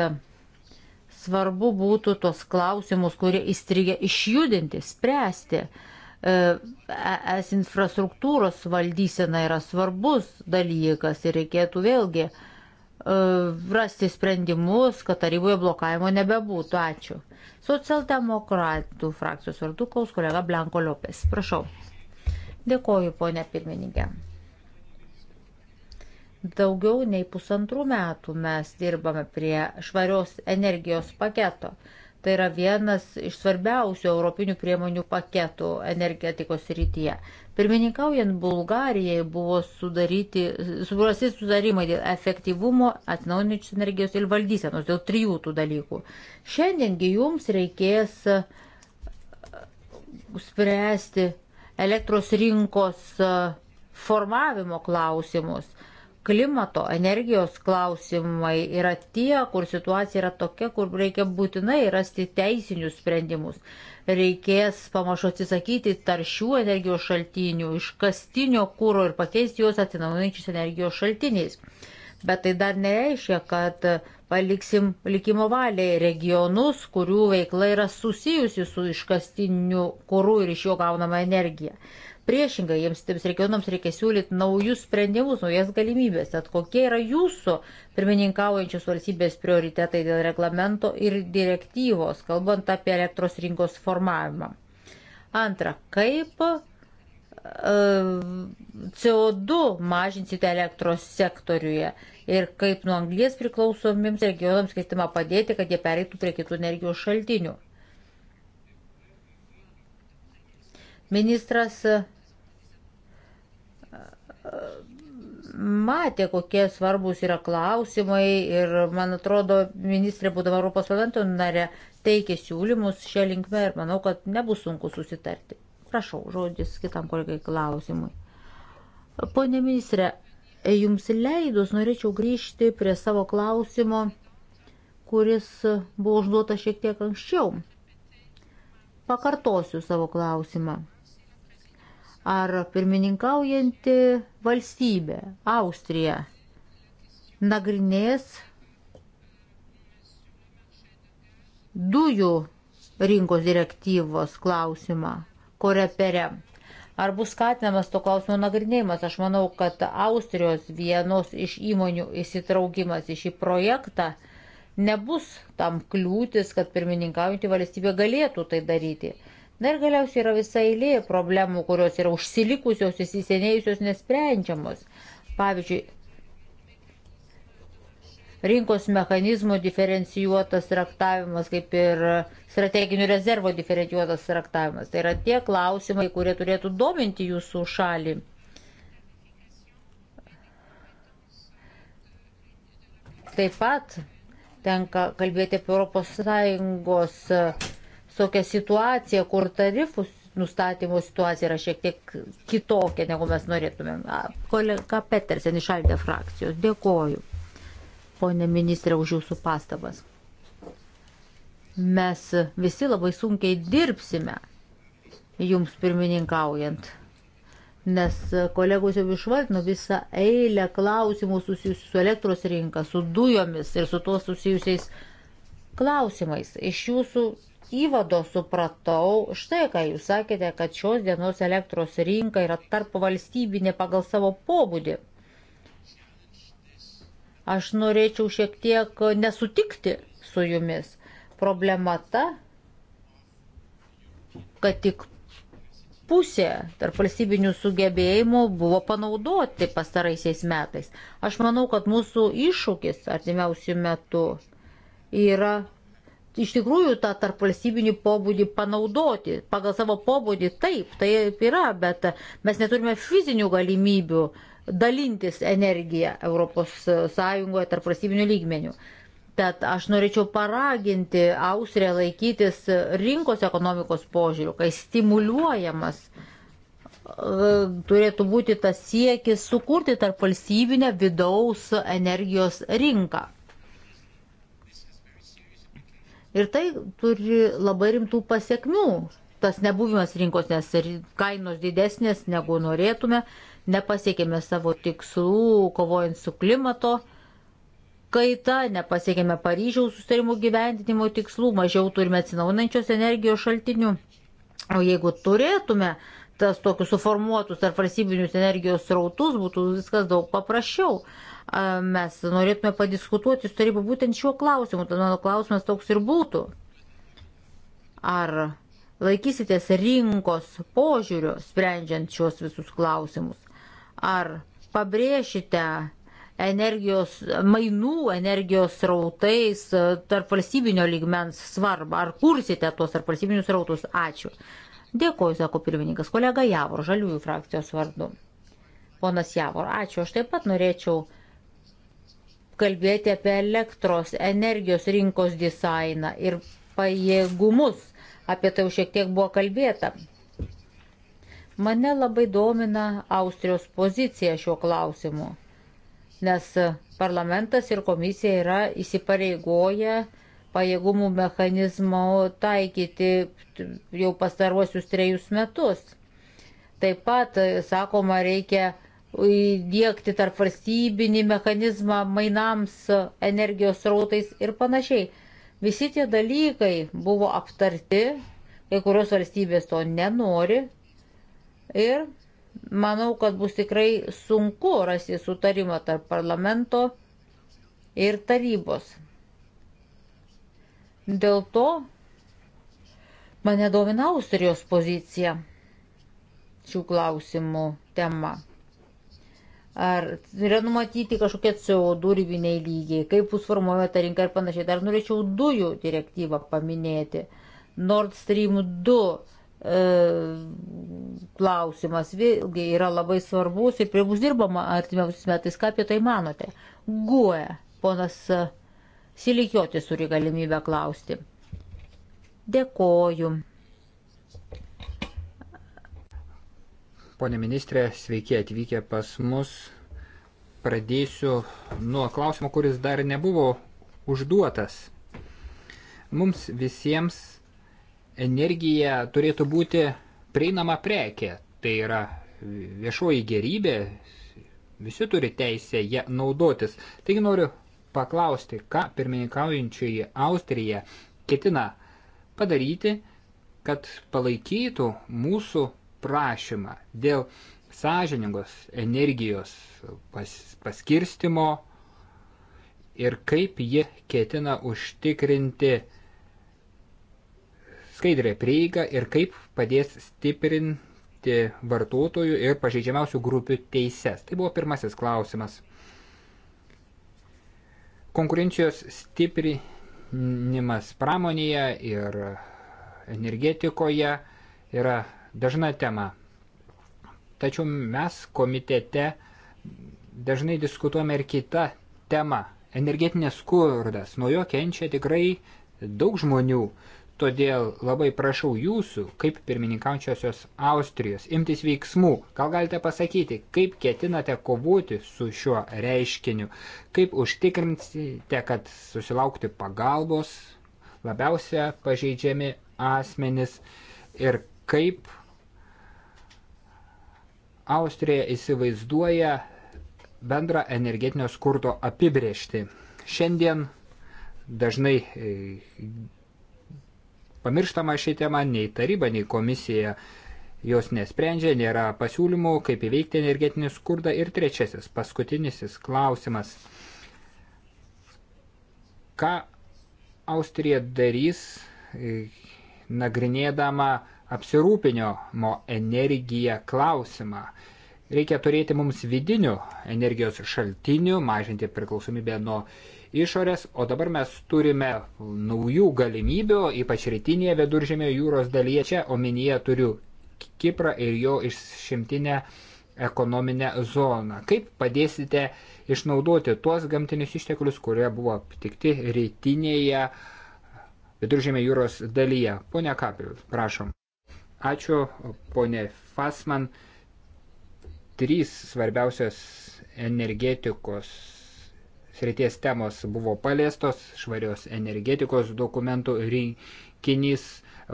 S1: svarbu būtų tos klausimus, kurie įstrigė išjudinti, spręsti. Es e infrastruktūros valdysena yra svarbus dalykas ir reikėtų vėlgi uh, E, rasti sprendimus, kad taryboje blokavimo nebebūtų. Ačiū. Socialdemokratų frakcijos vardu kaus kolega Blanko Liopės. Prašau. Dėkoju, ponė pirmininkė. Daugiau nei pusantrų metų mes dirbame prie švarios energijos paketo. Tai yra vienas iš svarbiausių europinių priemonių paketų energetikos rytyje. Pirmininkaujant Bulgarijai buvo sudaryti, suprasti sudarimai dėl efektyvumo, atsinaujinančios energijos ir valdysenos, dėl trijų tų dalykų. Šiandiengi jums reikės e, spręsti elektros rinkos e, formavimo klausimus. Klimato, energijos klausimai yra tie, kur situacija yra tokia, kur reikia būtinai rasti teisinius sprendimus reikės pamažu atsisakyti taršių energijos šaltinių, iškastinio kūro ir pakeisti juos atsinaujančiais energijos šaltiniais. Bet tai dar nereiškia, kad paliksim likimo valiai regionus, kurių veikla yra susijusi su iškastiniu kūru ir iš jo gaunama energija. Priešingai, jiems tiems regionams reikia siūlyti naujus sprendimus, naujas galimybės. Tad kokie yra jūsų pirmininkaujančios valstybės prioritetai dėl reglamento ir direktyvos, kalbant apie elektros rinkos formavimą? Antra, kaip e, CO2 mažinsite elektros sektoriuje ir kaip nuo anglies priklausomiems regionams keistima padėti, kad jie pereitų prie kitų energijos šaltinių. Ministras matė, kokie svarbus yra klausimai ir, man atrodo, ministrė, būdama Europos parlamento narė, teikė siūlymus šią linkmę ir manau, kad nebus sunku susitarti. Prašau, žodis kitam kolegai klausimui. Pone ministrė, jums leidus norėčiau grįžti prie savo klausimo, kuris buvo užduotas šiek tiek anksčiau. Pakartosiu savo klausimą ar pirmininkaujanti valstybė, Austrija, nagrinės dujų rinkos direktyvos klausimą, kuria perėm. Ar bus skatinamas to klausimo nagrinėjimas? Aš manau, kad Austrijos vienos iš įmonių įsitraukimas į šį projektą nebus tam kliūtis, kad pirmininkaujantį valstybę galėtų tai daryti. Na ir galiausiai yra visa eilė problemų, kurios yra užsilikusios, įsisenėjusios, nesprendžiamos. Pavyzdžiui, rinkos mechanizmo diferencijuotas traktavimas, kaip ir strateginių rezervo diferencijuotas traktavimas. Tai yra tie klausimai, kurie turėtų dominti jūsų šalį. Taip pat tenka kalbėti apie ES tokią situaciją, kur tarifus nustatymo situacija yra šiek tiek kitokia, negu mes norėtumėm. Kolega Petersen iš Aldė frakcijos, dėkoju, ponė ministrė, už jūsų pastabas. Mes visi labai sunkiai dirbsime jums pirmininkaujant, nes kolegos jau išvardino visą eilę klausimų susijusių su elektros rinka, su dujomis ir su tuo susijusiais klausimais. Iš jūsų įvado supratau, štai ką jūs sakėte, kad šios dienos elektros rinka yra tarp valstybinė pagal savo pobūdį. Aš norėčiau šiek tiek nesutikti su jumis. Problema ta, kad tik pusė tarp valstybinių sugebėjimų buvo panaudoti pastaraisiais metais. Aš manau, kad mūsų iššūkis artimiausių metų yra iš tikrųjų tą tarp valstybinį pobūdį panaudoti. Pagal savo pobūdį taip, taip yra, bet mes neturime fizinių galimybių dalintis energiją ES tarp valstybinių lygmenių. Tad aš norėčiau paraginti Austriją laikytis rinkos ekonomikos požiūrių, kai stimuliuojamas e, turėtų būti tas siekis sukurti tarp valstybinę vidaus energijos rinką. Ir tai turi labai rimtų pasiekmių. Tas nebuvimas rinkos, nes kainos didesnės negu norėtume, nepasiekėme savo tikslų, kovojant su klimato kaita, nepasiekėme Paryžiaus sustarimų gyventinimo tikslų, mažiau turime atsinaunančios energijos šaltinių. O jeigu turėtume tas tokius suformuotus ar valstybinius energijos srautus, būtų viskas daug paprasčiau. Mes norėtume padiskutuoti su taryba būtent šiuo klausimu. Tad mano klausimas toks ir būtų. Ar laikysitės rinkos požiūrio sprendžiant šios visus klausimus? Ar pabrėšite energijos mainų, energijos srautais tarp valstybinio lygmens svarbą. Ar kursite tuos tarp valstybinius srautus? Ačiū. Dėkoju, sako pirmininkas, kolega Javor, žaliųjų frakcijos vardu. Ponas Javor, ačiū. Aš taip pat norėčiau kalbėti apie elektros energijos rinkos dizainą ir pajėgumus. Apie tai jau šiek tiek buvo kalbėta. Mane labai domina Austrijos pozicija šiuo klausimu, nes parlamentas ir komisija yra įsipareigoję pajėgumų mechanizmo taikyti jau pastaruosius trejus metus. Taip pat, sakoma, reikia įdėkti tarp valstybinį mechanizmą mainams, energijos rautais ir panašiai. Visi tie dalykai buvo aptarti, kai kurios valstybės to nenori ir manau, kad bus tikrai sunku rasti sutarimą tarp parlamento ir tarybos. Dėl to mane domina Austrijos pozicija šių klausimų tema. Ar yra numatyti kažkokie CO2 ribiniai lygiai, kaip bus formuojama ta rinka ir panašiai. Dar norėčiau dujų direktyvą paminėti. Nord Stream 2 e, klausimas vėlgi yra labai svarbus ir prie bus dirbama artimiausiais metais. Ką apie tai manote? Guoja, ponas e, Silikiotis turi galimybę klausti. Dėkoju.
S2: Pone ministrė, sveiki atvykę pas mus. Pradėsiu nuo klausimo, kuris dar nebuvo užduotas. Mums visiems energija turėtų būti prieinama prekė. Tai yra viešoji gerybė, visi turi teisę ją naudotis. Taigi noriu paklausti, ką pirmininkaujančioji Austrija ketina padaryti, kad palaikytų mūsų prašymą dėl sąžiningos energijos pas, paskirstimo ir kaip ji ketina užtikrinti skaidrę prieigą ir kaip padės stiprinti vartotojų ir pažeidžiamiausių grupių teises. Tai buvo pirmasis klausimas. Konkurencijos stiprinimas pramonėje ir energetikoje yra dažna tema. Tačiau mes komitete dažnai diskutuojame ir kitą temą - energetinės skurdas. Nuo jo kenčia tikrai daug žmonių. Todėl labai prašau jūsų, kaip pirmininkaučiosios Austrijos, imtis veiksmų. Gal galite pasakyti, kaip ketinate kovoti su šiuo reiškiniu, kaip užtikrinsite, kad susilaukti pagalbos labiausia pažeidžiami asmenis ir kaip Austrija įsivaizduoja bendrą energetinio skurdo apibriežtį. Šiandien dažnai e, pamirštama ši tema, nei taryba, nei komisija jos nesprendžia, nėra pasiūlymų, kaip įveikti energetinį skurdą. Ir trečiasis, paskutinisis klausimas. Ką Austrija darys e, nagrinėdama apsirūpinimo energiją klausimą. Reikia turėti mums vidinių energijos šaltinių, mažinti priklausomybę nuo išorės, o dabar mes turime naujų galimybių, ypač rytinėje viduržėmio jūros dalyje. Čia omenyje turiu Kiprą ir jo išimtinę ekonominę zoną. Kaip padėsite išnaudoti tuos gamtinius išteklius, kurie buvo aptikti rytinėje viduržėmio jūros dalyje? Pone Kapil, prašom. Ačiū, ponė Fasman. Trys svarbiausios energetikos srities temos buvo paliestos - švarios energetikos dokumentų rinkinys,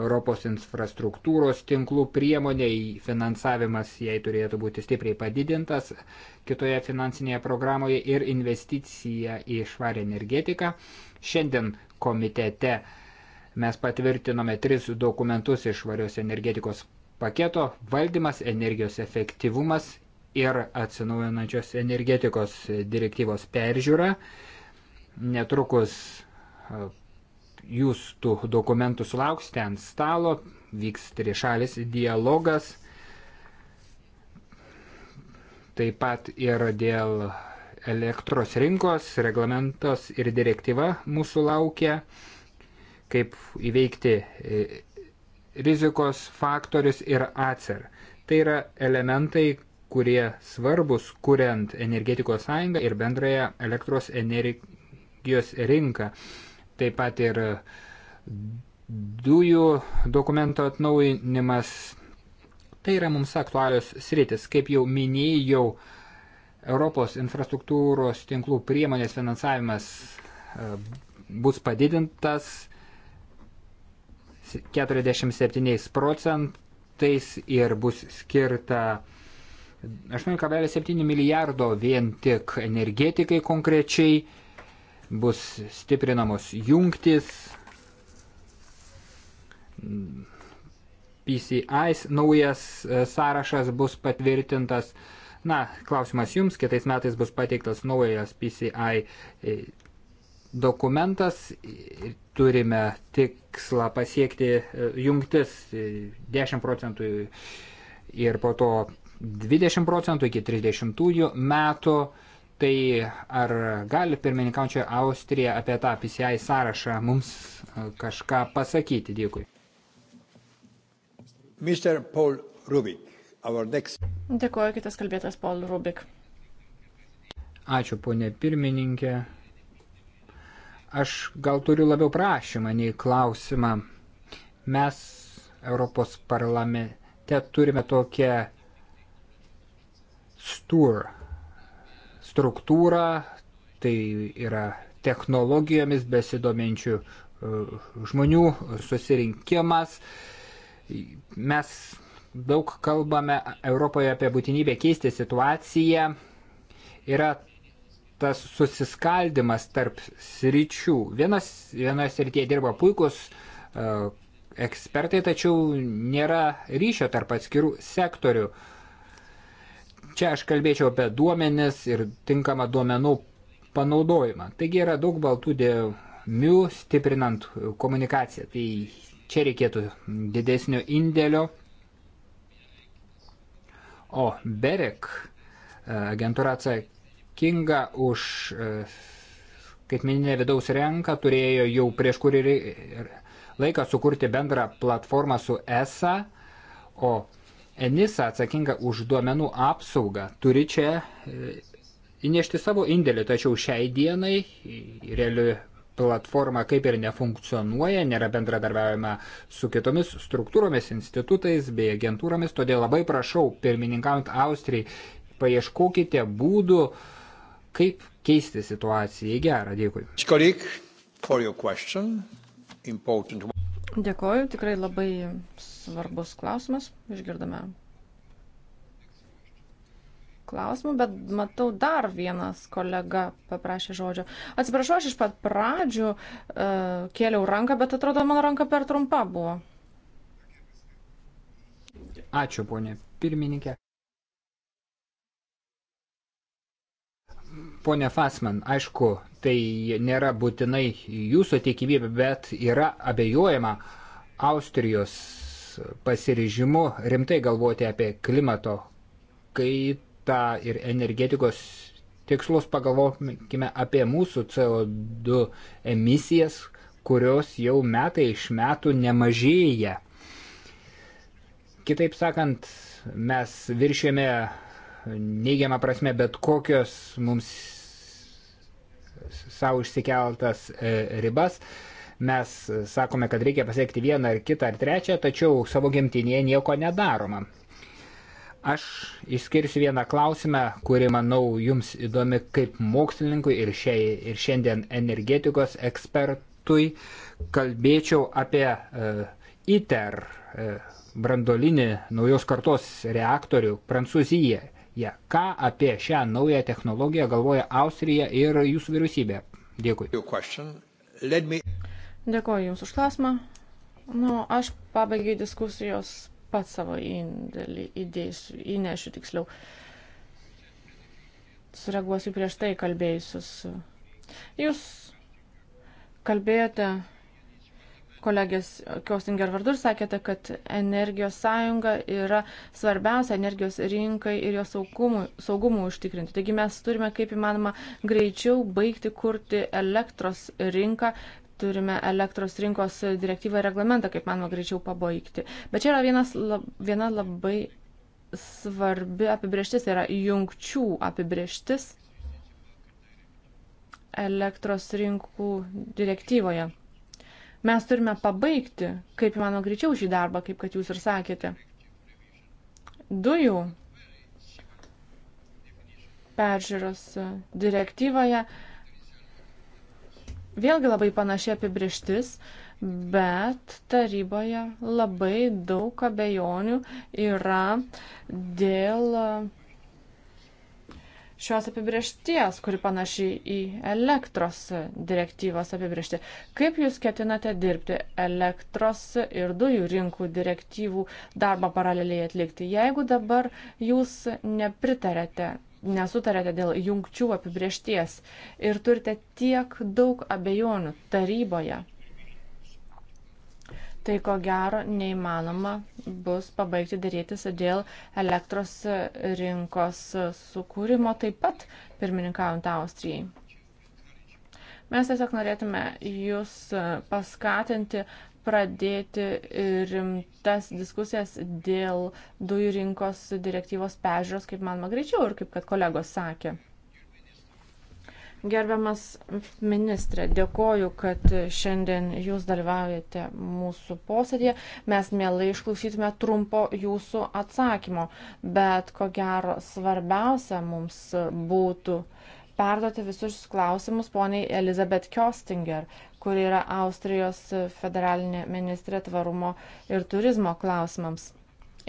S2: Europos infrastruktūros tinklų priemonė, finansavimas jai turėtų būti stipriai padidintas kitoje finansinėje programoje ir investicija į švarę energetiką. Šiandien komitete uh, Mes patvirtinome tris dokumentus iš švarios energetikos paketo - valdymas, energijos efektyvumas ir atsinaujinančios energetikos direktyvos peržiūra. Netrukus jūs tų dokumentų sulauksite ant stalo, vyks trišalis dialogas, taip pat ir dėl elektros rinkos reglamentos ir direktyva mūsų laukia kaip įveikti e, rizikos faktorius ir atsar. Tai yra elementai, kurie svarbus, kuriant energetikos sąjungą ir bendrąją elektros energijos rinką. Taip pat ir dujų dokumento atnaujinimas. Tai yra mums aktualios sritis. Kaip jau minėjau, Europos infrastruktūros tinklų priemonės finansavimas e, bus padidintas 47 procentais ir bus skirta 8,7 milijardo vien tik energetikai konkrečiai. Bus stiprinamos jungtis, PCI naujas e, sąrašas bus patvirtintas. Na, klausimas jums, kitais metais bus pateiktas naujas PCI e, dokumentas, turime tikslą pasiekti e, jungtis 10 e, procentų ir po to 20 procentų iki 30 metų. Tai ar gali pirmininkaučia Austrija apie tą PCI sąrašą mums e, kažką pasakyti? Dėkui. Mr. Paul Rubik, our next.
S3: Dėkuoju, kitas kalbėtas Paul Rubik.
S2: Ačiū, ponė pirmininkė. Aš gal turiu labiau prašymą nei klausimą. Mes Europos parlamente turime tokią STUR struktūrą, tai yra technologijomis besidominčių uh, žmonių susirinkimas. Mes daug kalbame Europoje apie būtinybę keisti situaciją. Yra tas susiskaldimas tarp sričių. Vienas, vienas srityje dirba puikus uh, e, ekspertai, tačiau nėra ryšio tarp atskirų sektorių. Čia aš kalbėčiau apie duomenis ir tinkamą duomenų panaudojimą. Taigi yra daug baltų dėmių stiprinant komunikaciją. Tai čia reikėtų didesnio indėlio. O Berek e, agentūra atsakė atsakinga už e, skaitmeninę vidaus renką turėjo jau prieš kurį laiką sukurti bendrą platformą su ESA, o ENISA atsakinga už duomenų apsaugą turi čia e, įnešti savo indėlį, tačiau šiai dienai reali platforma kaip ir nefunkcionuoja, nėra bendradarbiavime su kitomis struktūromis, institutais bei agentūromis, todėl labai prašau, pirmininkaujant Austrijai, paieškokite būdų, uh, kaip keisti situaciją į gerą. Dėkui.
S3: Dėkoju, tikrai labai svarbus klausimas. Išgirdome klausimų, bet matau dar vienas kolega paprašė žodžio. Atsiprašau, aš iš pat pradžių uh, kėliau ranką, bet atrodo, mano ranka per trumpa buvo.
S2: Ačiū, ponė pirmininkė. Pone Fasman, aišku, tai nėra būtinai jūsų tikimybė, bet yra abejojama Austrijos pasirižimu rimtai galvoti apie klimato kaitą ir energetikos tikslus. Pagalvokime apie mūsų CO2 emisijas, kurios jau metai iš metų nemažėja. Kitaip sakant, mes viršėme neigiamą prasme, bet kokios mums savo išsikeltas e, ribas. Mes sakome, kad reikia pasiekti vieną ar kitą ar trečią, tačiau savo gimtinėje nieko nedaroma. Aš išskirsiu vieną klausimą, kuri, manau, jums įdomi kaip mokslininkui ir, šiai, ir šiandien energetikos ekspertui. Kalbėčiau apie uh, ITER uh, brandolinį naujos kartos reaktorių Prancūzijoje Ja, ką apie šią naują technologiją galvoja Austrija ir jūsų vyriausybė? Dėkui.
S3: Dėkoju Jums už klausimą. Nu, aš pabaigai diskusijos pats savo indėlį įdėsiu, įnešiu tiksliau. Sureaguosiu prieš tai kalbėjusius. Jūs kalbėjote kolegės Kostinger vardu ir sakėte, kad energijos sąjunga yra svarbiausia energijos rinkai ir jos saugumui, saugumui užtikrinti. Taigi mes turime kaip įmanoma greičiau baigti kurti elektros rinką, turime elektros rinkos direktyvą ir reglamentą, kaip manoma, greičiau pabaigti. Bet čia yra vienas, lab, viena labai svarbi apibrieštis, tai yra jungčių apibrieštis elektros rinkų direktyvoje. Mes turime pabaigti, kaip įmanoma greičiau šį darbą, kaip kad jūs ir sakėte. Dujų peržiūros direktyvoje vėlgi labai panašiai apibrieštis, bet taryboje labai daug abejonių yra dėl šios apibriešties, kuri panaši į elektros direktyvos apibriešti. Kaip jūs ketinate dirbti elektros ir dujų rinkų direktyvų darbą paraleliai atlikti, jeigu dabar jūs nepritarėte, nesutarėte dėl jungčių apibriešties ir turite tiek daug abejonių taryboje? tai ko gero neįmanoma bus pabaigti dėrėtis dėl elektros rinkos sukūrimo taip pat pirmininkaujant Austrijai. Mes tiesiog norėtume jūs paskatinti pradėti rimtas diskusijas dėl dujų rinkos direktyvos pežiūros, kaip manoma, greičiau ir kaip kad kolegos sakė. Gerbiamas ministrė, dėkoju, kad šiandien jūs dalyvaujate mūsų posėdėje. Mes mielai išklausytume trumpo jūsų atsakymo, bet ko gero svarbiausia mums būtų perduoti visus klausimus poniai Elizabeth Kostinger, kuri yra Austrijos federalinė ministrė tvarumo ir turizmo klausimams.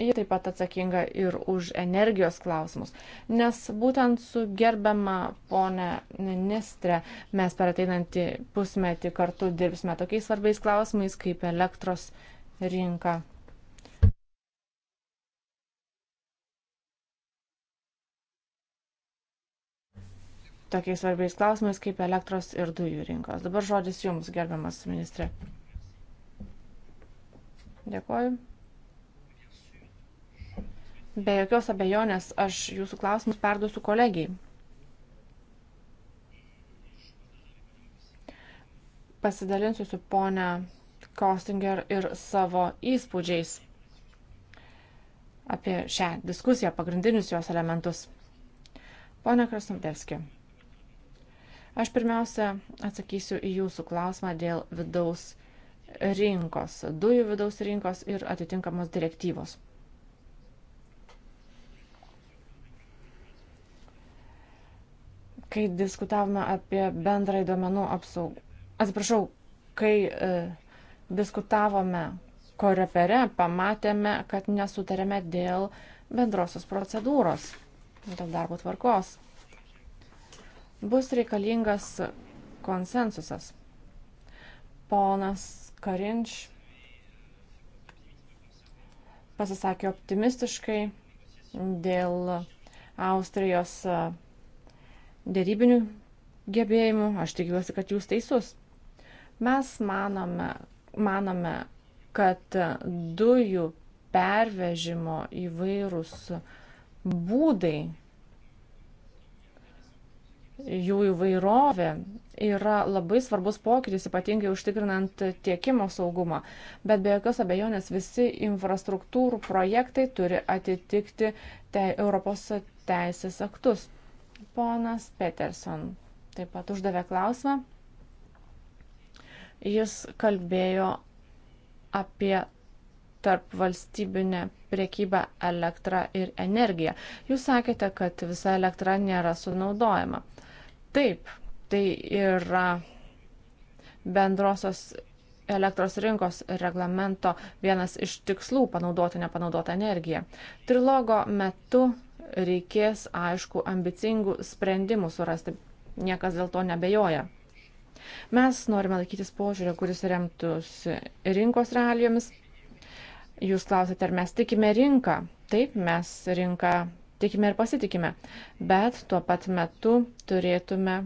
S3: Ji taip pat atsakinga ir už energijos klausimus, nes būtent su gerbiama ponė ministrė mes per ateinantį pusmetį kartu dirbsime tokiais svarbiais klausimais kaip elektros rinka. Tokiais svarbiais klausimais kaip elektros ir dujų rinkos. Dabar žodis Jums, gerbiamas ministrė. Dėkuoju. Be jokios abejonės aš jūsų klausimus perduosiu kolegijai. Pasidalinsiu su ponia Kostinger ir savo įspūdžiais apie šią diskusiją, pagrindinius jos elementus. Pone Krasnodevski, aš pirmiausia atsakysiu į jūsų klausimą dėl vidaus rinkos, dujų vidaus rinkos ir atitinkamos direktyvos. kai diskutavome apie bendrąjį duomenų apsaugą. Atsiprašau, kai e, diskutavome korepere, pamatėme, kad nesutarėme dėl bendrosios procedūros, dėl darbo tvarkos. Bus reikalingas konsensusas. Ponas Karinč pasisakė optimistiškai dėl Austrijos e, dėrybinių gebėjimų. Aš tikiuosi, kad jūs teisus. Mes manome, manome kad dujų pervežimo įvairūs būdai, jų įvairovė yra labai svarbus pokytis, ypatingai užtikrinant tiekimo saugumą. Bet be jokios abejonės visi infrastruktūrų projektai turi atitikti te Europos teisės aktus. Ponas Peterson taip pat uždavė klausimą. Jis kalbėjo apie tarp valstybinę priekybą elektrą ir energiją. Jūs sakėte, kad visa elektra nėra sunaudojama. Taip, tai yra bendrosios elektros rinkos reglamento vienas iš tikslų panaudoti nepanaudotą energiją. Trilogo metu reikės, aišku, ambicingų sprendimų surasti. Niekas dėl to nebejoja. Mes norime laikytis požiūrio, kuris remtųsi rinkos realijomis. Jūs klausėte, ar mes tikime rinką. Taip, mes rinką tikime ir pasitikime. Bet tuo pat metu turėtume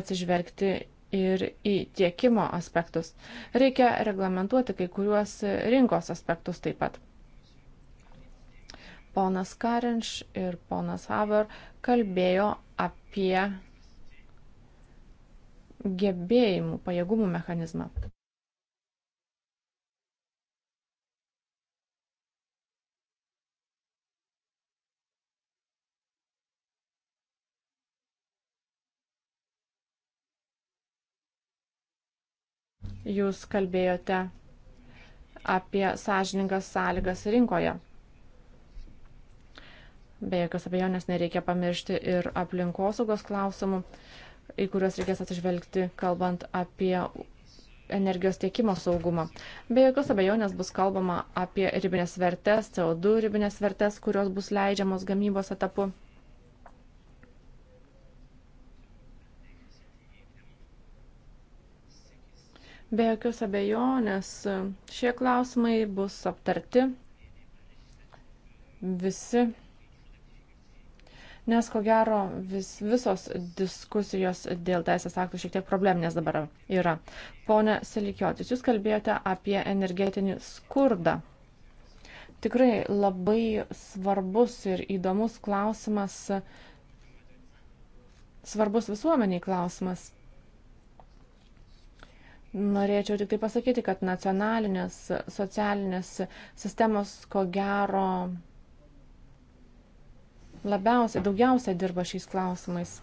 S3: atsižvelgti ir į tiekimo aspektus. Reikia reglamentuoti kai kuriuos rinkos aspektus taip pat. Ponas Karinš ir ponas Haber kalbėjo apie gebėjimų, pajėgumų mechanizmą. Jūs kalbėjote apie sąžiningas sąlygas rinkoje. Be jokios abejonės nereikia pamiršti ir aplinkosaugos klausimų, į kuriuos reikės atsižvelgti, kalbant apie energijos tiekimo saugumą. Be jokios abejonės bus kalbama apie ribinės vertės, CO2 ribinės vertės, kurios bus leidžiamos gamybos etapu. Be jokios abejonės šie klausimai bus aptarti visi nes ko gero vis, visos diskusijos dėl teisės aktų šiek tiek probleminės dabar yra. Pone Silikiotis, jūs kalbėjote apie energetinį skurdą. Tikrai labai svarbus ir įdomus klausimas, svarbus visuomeniai klausimas. Norėčiau tik tai pasakyti, kad nacionalinės socialinės sistemos ko gero labiausiai, daugiausiai dirba šiais klausimais.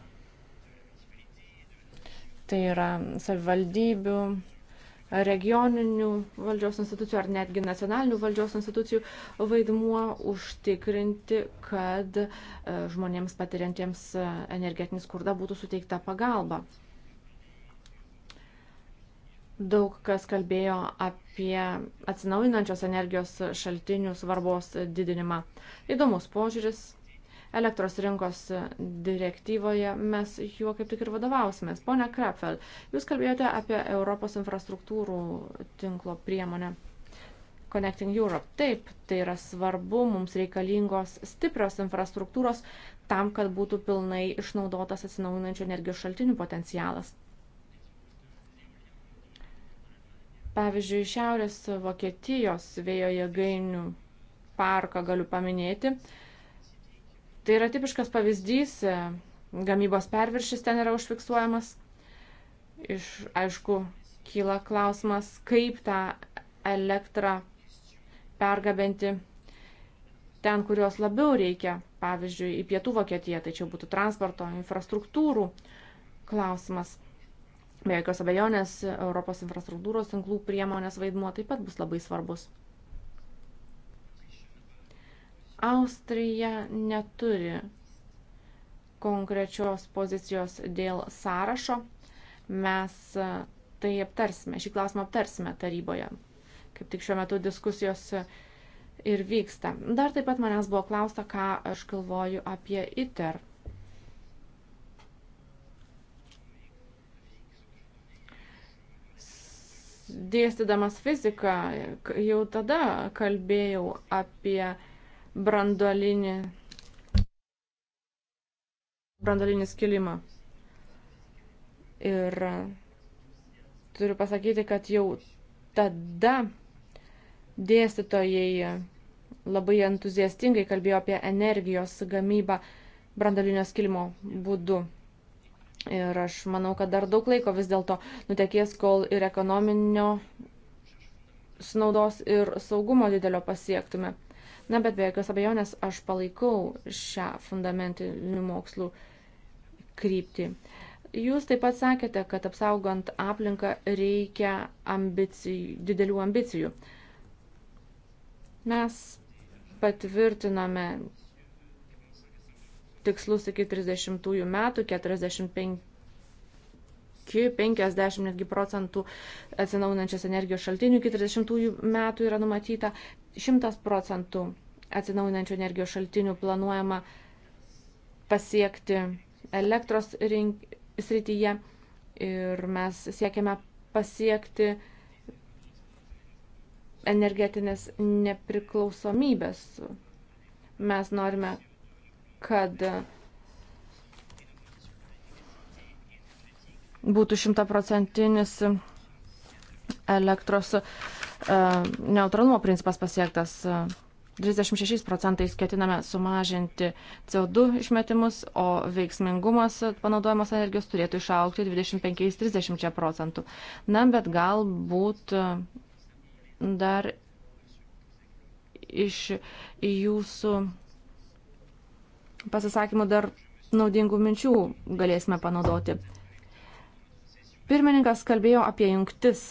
S3: Tai yra savivaldybių, regioninių valdžios institucijų ar netgi nacionalinių valdžios institucijų vaidmuo užtikrinti, kad e, žmonėms patiriantiems e, energetinį skurdą būtų suteikta pagalba. Daug kas kalbėjo apie atsinaujinančios energijos šaltinių svarbos didinimą. Įdomus požiūris, elektros rinkos direktyvoje mes juo kaip tik ir vadovausimės. Pone Krepfel, jūs kalbėjote apie Europos infrastruktūrų tinklo priemonę. Connecting Europe. Taip, tai yra svarbu, mums reikalingos stiprios infrastruktūros tam, kad būtų pilnai išnaudotas atsinaujinančių energijos šaltinių potencialas. Pavyzdžiui, Šiaurės Vokietijos vėjo jėgainių parką galiu paminėti. Uh, Tai yra tipiškas pavyzdys, e, gamybos perviršis ten yra užfiksuojamas. Iš, aišku, kyla klausimas, kaip tą elektrą pergabenti ten, kurios labiau reikia, pavyzdžiui, į pietų Vokietiją, tai čia būtų transporto infrastruktūrų klausimas. Be jokios abejonės, Europos infrastruktūros tinklų priemonės vaidmuo taip pat bus labai svarbus. Austrija neturi konkrečios pozicijos dėl sąrašo. Mes e, tai aptarsime, šį klausimą aptarsime taryboje. Kaip tik šiuo metu diskusijos e, ir vyksta. Dar taip pat manęs buvo klausta, ką aš galvoju apie ITER. Dėstydamas fiziką jau tada kalbėjau apie brandolinį, brandolinį skilimą. Ir turiu pasakyti, kad jau tada dėstytojai labai entuziastingai kalbėjo apie energijos gamybą brandalinio skilimo būdu. Ir aš manau, kad dar daug laiko vis dėlto nutekės, kol ir ekonominio sunaudos ir saugumo didelio pasiektume. Na, bet be jokios abejonės aš palaikau šią fundamentinių mokslų kryptį. Jūs taip pat sakėte, kad apsaugant aplinką reikia ambicijų, didelių ambicijų. Mes patvirtiname tikslus iki 30 metų, 45 iki 50 netgi procentų atsinaujinančios energijos šaltinių iki 30 metų yra numatyta. 100 procentų atsinaujinančių energijos šaltinių planuojama pasiekti elektros rink, srityje ir mes siekiame pasiekti energetinės nepriklausomybės. Mes norime, kad būtų šimtaprocentinis elektros E, neutralumo principas pasiektas. 36 e, procentais ketiname sumažinti CO2 išmetimus, o veiksmingumas panaudojamos energijos turėtų išaukti 25-30 procentų. Na, bet galbūt e, dar iš jūsų pasisakymų dar naudingų minčių galėsime panaudoti. Pirmininkas kalbėjo apie jungtis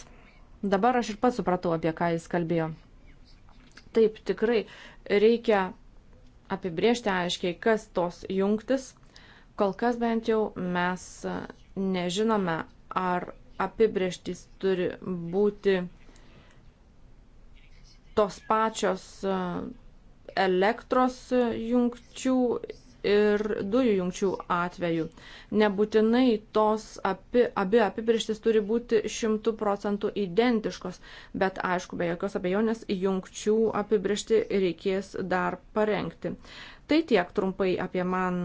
S3: Dabar aš ir pats supratau, apie ką jis kalbėjo. Taip, tikrai reikia apibriežti aiškiai, kas tos jungtis. Kol kas bent jau mes nežinome, ar apibrieštys turi būti tos pačios e, elektros jungčių ir dujų jungčių atveju. Nebūtinai tos api, abi apibrištis turi būti šimtų procentų identiškos, bet aišku, be jokios abejonės jungčių apibrišti reikės dar parengti. Tai tiek trumpai apie man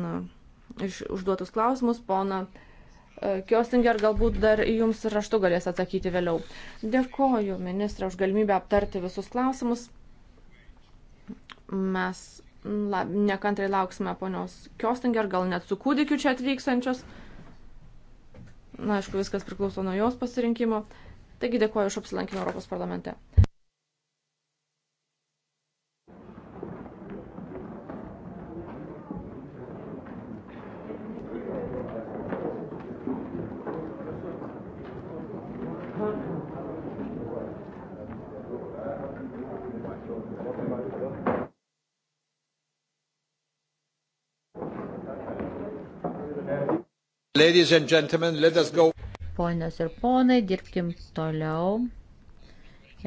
S3: iš užduotus klausimus, pona. E, Kjostinger galbūt dar jums raštu galės atsakyti vėliau. Dėkoju, ministrė, už galimybę aptarti visus klausimus. Mes La, nekantrai lauksime ponios Kjostinger, gal net su kūdikiu čia atvykstančios. Na, aišku, viskas priklauso nuo jos pasirinkimo. Taigi dėkuoju už apsilankymą Europos parlamente.
S2: Ladies and gentlemen, let us go.
S1: Ponios ir ponai, dirbkim toliau.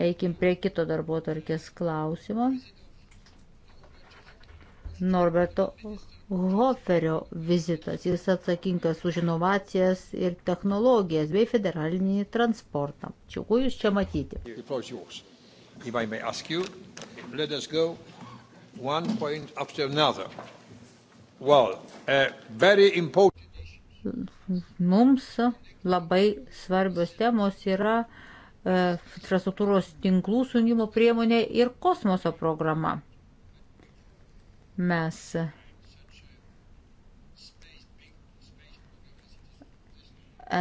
S1: Eikim prie kito darbo tarkės klausimo. Norberto Hoferio vizitas. Jis atsakingas už inovacijas ir technologijas bei federalinį transportą. Čiugu jūs čia matyti.
S2: You, well, uh,
S1: mums labai svarbios temos yra e, infrastruktūros tinklų sujungimo priemonė ir kosmoso programa. Mes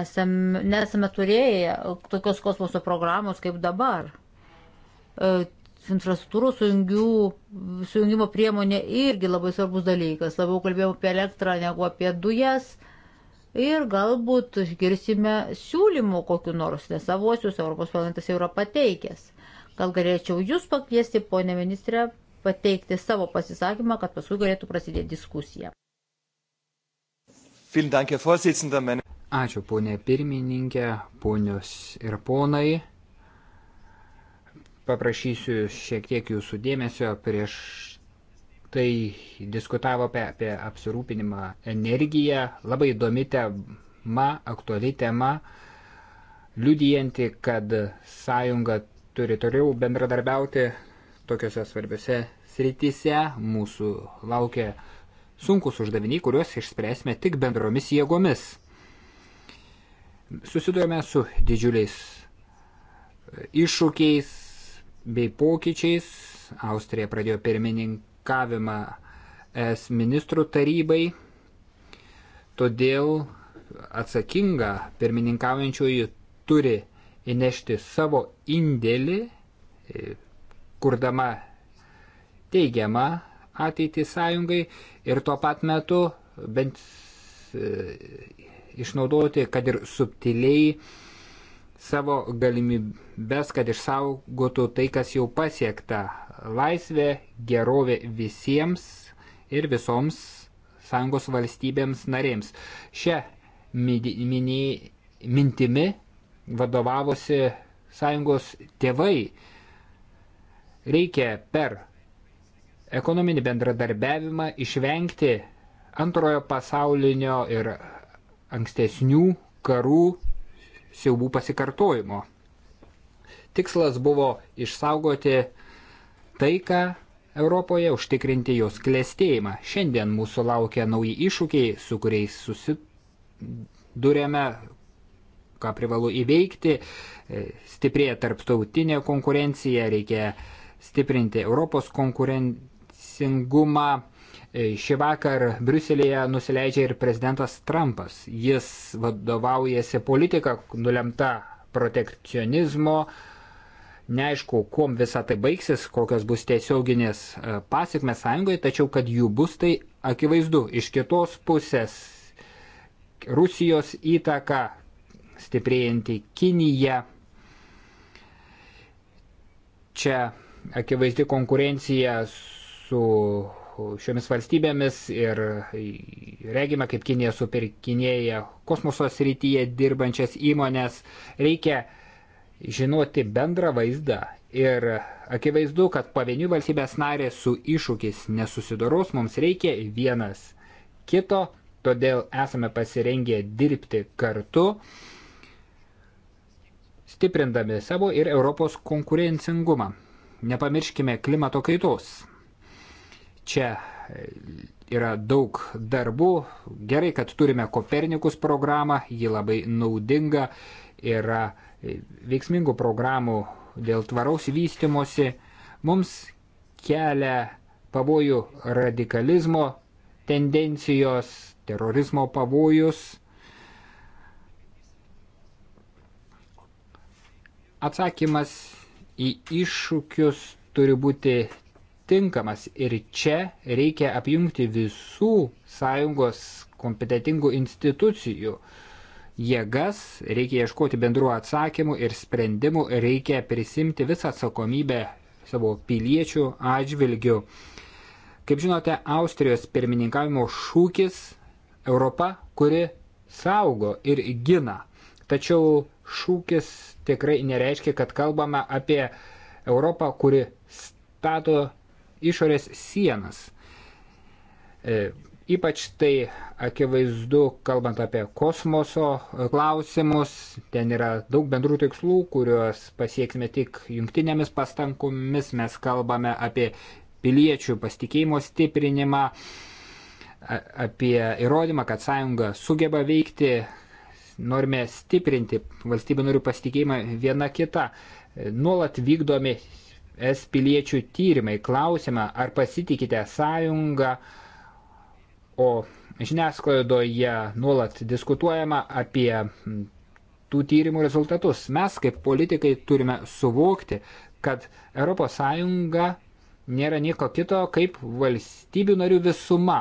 S1: esam, nesame turėję tokios kosmoso programos kaip dabar. E, infrastruktūros sujungimo priemonė irgi labai svarbus dalykas. Labiau kalbėjome apie elektrą negu apie dujas. E, ir galbūt girsime siūlymų kokiu nors, nes savuosius Europos parlamentas jau yra pateikęs. Gal galėčiau jūs pakviesti, ponė ministrė, pateikti savo pasisakymą, kad paskui galėtų prasidėti diskusija.
S2: Ačiū, ponė pirmininkė, ponios ir ponai. Paprašysiu šiek tiek jūsų dėmesio prieš tai diskutavo apie, apie apsirūpinimą energiją, labai įdomi tema, aktuali tema, liudijanti, kad sąjunga turi toliau bendradarbiauti tokiuose svarbiuose srityse. Mūsų laukia sunkus uždaviniai, kuriuos išspręsime tik bendromis jėgomis. Susidurime su didžiuliais iššūkiais bei pokyčiais. Austrija pradėjo pirmininką pirmininkavimą es ministrų tarybai, todėl atsakinga pirmininkaujančioji turi įnešti savo indėlį, e, kurdama teigiamą ateitį sąjungai ir tuo pat metu bent e, išnaudoti, kad ir subtiliai savo galimybės, kad išsaugotų tai, kas jau pasiekta laisvė, gerovė visiems ir visoms sąjungos valstybėms narėms. Šią mintimi vadovavosi sąjungos tėvai. Reikia per ekonominį bendradarbiavimą išvengti antrojo pasaulinio ir ankstesnių karų siaubų pasikartojimo. Tikslas buvo išsaugoti taiką Europoje, užtikrinti jos klėstėjimą. Šiandien mūsų laukia nauji iššūkiai, su kuriais susidurėme, ką privalu įveikti. E, stiprėja tarptautinė konkurencija, reikia stiprinti Europos konkurencingumą. E, šį vakar Briuselėje nusileidžia ir prezidentas Trumpas. Jis vadovaujasi politika nulemta protekcionizmo, uh, Neaišku, kuom visa tai baigsis, kokios bus tiesioginės e, pasiekmes sąjungoje, tačiau kad jų bus, tai akivaizdu. Iš kitos pusės Rusijos įtaka, stiprėjanti Kinija, čia akivaizdi konkurencija su šiomis valstybėmis ir regime, kaip Kinija superkinėja kosmoso srityje dirbančias įmonės. Reikia žinoti bendrą vaizdą ir akivaizdu, kad pavienių valstybės narės su iššūkis nesusidoros, mums reikia vienas kito, todėl esame pasirengę dirbti kartu, stiprindami savo ir Europos konkurencingumą. Nepamirškime klimato kaitos. Čia e, yra daug darbų. Gerai, kad turime Kopernikus programą, ji labai naudinga yra veiksmingų programų dėl tvaraus vystimosi, mums kelia pavojų radikalizmo tendencijos, terorizmo pavojus. Atsakymas į iššūkius turi būti tinkamas ir čia reikia apjungti visų sąjungos kompetitingų institucijų jėgas, reikia ieškoti bendrų atsakymų ir sprendimų, reikia prisimti visą atsakomybę savo piliečių atžvilgių. Kaip žinote, Austrijos pirmininkavimo šūkis Europa, kuri saugo ir gina. Tačiau šūkis tikrai nereiškia, kad kalbame apie Europą, kuri stato išorės sienas. E, Ypač tai akivaizdu, kalbant apie kosmoso klausimus, ten yra daug bendrų tikslų, kuriuos pasieksime tik jungtinėmis pastangomis. Mes kalbame apie piliečių pasitikėjimo stiprinimą, apie įrodymą, kad sąjunga sugeba veikti. Norime stiprinti valstybių norių pasitikėjimą viena kita. Nuolat vykdomi es piliečių tyrimai. Klausime, ar pasitikite sąjungą o žiniasklaidoje nuolat diskutuojama apie tų tyrimų rezultatus. Mes kaip politikai turime suvokti, kad ES nėra nieko kito kaip valstybių narių visuma.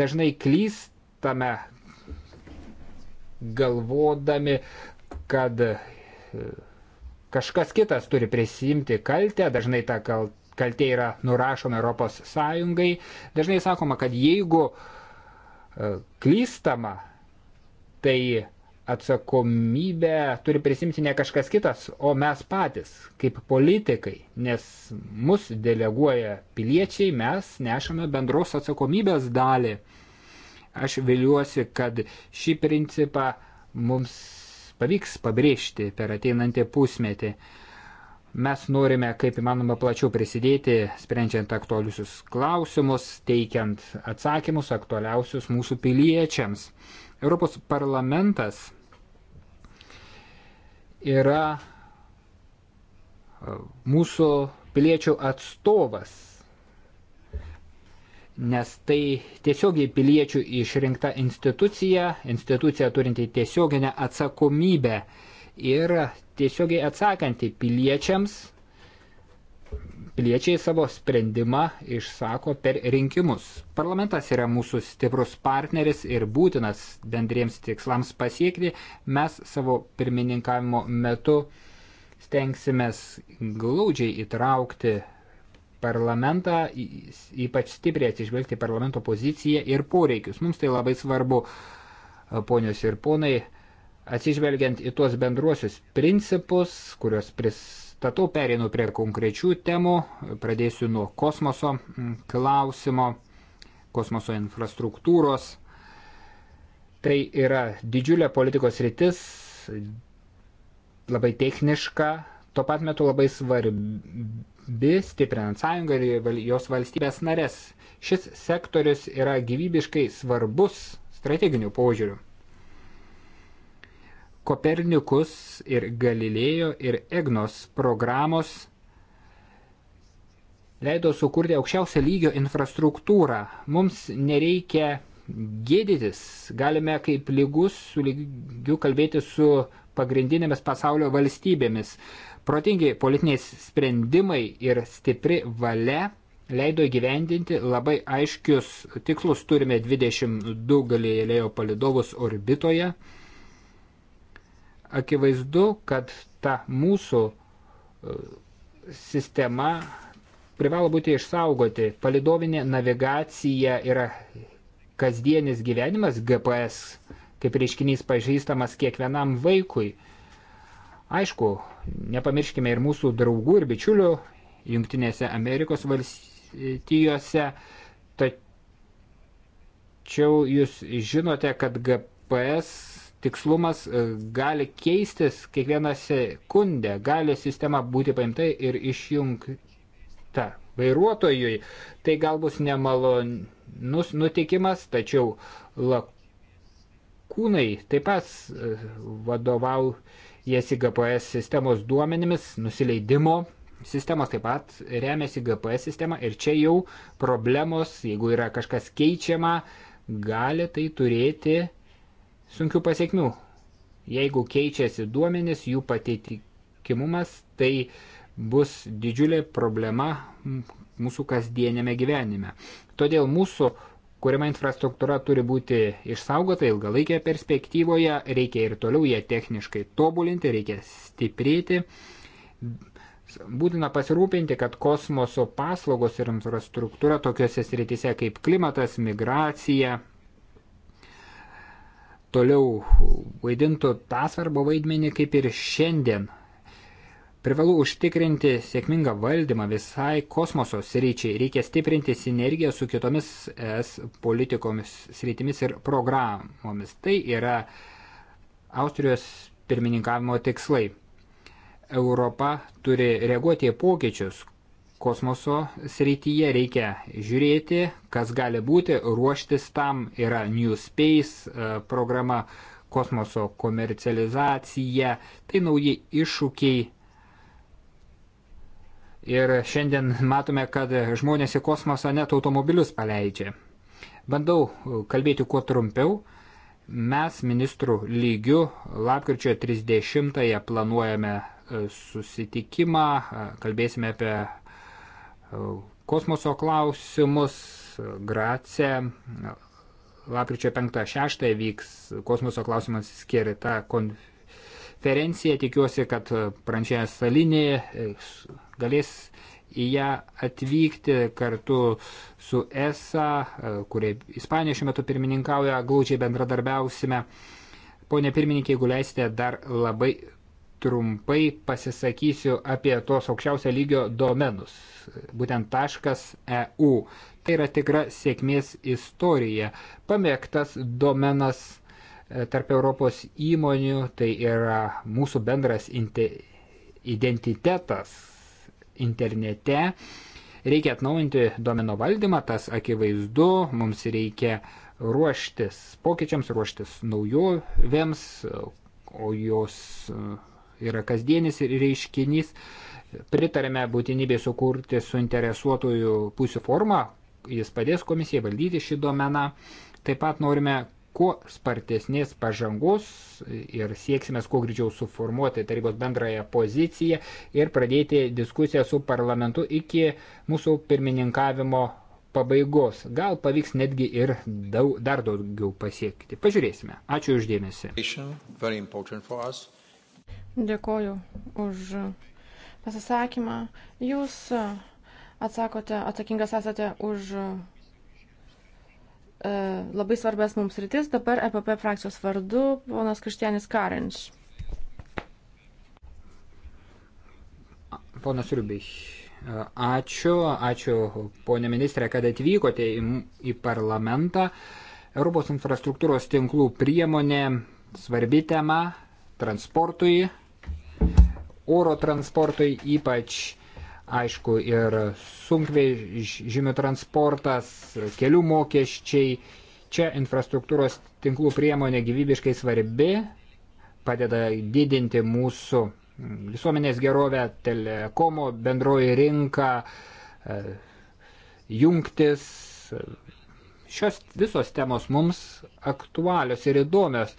S2: Dažnai klystame galvodami, kad e, kažkas kitas turi prisimti kaltę, dažnai ta kaltė kaltė yra nurašoma Europos Sąjungai. Dažnai sakoma, kad jeigu e, klystama, tai atsakomybę turi prisimti ne kažkas kitas, o mes patys, kaip politikai, nes mus deleguoja piliečiai, mes nešame bendros atsakomybės dalį. Aš viliuosi, kad šį principą mums pavyks pabrėžti per ateinantį pusmetį. Mes norime kaip įmanoma plačiau prisidėti, sprendžiant aktualiusius klausimus, teikiant atsakymus aktualiausius mūsų piliečiams. Europos parlamentas yra e, mūsų piliečių atstovas, nes tai tiesiogiai piliečių išrinkta institucija, institucija turinti tiesioginę atsakomybę ir tiesiogiai atsakanti piliečiams, piliečiai savo sprendimą išsako per rinkimus. Parlamentas yra mūsų stiprus partneris ir būtinas bendriems tikslams pasiekti. Mes savo pirmininkavimo metu stengsimės glaudžiai įtraukti parlamentą, ypač stipriai atsižvelgti parlamento poziciją ir poreikius. Mums tai labai svarbu, ponios ir ponai, atsižvelgiant į tuos bendruosius principus, kuriuos pristatau, perinu prie konkrečių temų, pradėsiu nuo kosmoso mm, klausimo, kosmoso infrastruktūros. Tai yra didžiulė politikos rytis, labai techniška, tuo pat metu labai svarbi, stiprinant sąjungą ir jos valstybės narės. Šis sektorius yra gyvybiškai svarbus strateginių požiūrių. Kopernikus ir Galilėjo ir Egnos programos leido sukurti aukščiausio lygio infrastruktūrą. Mums nereikia gėdytis, galime kaip lygus su lygiu kalbėti su pagrindinėmis pasaulio valstybėmis. Protingi politiniai sprendimai ir stipri valia leido įgyvendinti labai aiškius tikslus. Turime 22 galėjėjo palidovus orbitoje. Akivaizdu, kad ta mūsų e, sistema privalo būti išsaugoti. Palidovinė navigacija yra kasdienis gyvenimas, GPS kaip reiškinys pažįstamas kiekvienam vaikui. Aišku, nepamirškime ir mūsų draugų ir bičiulių Junktinėse Amerikos valstijose, tačiau jūs žinote, kad GPS tikslumas e, gali keistis kiekvieną sekundę, gali sistema būti paimta ir išjungta vairuotojui. Tai gal bus nemalonus nutikimas, tačiau lakūnai taip pat e, vadovaujasi GPS sistemos duomenimis, nusileidimo sistemos taip pat remiasi GPS sistema ir čia jau problemos, jeigu yra kažkas keičiama, gali tai turėti sunkių pasiekmių. Jeigu keičiasi duomenis, jų pateikimumas, tai bus didžiulė problema mūsų kasdienėme gyvenime. Todėl mūsų kuriama infrastruktūra turi būti išsaugota ilgalaikėje perspektyvoje, reikia ir toliau ją techniškai tobulinti, reikia stiprėti. Būtina pasirūpinti, kad kosmoso paslaugos ir infrastruktūra tokiuose sritise kaip klimatas, migracija, toliau vaidintų tą svarbą vaidmenį kaip ir šiandien. Privalu užtikrinti sėkmingą valdymą visai kosmoso sryčiai. Reikia stiprinti sinergiją su kitomis es politikomis sritimis ir programomis. Tai yra Austrijos pirmininkavimo tikslai. Europa turi reaguoti į pokyčius, kosmoso srityje reikia žiūrėti, kas gali būti, ruoštis tam yra New Space e, programa, kosmoso komercializacija, tai nauji iššūkiai. Ir šiandien matome, kad žmonės į kosmosą net automobilius paleidžia. Bandau e, kalbėti kuo trumpiau. Mes ministrų lygių lapkričio 30-ąją planuojame e, susitikimą, kalbėsime apie kosmoso klausimus. Grace lapkričio 5-6 vyks kosmoso klausimas skirta konferencija. Tikiuosi, kad Prančias Salinė e, galės į ją atvykti kartu su ESA, e, kurie Ispanija šiuo metu pirmininkauja, glaudžiai bendradarbiausime. Pone pirmininkė, jeigu leisite, dar labai trumpai pasisakysiu apie tos aukščiausio lygio domenus, būtent taškas .eu. Tai yra tikra sėkmės istorija. Pamėgtas domenas e, tarp Europos įmonių, tai yra mūsų bendras identitetas internete. Reikia atnaujinti domeno valdymą, tas akivaizdu, mums reikia ruoštis pokyčiams, ruoštis naujovėms, o jos yra kasdienis reiškinys. Pritarėme būtinybė sukurti suinteresuotojų pusių formą, jis padės komisijai valdyti šį domeną. Taip pat norime kuo spartesnės pažangos ir sieksime kuo greičiau suformuoti tarybos bendrąją poziciją ir pradėti diskusiją su parlamentu iki mūsų pirmininkavimo pabaigos. Gal pavyks netgi ir daug, dar daugiau pasiekti. Pažiūrėsime. Ačiū uždėmesi.
S3: Dėkoju už pasisakymą. Jūs atsakote, atsakingas esate už e, labai svarbės mums rytis. Dabar EPP frakcijos vardu ponas Krištienis Karinč.
S2: Ponas Rubiš, e, ačiū, ačiū ponė ministrė, kad atvykote į, į parlamentą. Europos infrastruktūros tinklų priemonė svarbi tema transportui oro transportui, ypač aišku ir sunkvežimių transportas, kelių mokesčiai. Čia infrastruktūros tinklų priemonė gyvybiškai svarbi, padeda didinti mūsų visuomenės gerovę, telekomo bendroji rinka, e, jungtis. Šios visos temos mums aktualios ir įdomios.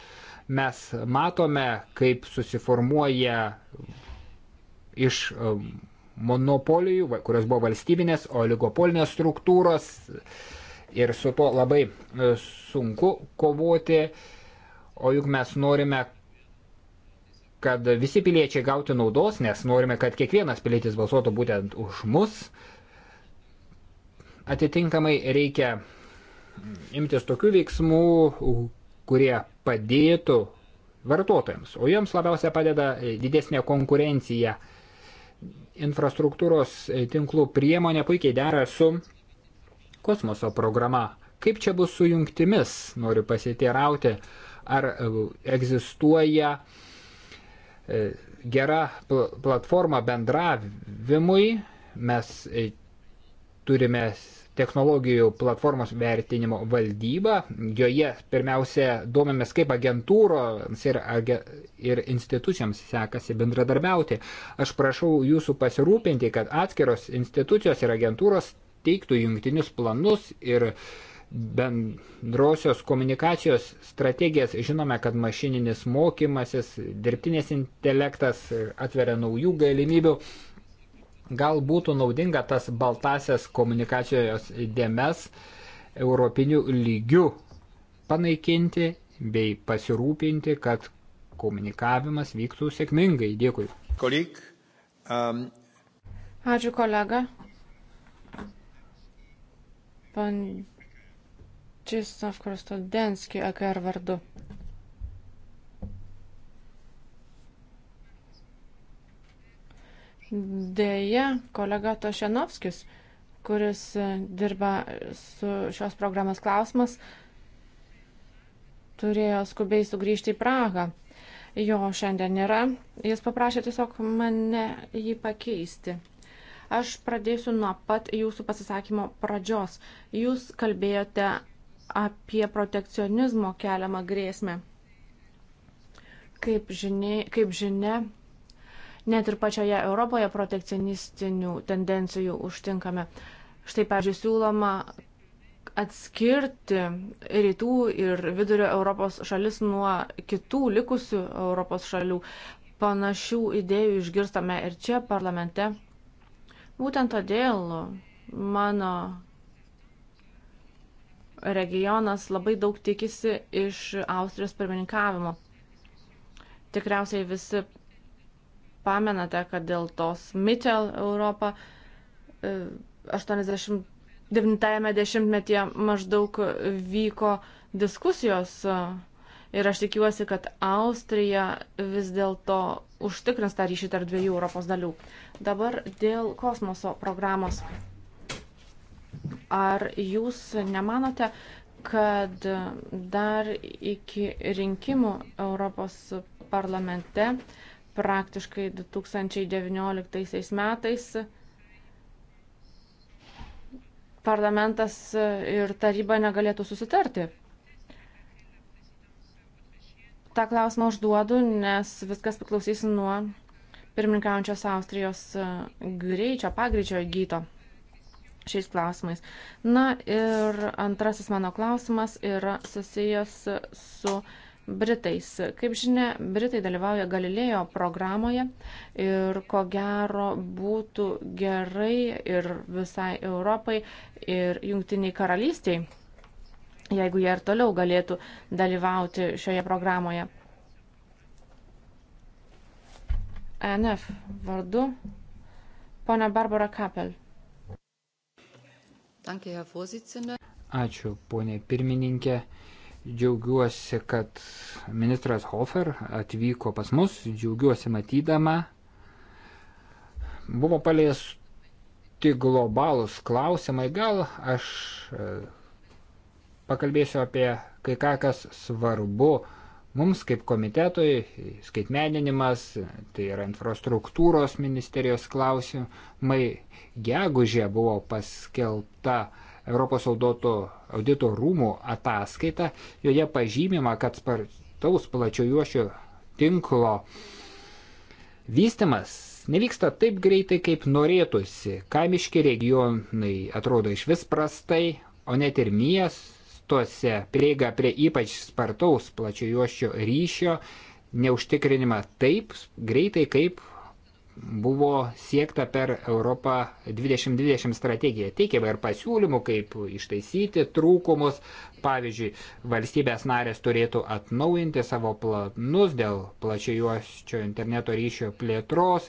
S2: Mes matome, kaip susiformuoja iš um, monopolijų, kurios buvo valstybinės, oligopolinės struktūros ir su tuo labai e, sunku kovoti, o juk mes norime, kad visi piliečiai gauti naudos, nes norime, kad kiekvienas pilietis balsuotų būtent už mus. Atitinkamai reikia imtis tokių veiksmų, kurie padėtų vartotojams, o jiems labiausia padeda e, didesnė konkurencija infrastruktūros e, tinklų priemonė puikiai dera su kosmoso programa. Kaip čia bus su jungtimis, noriu pasiteirauti, ar e, egzistuoja e, gera platforma bendravimui, mes turime technologijų platformos vertinimo valdyba. Joje pirmiausia domėmės, kaip agentūros ir, ir institucijoms sekasi bendradarbiauti. Aš prašau jūsų pasirūpinti, kad atskiros institucijos ir agentūros teiktų jungtinius planus ir bendrosios komunikacijos strategijas. Žinome, kad mašininis mokymasis, dirbtinės intelektas atveria naujų galimybių gal būtų naudinga tas baltasias komunikacijos dėmes europinių lygių panaikinti bei pasirūpinti, kad komunikavimas vyktų sėkmingai. Dėkui. Kolik, um...
S3: Ačiū kolega. Pan Čistov Krostodenski, AKR vardu. Deja, kolega Tošenovskis, kuris e, dirba su šios programos klausimas, turėjo skubiai sugrįžti į Prahą. Jo šiandien nėra. Jis paprašė tiesiog mane jį pakeisti. Aš pradėsiu nuo pat jūsų pasisakymo pradžios. Jūs kalbėjote apie protekcionizmo keliamą grėsmę. Kaip žinia, kaip žinia Net ir pačioje Europoje protekcionistinių tendencijų užtinkame. Štai, pavyzdžiui, siūloma atskirti rytų ir vidurio Europos šalis nuo kitų likusių Europos šalių. Panašių idėjų išgirstame ir čia parlamente. Būtent todėl mano regionas labai daug tikisi iš Austrijos pirmininkavimo. Tikriausiai visi pamenate, kad dėl tos Mitchell Europą 89-ame e, dešimtmetyje maždaug vyko diskusijos e, ir aš tikiuosi, kad Austrija vis dėlto užtikrins tą ryšį tarp dviejų Europos dalių. Dabar dėl kosmoso programos. Ar jūs nemanote, kad dar iki rinkimų Europos parlamente uh, praktiškai 2019 metais parlamentas ir taryba negalėtų susitarti. Ta klausimą užduodu, nes viskas priklausys nuo pirmininkaujančios Austrijos e, greičio, pagreičio įgyto šiais klausimais. Na ir antrasis mano klausimas yra susijęs su Britais. Kaip žinia, Britai dalyvauja Galilėjo programoje ir ko gero būtų gerai ir visai Europai ir jungtiniai karalystiai, jeigu jie ir toliau galėtų dalyvauti šioje programoje. ANF e vardu ponia Barbara Kapel.
S2: Ačiū, ponė pirmininkė. Džiaugiuosi, kad ministras Hofer atvyko pas mus, džiaugiuosi matydama. Buvo paliesti globalūs klausimai, gal aš e, pakalbėsiu apie kai ką, kas svarbu mums kaip komitetui, skaitmeninimas, tai yra infrastruktūros ministerijos klausimai. Gegužė buvo paskelbta uh, Europos audito rūmų ataskaita, joje pažymima, kad spartaus plačiojuošio tinklo vystimas nevyksta taip greitai, kaip norėtųsi. Kaimiški regionai atrodo iš vis prastai, o net ir miestuose prieiga prie ypač spartaus plačiojuošio ryšio neužtikrinima taip greitai, kaip buvo siekta per Europą 2020 strategiją. Teikėme ir pasiūlymų, kaip ištaisyti trūkumus. Pavyzdžiui, valstybės narės turėtų atnaujinti savo planus dėl plačiajuosčio interneto ryšio plėtros.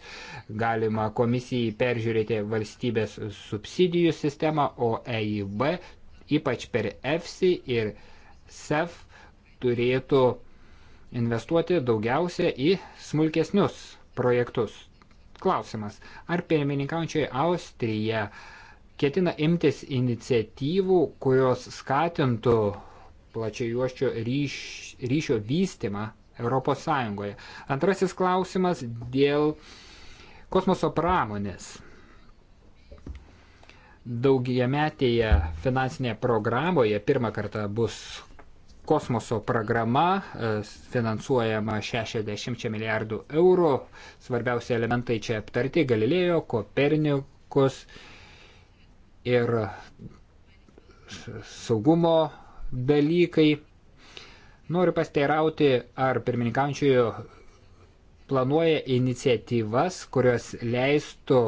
S2: Galima komisijai peržiūrėti valstybės subsidijų sistemą, o EIB ypač per EFSI ir SEF turėtų investuoti daugiausia į smulkesnius projektus. Klausimas, ar pirmininkaujančioji Austrija ketina imtis iniciatyvų, kurios skatintų plačiai juoščio ryš, ryšio vystimą Europos Sąjungoje. Antrasis klausimas dėl kosmoso pramonės. Daugiametėje finansinėje programoje pirmą kartą bus kosmoso programa, e, finansuojama 60 milijardų eurų. Svarbiausi elementai čia aptarti - Galilėjo, Kopernikus ir saugumo dalykai. Noriu pasteirauti, ar pirmininkaujančiojo planuoja iniciatyvas, kurios leistų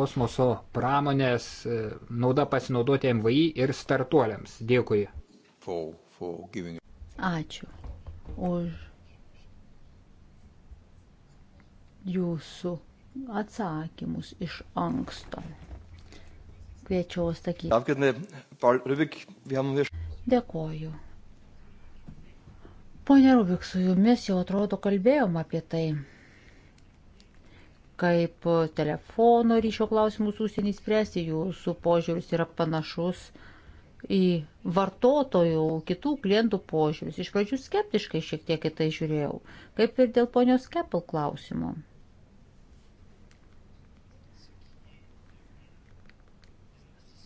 S2: kosmoso pramonės e, nauda pasinaudoti MVI ir startuoliams. Dėkui. Paul. Giving...
S1: Ačiū už jūsų atsakymus iš anksto. Kviečiu atsakyti. Dėkoju. Pone Rubik, su jumis jau atrodo kalbėjom apie tai, kaip telefono ryšio klausimus užsienį spręsti, jūsų požiūris yra panašus į vartotojų, kitų klientų požiūrius. Iš pradžių skeptiškai šiek tiek į tai žiūrėjau, kaip ir dėl ponios Kepel klausimo.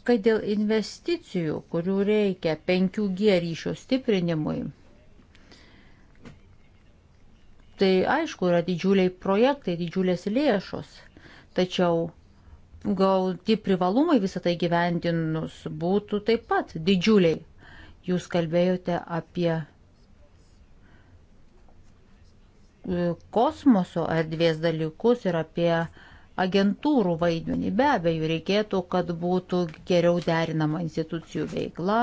S1: Kai dėl investicijų, kurių reikia 5G ryšio stiprinimui, tai aišku yra didžiuliai projektai, didžiulės lėšos, tačiau gauti privalumai visą tai gyventinus būtų taip pat didžiuliai. Jūs kalbėjote apie e, kosmoso erdvės dalykus ir apie uh, agentūrų vaidmenį. Be abejo, reikėtų, kad būtų geriau derinama institucijų veikla,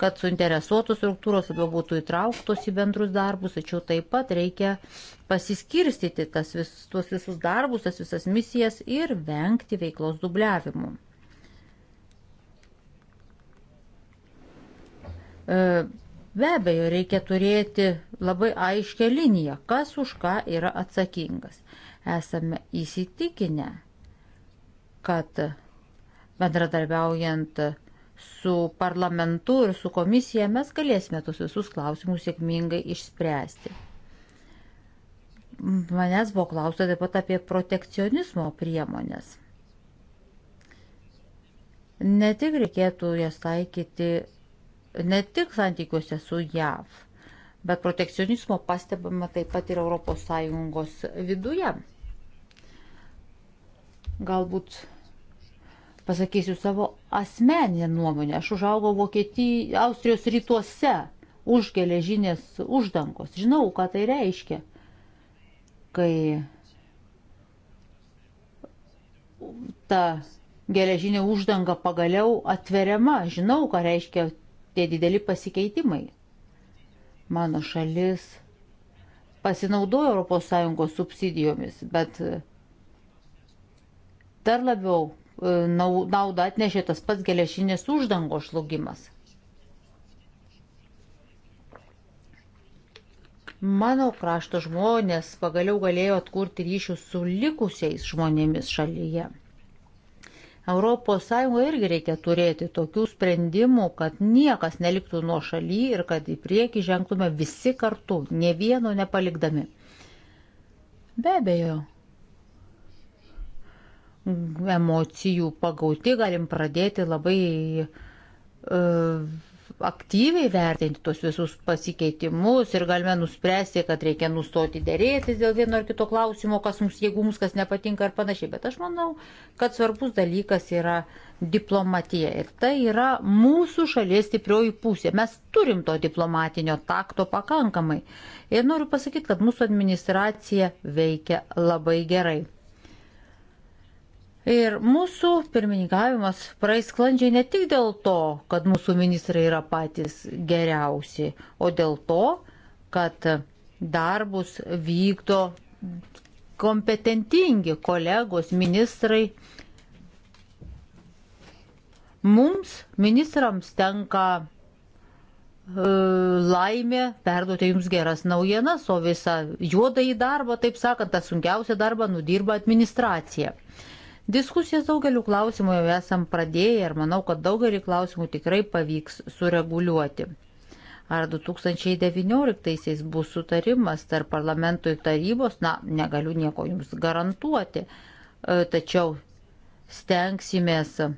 S1: kad suinteresuotos struktūros labiau būtų įtrauktos į bendrus darbus, tačiau taip pat reikia pasiskirstyti tas vis, tuos visus darbus, tas visas misijas ir vengti veiklos dubliavimų. E, be abejo, reikia turėti labai aiškę liniją, kas už ką yra atsakingas. Esame įsitikinę, kad bendradarbiaujant su parlamentu ir su komisija mes galėsime tuos visus klausimus sėkmingai išspręsti. Manęs buvo klausta taip pat apie protekcionizmo priemonės. Ne tik reikėtų jas taikyti, ne tik santykiuose su JAV, bet protekcionizmo pastebama taip pat ir ES viduje. Galbūt pasakysiu savo asmeninę nuomonę. Aš užaugau Vokietijos, Austrijos rytuose už geležinės uždangos. Žinau, ką tai reiškia, kai ta geležinė uždanga pagaliau atveriama. Žinau, ką reiškia tie dideli pasikeitimai. Mano šalis pasinaudojo ES subsidijomis, bet Dar labiau e, naudą atnešė tas pats geležinės uždangos žlugimas. Mano krašto žmonės pagaliau galėjo atkurti ryšius su likusiais žmonėmis šalyje. ES irgi reikia turėti tokių sprendimų, kad niekas neliktų nuo šaly ir kad į priekį žengtume visi kartu, ne vieno nepalikdami. Be abejo, emocijų pagauti, galim pradėti labai e, aktyviai vertinti tos visus pasikeitimus ir galime nuspręsti, kad reikia nustoti dėrėtis dėl vieno ar kito klausimo, kas mums, jeigu mums kas nepatinka ar panašiai. Bet aš manau, kad svarbus dalykas yra diplomatija. Ir tai yra mūsų šalies stiprioji pusė. Mes turim to diplomatinio takto pakankamai. Ir noriu pasakyti, kad mūsų administracija veikia labai gerai. Ir mūsų pirmininkavimas praeis sklandžiai ne tik dėl to, kad mūsų ministrai yra patys geriausi, o dėl to, kad darbus vykdo kompetentingi kolegos ministrai. Mums, ministrams, tenka e, laimė perduoti jums geras naujienas, o visą juodą į darbą, taip sakant, tą sunkiausią darbą nudirba administracija. E, Diskusijas daugeliu klausimų jau esam pradėję ir manau, kad daugelį klausimų tikrai pavyks sureguliuoti. Ar 2019-aisiais bus sutarimas tarp parlamento ir tarybos, na, negaliu nieko jums garantuoti, e, tačiau stengsimės e,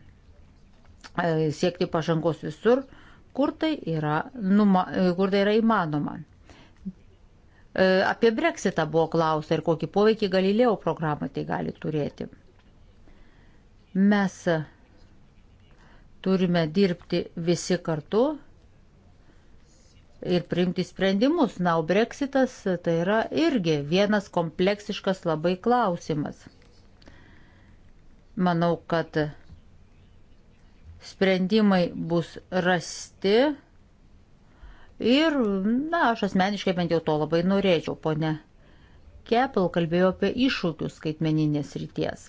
S1: siekti pažangos visur, kur tai yra, numa, e, kur tai yra įmanoma. Apie Brexitą buvo klausta ir kokį poveikį Galilėjo programą tai gali turėti. Mes turime dirbti visi kartu ir priimti sprendimus. Na, o breksitas tai yra irgi vienas kompleksiškas labai klausimas. Manau, kad sprendimai bus rasti ir, na, aš asmeniškai bent jau to labai norėčiau, ponė. Kepel kalbėjo apie iššūkius skaitmeninės ryties.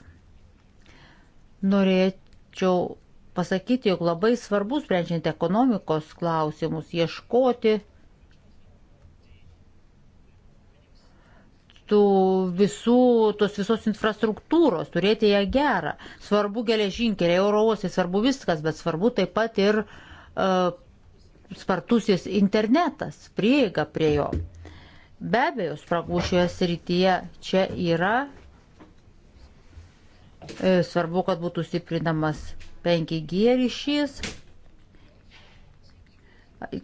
S1: Norėčiau pasakyti, jog labai svarbu sprendžiant ekonomikos klausimus ieškoti tų visų, tos visos infrastruktūros, turėti ją gerą. Svarbu geležinkeliai, oro uostai, svarbu viskas, bet svarbu taip pat ir uh, spartusis internetas, prieiga prie jo. Be abejo, spragų šioje srityje čia yra E, svarbu, kad būtų stiprinamas 5G ryšys,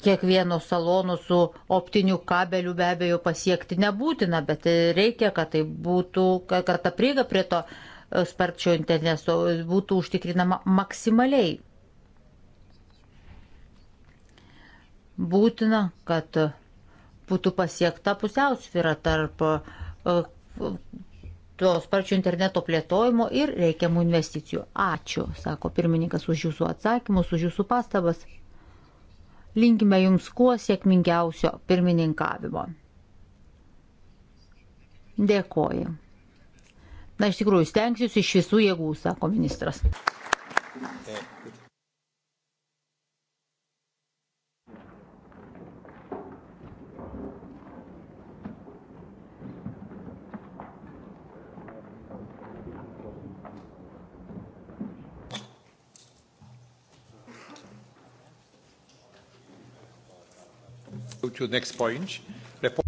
S1: kiekvieno salonų su optiniu kabeliu be abejo pasiekti nebūtina, bet reikia, kad tai būtų, kad ta prieiga prie to e, sparčio interneto būtų užtikrinama maksimaliai. Būtina, kad būtų pasiekta pusiausvyrą tarp e, to sparčio interneto plėtojimo ir reikiamų investicijų. Ačiū, sako pirmininkas, už jūsų atsakymus, už jūsų pastabas. Linkime jums kuo sėkmingiausio pirmininkavimo. Dėkoju. Na, iš tikrųjų, stengsiuosi iš visų jėgų, sako ministras. Taip. E,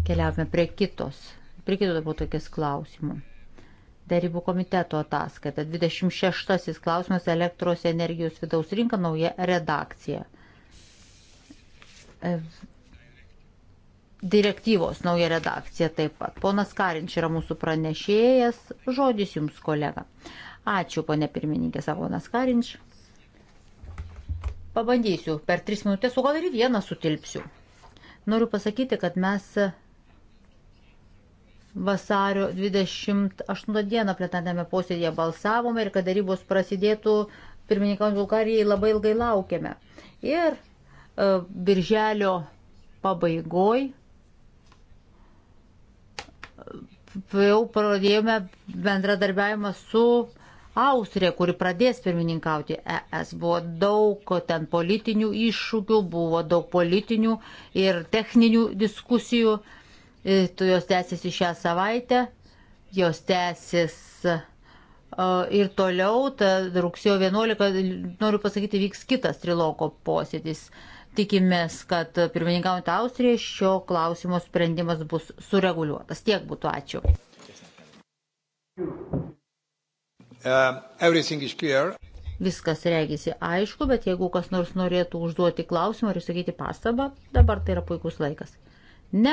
S1: Keliavome prie kitos, prie kitos buvo tokias klausimų. Darybų komiteto ataskaita. 26 klausimas elektros energijos vidaus rinka nauja redakcija. E, direktyvos nauja redakcija taip pat. Ponas Karinč yra mūsų pranešėjas. Žodis jums, kolega. Ačiū, ponė pirmininkė, savo ponas Karinč. Pabandysiu per tris minutės, o gal ir vieną sutilpsiu. Noriu pasakyti, kad mes vasario 28 dieną pletanėme posėdėje balsavome ir kad darybos prasidėtų pirmininkams Bulgarijai labai ilgai laukėme. Ir e, birželio pabaigoj e, jau pradėjome bendradarbiavimą su Austrija, kuri pradės pirmininkauti ES, buvo daug ten politinių iššūkių, buvo daug politinių ir techninių diskusijų. E, tu jos tęsiasi šią savaitę, jos tęsis e, ir toliau, rugsėjo 11, noriu pasakyti, vyks kitas triloko posėdis. Tikimės, kad pirmininkaujant Austrijai šio klausimo sprendimas bus sureguliuotas. Tiek būtų ačiū.
S2: Uh,
S1: Viskas regisi aišku, bet jeigu kas nors norėtų užduoti klausimą ar išsakyti pastabą, dabar tai yra puikus laikas. Ne?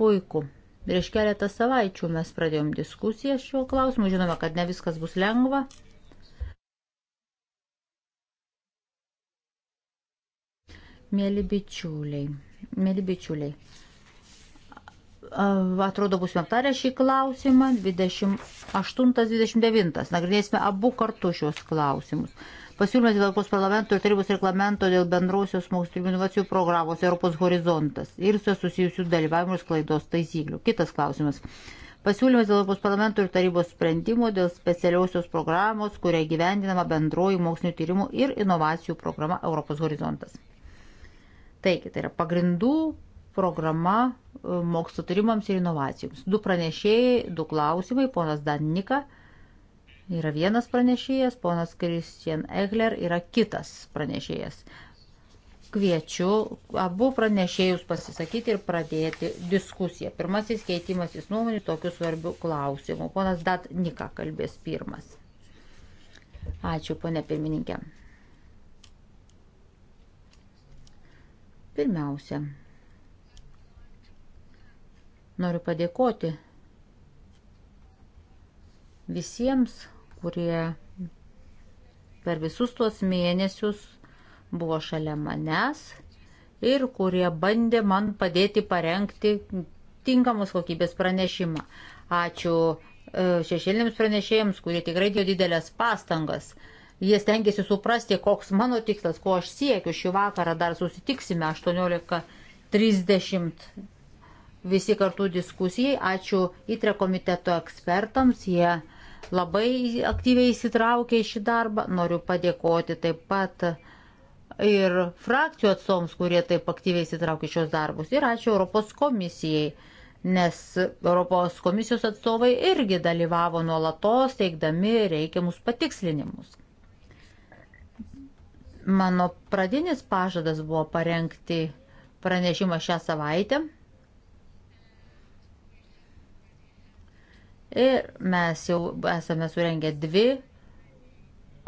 S1: Puiku. Prieš keletą savaičių mes pradėjom diskusiją šiuo klausimu. Žinoma, kad ne viskas bus lengva. Mėly bičiuliai, mėly bičiuliai, atrodo, būsime aptarę šį klausimą. 28-29. Nagrinėsime abu kartu šios klausimus. Pasiūlymas dėl Europos parlamento ir tarybos reglamento dėl bendrosios mokslo ir inovacijų programos Europos horizontas ir su susijusių dalyvavimų ir klaidos taisyklių. Kitas klausimas. Pasiūlymas dėl Europos parlamento ir tarybos sprendimo dėl specialiosios programos, kuria gyvendinama bendroji mokslinio tyrimų ir inovacijų programa Europos horizontas. Taigi, tai yra pagrindų programa e, mokslo tyrimams ir inovacijoms. Du pranešėjai, du klausimai, ponas Danika yra vienas pranešėjas, ponas Kristian Egler yra kitas pranešėjas. Kviečiu abu pranešėjus pasisakyti ir pradėti diskusiją. Pirmasis keitimasis nuomonių tokių svarbių klausimų. Ponas Datnika kalbės pirmas. Ačiū, ponė pirmininkė. Pirmiausia, Noriu padėkoti visiems, kurie per visus tuos mėnesius buvo šalia manęs ir kurie bandė man padėti parengti tinkamus kokybės pranešimą. Ačiū e, šešėlėms pranešėjams, kurie tikrai dėjo didelės pastangas. Jie stengiasi suprasti, koks mano tikslas, ko aš siekiu. Šį vakarą dar susitiksime 18.30 visi kartu diskusijai. Ačiū įtre komiteto ekspertams, jie labai aktyviai įsitraukė į šį darbą. Noriu padėkoti taip pat ir frakcijų atsoms, kurie taip aktyviai įsitraukė šios darbus. Ir ačiū Europos komisijai, nes Europos komisijos atstovai irgi dalyvavo nuolatos, teikdami reikiamus patikslinimus. Mano pradinis pažadas buvo parengti pranešimą šią savaitę Ir mes jau esame surengę dvi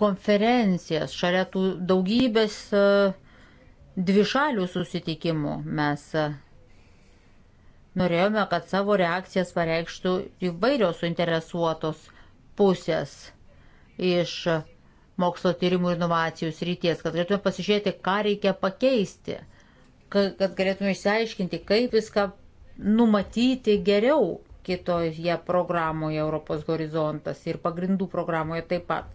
S1: konferencijas, šalia tų daugybės e, dvišalių susitikimų mes e, norėjome, kad savo reakcijas pareikštų įvairios suinteresuotos pusės iš mokslo tyrimų ir inovacijų srities, kad galėtume pasižiūrėti, ką reikia pakeisti, kad galėtume išsiaiškinti, kaip viską numatyti geriau, kitoje programoje Europos horizontas ir pagrindų programoje taip pat.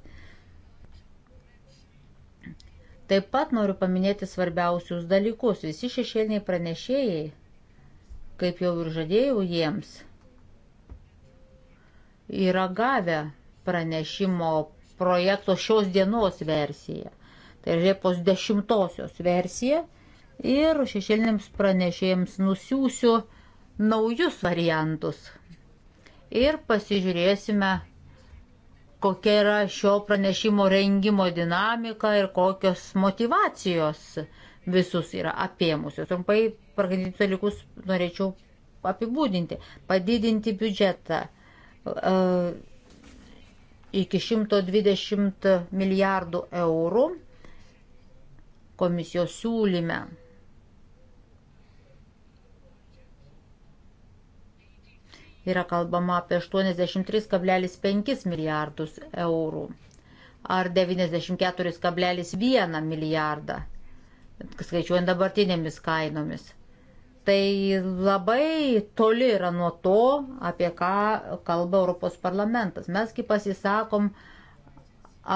S1: Taip pat noriu paminėti svarbiausius dalykus. Visi šešėliniai pranešėjai, kaip jau ir žadėjau jiems, yra gavę pranešimo projekto šios dienos versiją. Tai yra Liepos dešimtosios versija ir šešėlinėms pranešėjams nusiųsiu naujus variantus ir pasižiūrėsime, kokia yra šio pranešimo rengimo dinamika ir kokios motivacijos visus yra apėmusios. Trumpai pagrindinius dalykus norėčiau apibūdinti. Padidinti biudžetą e, iki 120 milijardų eurų komisijos siūlyme Yra kalbama apie 83,5 milijardus eurų ar 94,1 milijardą, skaičiuojant dabartinėmis kainomis. Tai labai toli yra nuo to, apie ką kalba Europos parlamentas. Mesgi pasisakom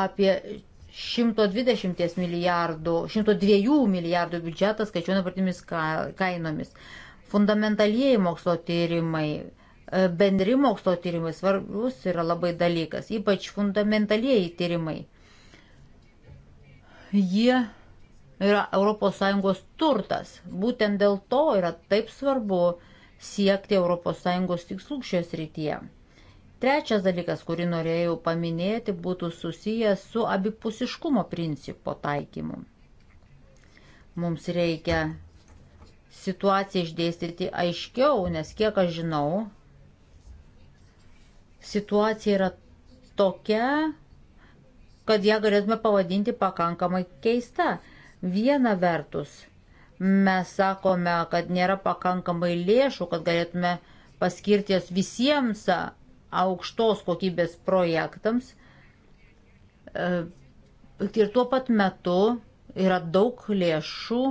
S1: apie 120 milijardų, 102 milijardų biudžetą skaičiuojant dabartinėmis kainomis. Fundamentalieji mokslo tyrimai E, bendri mokslo tyrimai svarbus yra labai dalykas, ypač fundamentalieji tyrimai. Jie yra ES turtas. Būtent dėl to yra taip svarbu siekti ES tikslų šioje srityje. Trečias dalykas, kurį norėjau paminėti, būtų susijęs su abipusiškumo principo taikymu. Mums reikia situaciją išdėstyti aiškiau, nes kiek aš žinau, situacija yra tokia, kad ją galėtume pavadinti pakankamai keista. Viena vertus, mes sakome, kad nėra pakankamai lėšų, kad galėtume paskirti jas visiems aukštos kokybės projektams. E, ir tuo pat metu yra daug lėšų.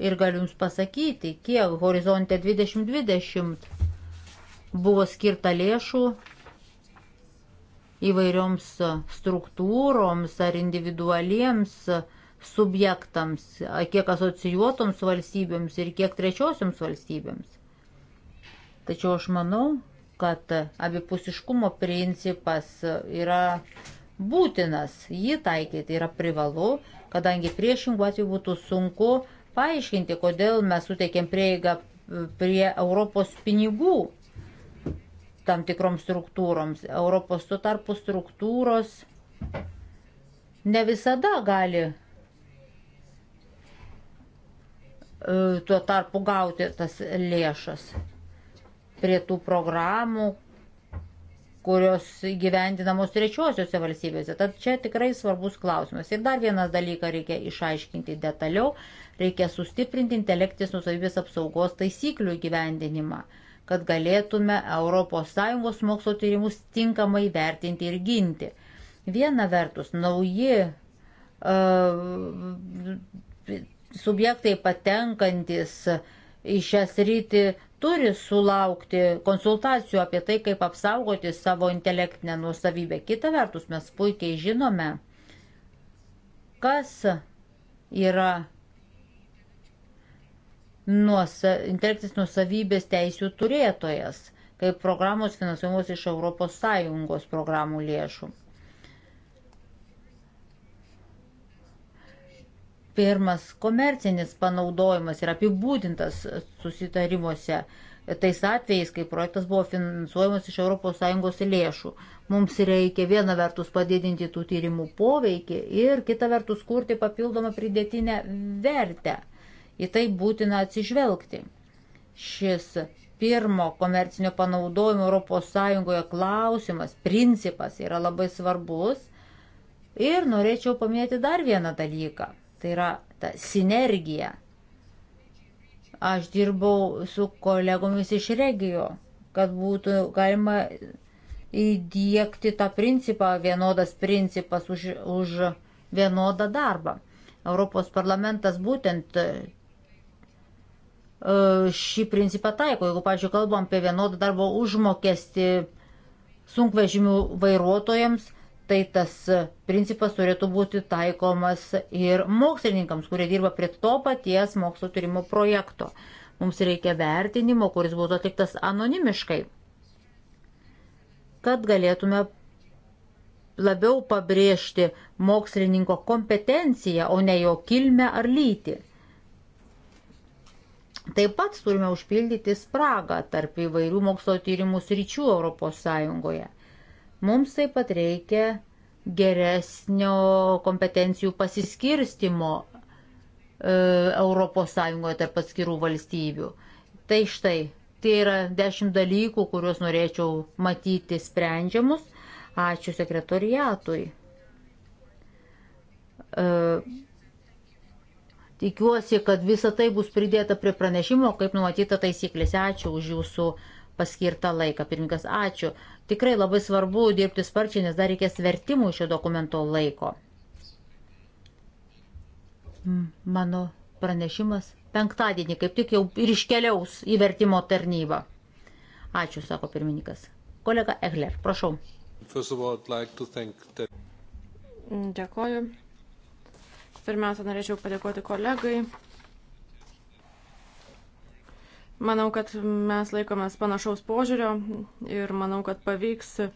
S1: Ir galiu Jums pasakyti, kiek horizonte 2020 Buvo skirta lėšų įvairioms struktūroms ar individualiems subjektams, kiek asocijuotoms valstybėms ir kiek trečiosioms valstybėms. Tačiau aš manau, kad abipusiškumo principas yra būtinas, jį taikyti yra privalu, kadangi priešingų atveju būtų sunku paaiškinti, kodėl mes suteikėm prieigą prie Europos pinigų tam tikroms struktūroms. Europos tuo tarpu struktūros ne visada gali e, tuo tarpu gauti tas lėšas prie tų programų, kurios gyvendinamos trečiosiuose valstybėse. Tad čia tikrai svarbus klausimas. Ir dar vienas dalyką reikia išaiškinti detaliau, reikia sustiprinti intelektinės nusavybės apsaugos taisyklių gyvendinimą kad galėtume ES mokslo tyrimus tinkamai vertinti ir ginti. Viena vertus, nauji uh, subjektai patenkantis į šią sritį turi sulaukti konsultacijų apie tai, kaip apsaugoti savo intelektinę nuosavybę. Kita vertus, mes puikiai žinome, kas yra nuosa, intelektinės nusavybės teisių turėtojas, kaip programos finansuojamos iš ES programų lėšų. Pirmas komercinis panaudojimas yra apibūdintas susitarimuose tais atvejais, kai projektas buvo finansuojamas iš ES lėšų. Mums reikia viena vertus padidinti tų tyrimų poveikį ir kita vertus kurti papildomą pridėtinę vertę. Į tai būtina atsižvelgti. Šis pirmo komercinio panaudojimo ES klausimas, principas yra labai svarbus. Ir norėčiau paminėti dar vieną dalyką. Tai yra ta sinergija. Aš dirbau su kolegomis iš regio, kad būtų galima įdėkti tą principą, vienodas principas už, už vienodą darbą. Europos parlamentas būtent E, šį principą taiko. Jeigu, pažiūrėjau, kalbam apie vienodą darbo užmokestį sunkvežimių vairuotojams, tai tas principas turėtų būti taikomas ir mokslininkams, kurie dirba prie to paties mokslo tyrimo projekto. Mums reikia vertinimo, kuris būtų atliktas anonimiškai, kad galėtume labiau pabrėžti mokslininko kompetenciją, o ne jo kilmę ar lytį. Taip pat turime užpildyti spragą tarp įvairių mokslo tyrimų sričių ES. Mums taip pat reikia geresnio kompetencijų pasiskirstimo ES tarp atskirų valstybių. Tai štai, tai yra dešimt dalykų, kuriuos norėčiau matyti sprendžiamus. Ačiū sekretoriatui. E, Tikiuosi, kad visa tai bus pridėta prie pranešimo, kaip numatyta taisyklėse. Ačiū už jūsų paskirtą laiką. Pirmininkas, ačiū. Tikrai labai svarbu dirbti sparčiai, nes dar reikės vertimų šio dokumento laiko. Mm, mano pranešimas penktadienį kaip tik jau ir iškeliaus į vertimo tarnybą. Ačiū, sako pirmininkas. Kolega Egler, prašau.
S2: All, like the...
S3: Dėkoju. Pirmiausia, norėčiau padėkoti kolegai. Manau, kad mes laikomės panašaus požiūrio ir manau, kad pavyks e,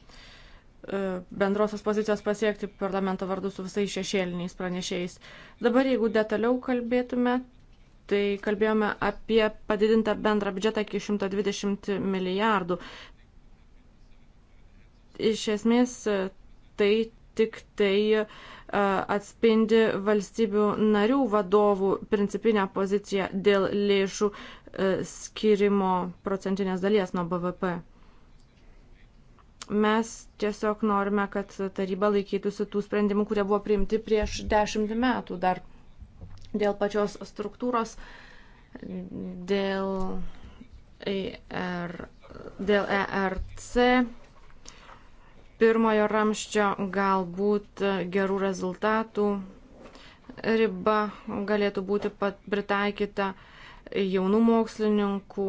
S3: bendrosios pozicijos pasiekti parlamento vardu su visais šešėliniais pranešėjais. Dabar, jeigu detaliau kalbėtume, tai kalbėjome apie padidintą bendrą biudžetą iki 120 milijardų. Iš esmės, e, tai tik tai e, atspindi valstybių narių vadovų principinę poziciją dėl lėšų e, skirimo procentinės dalies nuo BVP. Mes tiesiog norime, kad taryba laikytųsi tų sprendimų, kurie buvo priimti prieš dešimt metų dar dėl pačios struktūros, dėl, ER, dėl ERC pirmojo ramščio galbūt gerų rezultatų riba galėtų būti pritaikyta jaunų mokslininkų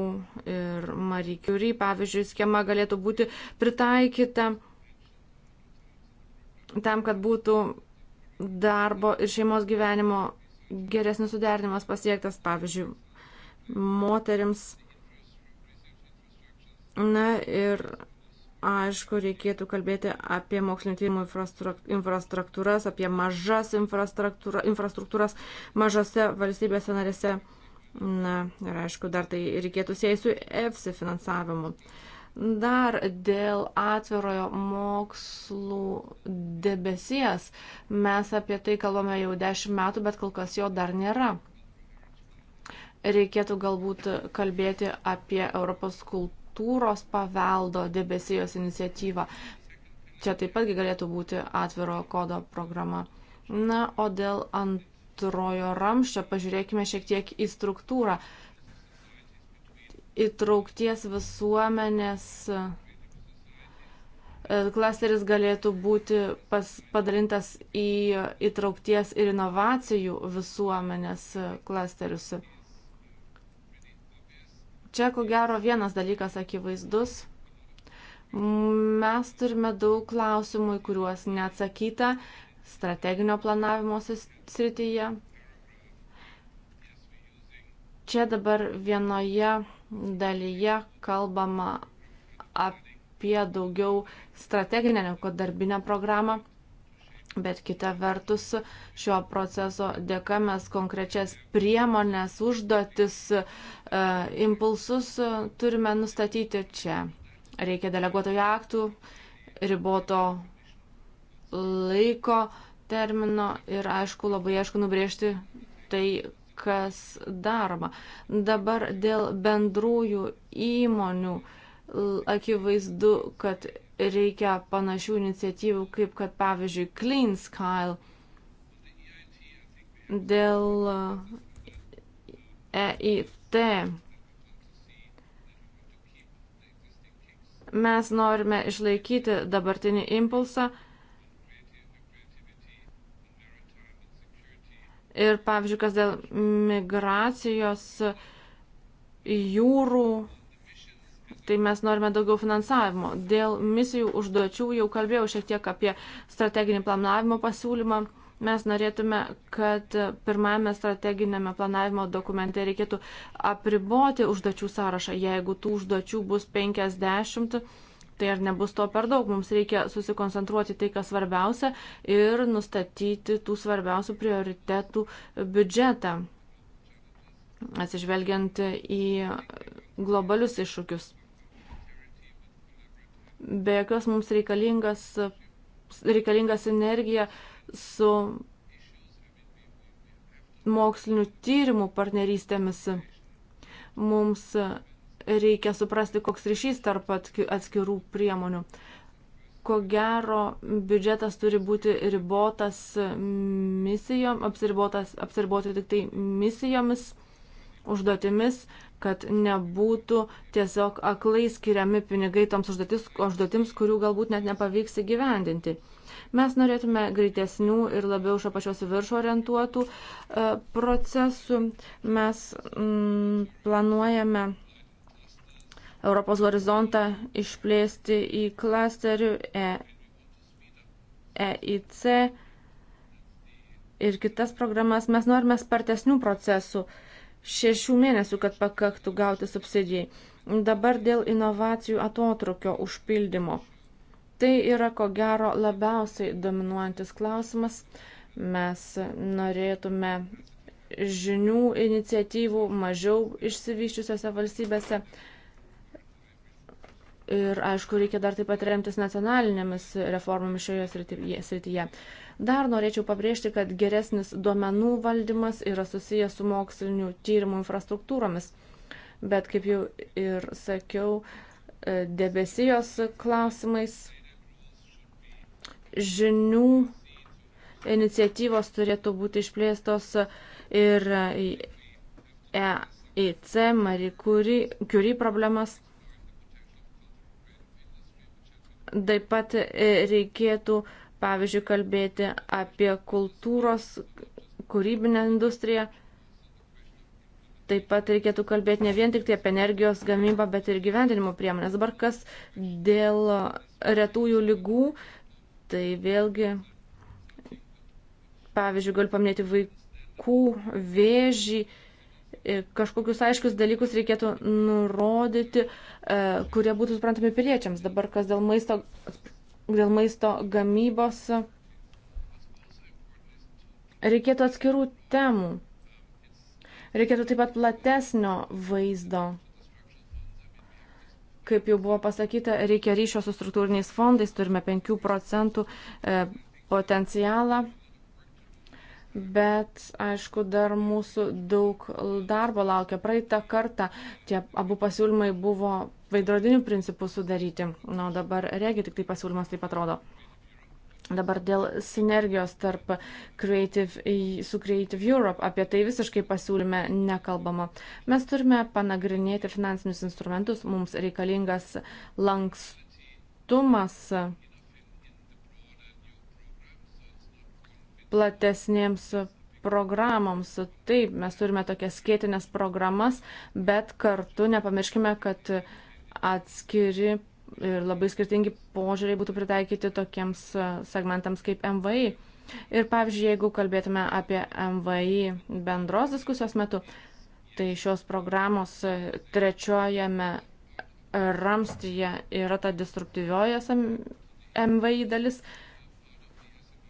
S3: ir Marie Curie, pavyzdžiui, schema galėtų būti pritaikyta tam, kad būtų darbo ir šeimos gyvenimo geresnis suderinimas pasiektas, pavyzdžiui, moterims. Na ir Aišku, reikėtų kalbėti apie mokslinio tyrimų infrastruktūras, apie mažas infrastruktūra, infrastruktūras mažose valstybėse narėse. Na, ir aišku, dar tai reikėtų siejai su EFSI finansavimu. Dar dėl atvirojo mokslų debesies. Mes apie tai kalbame jau dešimt metų, bet kol kas jo dar nėra. Reikėtų galbūt kalbėti apie Europos kultūrą kultūros paveldo debesijos iniciatyvą. Čia taip patgi galėtų būti atviro kodo programa. Na, o dėl antrojo ramščio pažiūrėkime šiek tiek į struktūrą. Įtraukties visuomenės e, klasteris galėtų būti pas, padalintas į įtraukties ir inovacijų visuomenės e, klasterius. Čia, ko gero, vienas dalykas akivaizdus. Mes turime daug klausimų, į kuriuos neatsakyta strateginio planavimo srityje. Čia dabar vienoje dalyje kalbama apie daugiau strateginę negu darbinę programą. Bet kita vertus, šio proceso dėka mes konkrečias priemonės, užduotis, e, impulsus e, turime nustatyti čia. Reikia deleguotojų aktų, riboto laiko termino ir, aišku, labai aišku nubrėžti tai, kas daroma. Dabar dėl bendrųjų įmonių akivaizdu, kad reikia panašių iniciatyvų, kaip kad pavyzdžiui Clean Sky dėl EIT. E Mes norime išlaikyti dabartinį impulsą ir, pavyzdžiui, kas dėl migracijos jūrų tai mes norime daugiau finansavimo. Dėl misijų užduočių jau kalbėjau šiek tiek apie strateginį planavimo pasiūlymą. Mes norėtume, kad pirmajame strateginėme planavimo dokumente reikėtų apriboti užduočių sąrašą. Jeigu tų užduočių bus 50, tai ar nebus to per daug. Mums reikia susikoncentruoti tai, kas svarbiausia ir nustatyti tų svarbiausių prioritetų biudžetą atsižvelgiant į globalius iššūkius be jokios mums reikalingas, reikalingas energija su mokslinių tyrimų partnerystėmis. Mums reikia suprasti, koks ryšys tarp atskirų priemonių. Ko gero, biudžetas turi būti ribotas misijom, apsiribotas, apsiriboti tik tai misijomis, užduotimis, kad nebūtų tiesiog aklai skiriami pinigai toms užduotis, užduotims, kurių galbūt net nepavyks įgyvendinti. Mes norėtume greitesnių ir labiau iš apačios į viršų orientuotų e, procesų. Mes mm, planuojame Europos horizontą išplėsti į klasterių e, EIC ir kitas programas. Mes norime spartesnių procesų. Uh, šešių mėnesių, kad pakaktų gauti subsidijai. Dabar dėl inovacijų atotrukio užpildymo. Tai yra ko gero labiausiai dominuojantis klausimas. Mes norėtume žinių iniciatyvų mažiau išsivyščiusiose valstybėse. Ir aišku, reikia dar taip pat remtis nacionalinėmis reformomis šioje srityje. Dar norėčiau pabrėžti, kad geresnis duomenų valdymas yra susijęs su mokslinių tyrimų infrastruktūromis. Bet kaip jau ir sakiau, e, debesijos klausimais žinių iniciatyvos turėtų būti išplėstos ir EIC, Marie Curie, Curie problemas. Taip pat e, reikėtų uh, pavyzdžiui, kalbėti apie kultūros, kūrybinę industriją. Taip pat reikėtų kalbėti ne vien tik tai apie energijos gamybą, bet ir gyvendinimo priemonės. Dabar kas dėl retųjų lygų, tai vėlgi, pavyzdžiui, galiu paminėti vaikų vėžį, kažkokius aiškius dalykus reikėtų nurodyti, e, kurie būtų suprantami piliečiams. Dabar kas dėl maisto dėl maisto gamybos reikėtų atskirų temų. Reikėtų taip pat platesnio vaizdo. Kaip jau buvo pasakyta, reikia ryšio su struktūriniais fondais, turime 5 procentų e, potencialą bet aišku, dar mūsų daug darbo laukia. Praeitą kartą tie abu pasiūlymai buvo veidrodinių principų sudaryti, na, dabar regi tik tai pasiūlymas taip atrodo. Dabar dėl sinergijos tarp Creative, e su Creative Europe, apie tai visiškai pasiūlyme nekalbama. Mes turime panagrinėti finansinius instrumentus, mums reikalingas lankstumas platesnėms programoms. Taip, mes turime tokias skėtinės programas, bet kartu nepamirškime, kad atskiri ir labai skirtingi požiūriai būtų pritaikyti tokiems e, segmentams kaip MVI. Ir pavyzdžiui, jeigu kalbėtume apie MVI bendros diskusijos metu, tai šios programos e, trečiojame ramstyje yra ta destruktyvioji MVI dalis,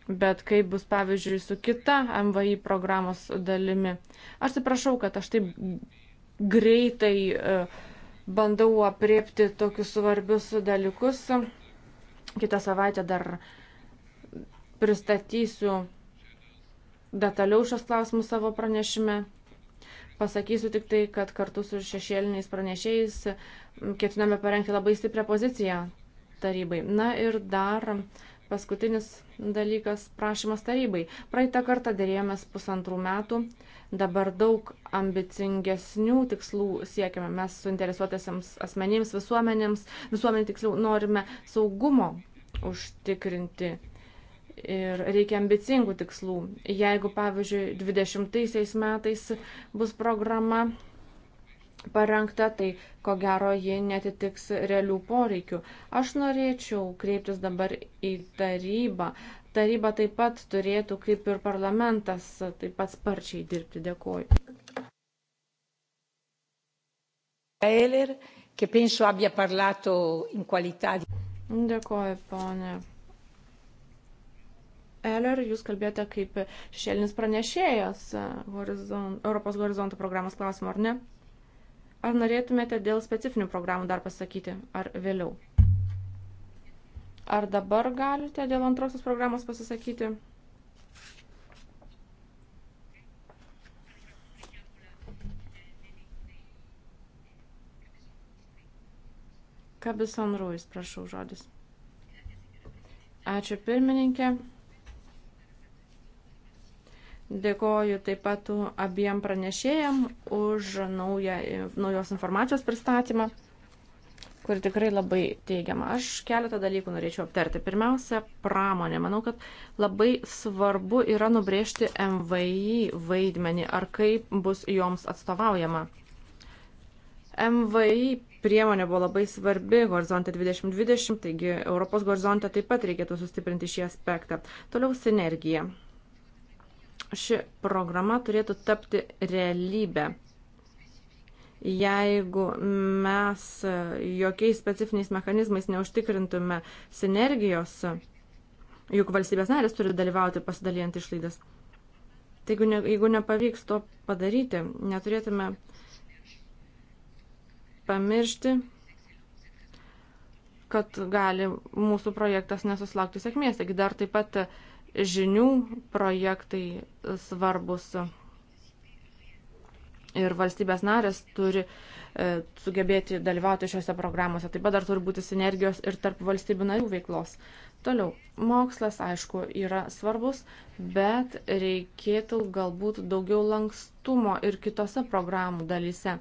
S3: Bet kaip bus pavyzdžiui su kita MVI programos dalimi? Aš atsiprašau, kad aš taip greitai e, bandau apriepti tokius svarbius dalykus. Kitą savaitę dar pristatysiu detaliau šios klausimus savo pranešime. Pasakysiu tik tai, kad kartu su šešėliniais pranešėjais ketiname parengti labai stiprią poziciją tarybai. Na ir dar Paskutinis dalykas - prašymas tarybai. Praeitą kartą dėrėjomės pusantrų metų, dabar daug ambicingesnių tikslų siekiame. Mes suinteresuotėsiams asmenėms, visuomenėms, visuomenė tiksliau norime saugumo užtikrinti. Ir reikia ambicingų tikslų. Jeigu, pavyzdžiui, 20 metais bus programa parengta, tai ko gero ji netitiks realių poreikių. Aš norėčiau kreiptis dabar į tarybą. Taryba taip pat turėtų, kaip ir parlamentas, taip pat sparčiai dirbti. Dėkuoju. Eller, che penso abbia parlato in qualità di... Dėkuoju, ponė. Eller, jūs kalbėjote kaip šešėlinis pranešėjas Horizon, Europos horizonto programos klausimą, ar ne? Ar norėtumėte dėl specifinių programų dar pasakyti, ar vėliau? Ar dabar galite dėl antrosios programos pasisakyti? Kabison Ruiz, prašau žodis. Ačiū pirmininkė. Dėkoju taip pat abiem pranešėjam už naują, naujos informacijos pristatymą, kuri tikrai labai teigiama. Aš keletą dalykų norėčiau aptarti. Pirmiausia, pramonė. Manau, kad labai svarbu yra nubrėžti MVI vaidmenį ar kaip bus joms atstovaujama. MVI priemonė buvo labai svarbi Horizonte 2020, taigi Europos Horizonte taip pat reikėtų sustiprinti šį aspektą. Toliau sinergija ši programa turėtų tapti realybę. Jeigu mes jokiais specifiniais mechanizmais neužtikrintume sinergijos, juk valstybės narės turi dalyvauti pasidalijant išlaidas. Tai jeigu, ne, jeigu nepavyks to padaryti, neturėtume pamiršti, kad gali mūsų projektas nesuslaukti sėkmės. Taigi dar taip pat uh, žinių projektai svarbus. Ir valstybės narės turi e, sugebėti dalyvauti šiuose programuose. Taip pat dar turi būti sinergijos ir tarp valstybių narių veiklos. Toliau, mokslas, aišku, yra svarbus, bet reikėtų galbūt daugiau lankstumo ir kitose programų dalyse.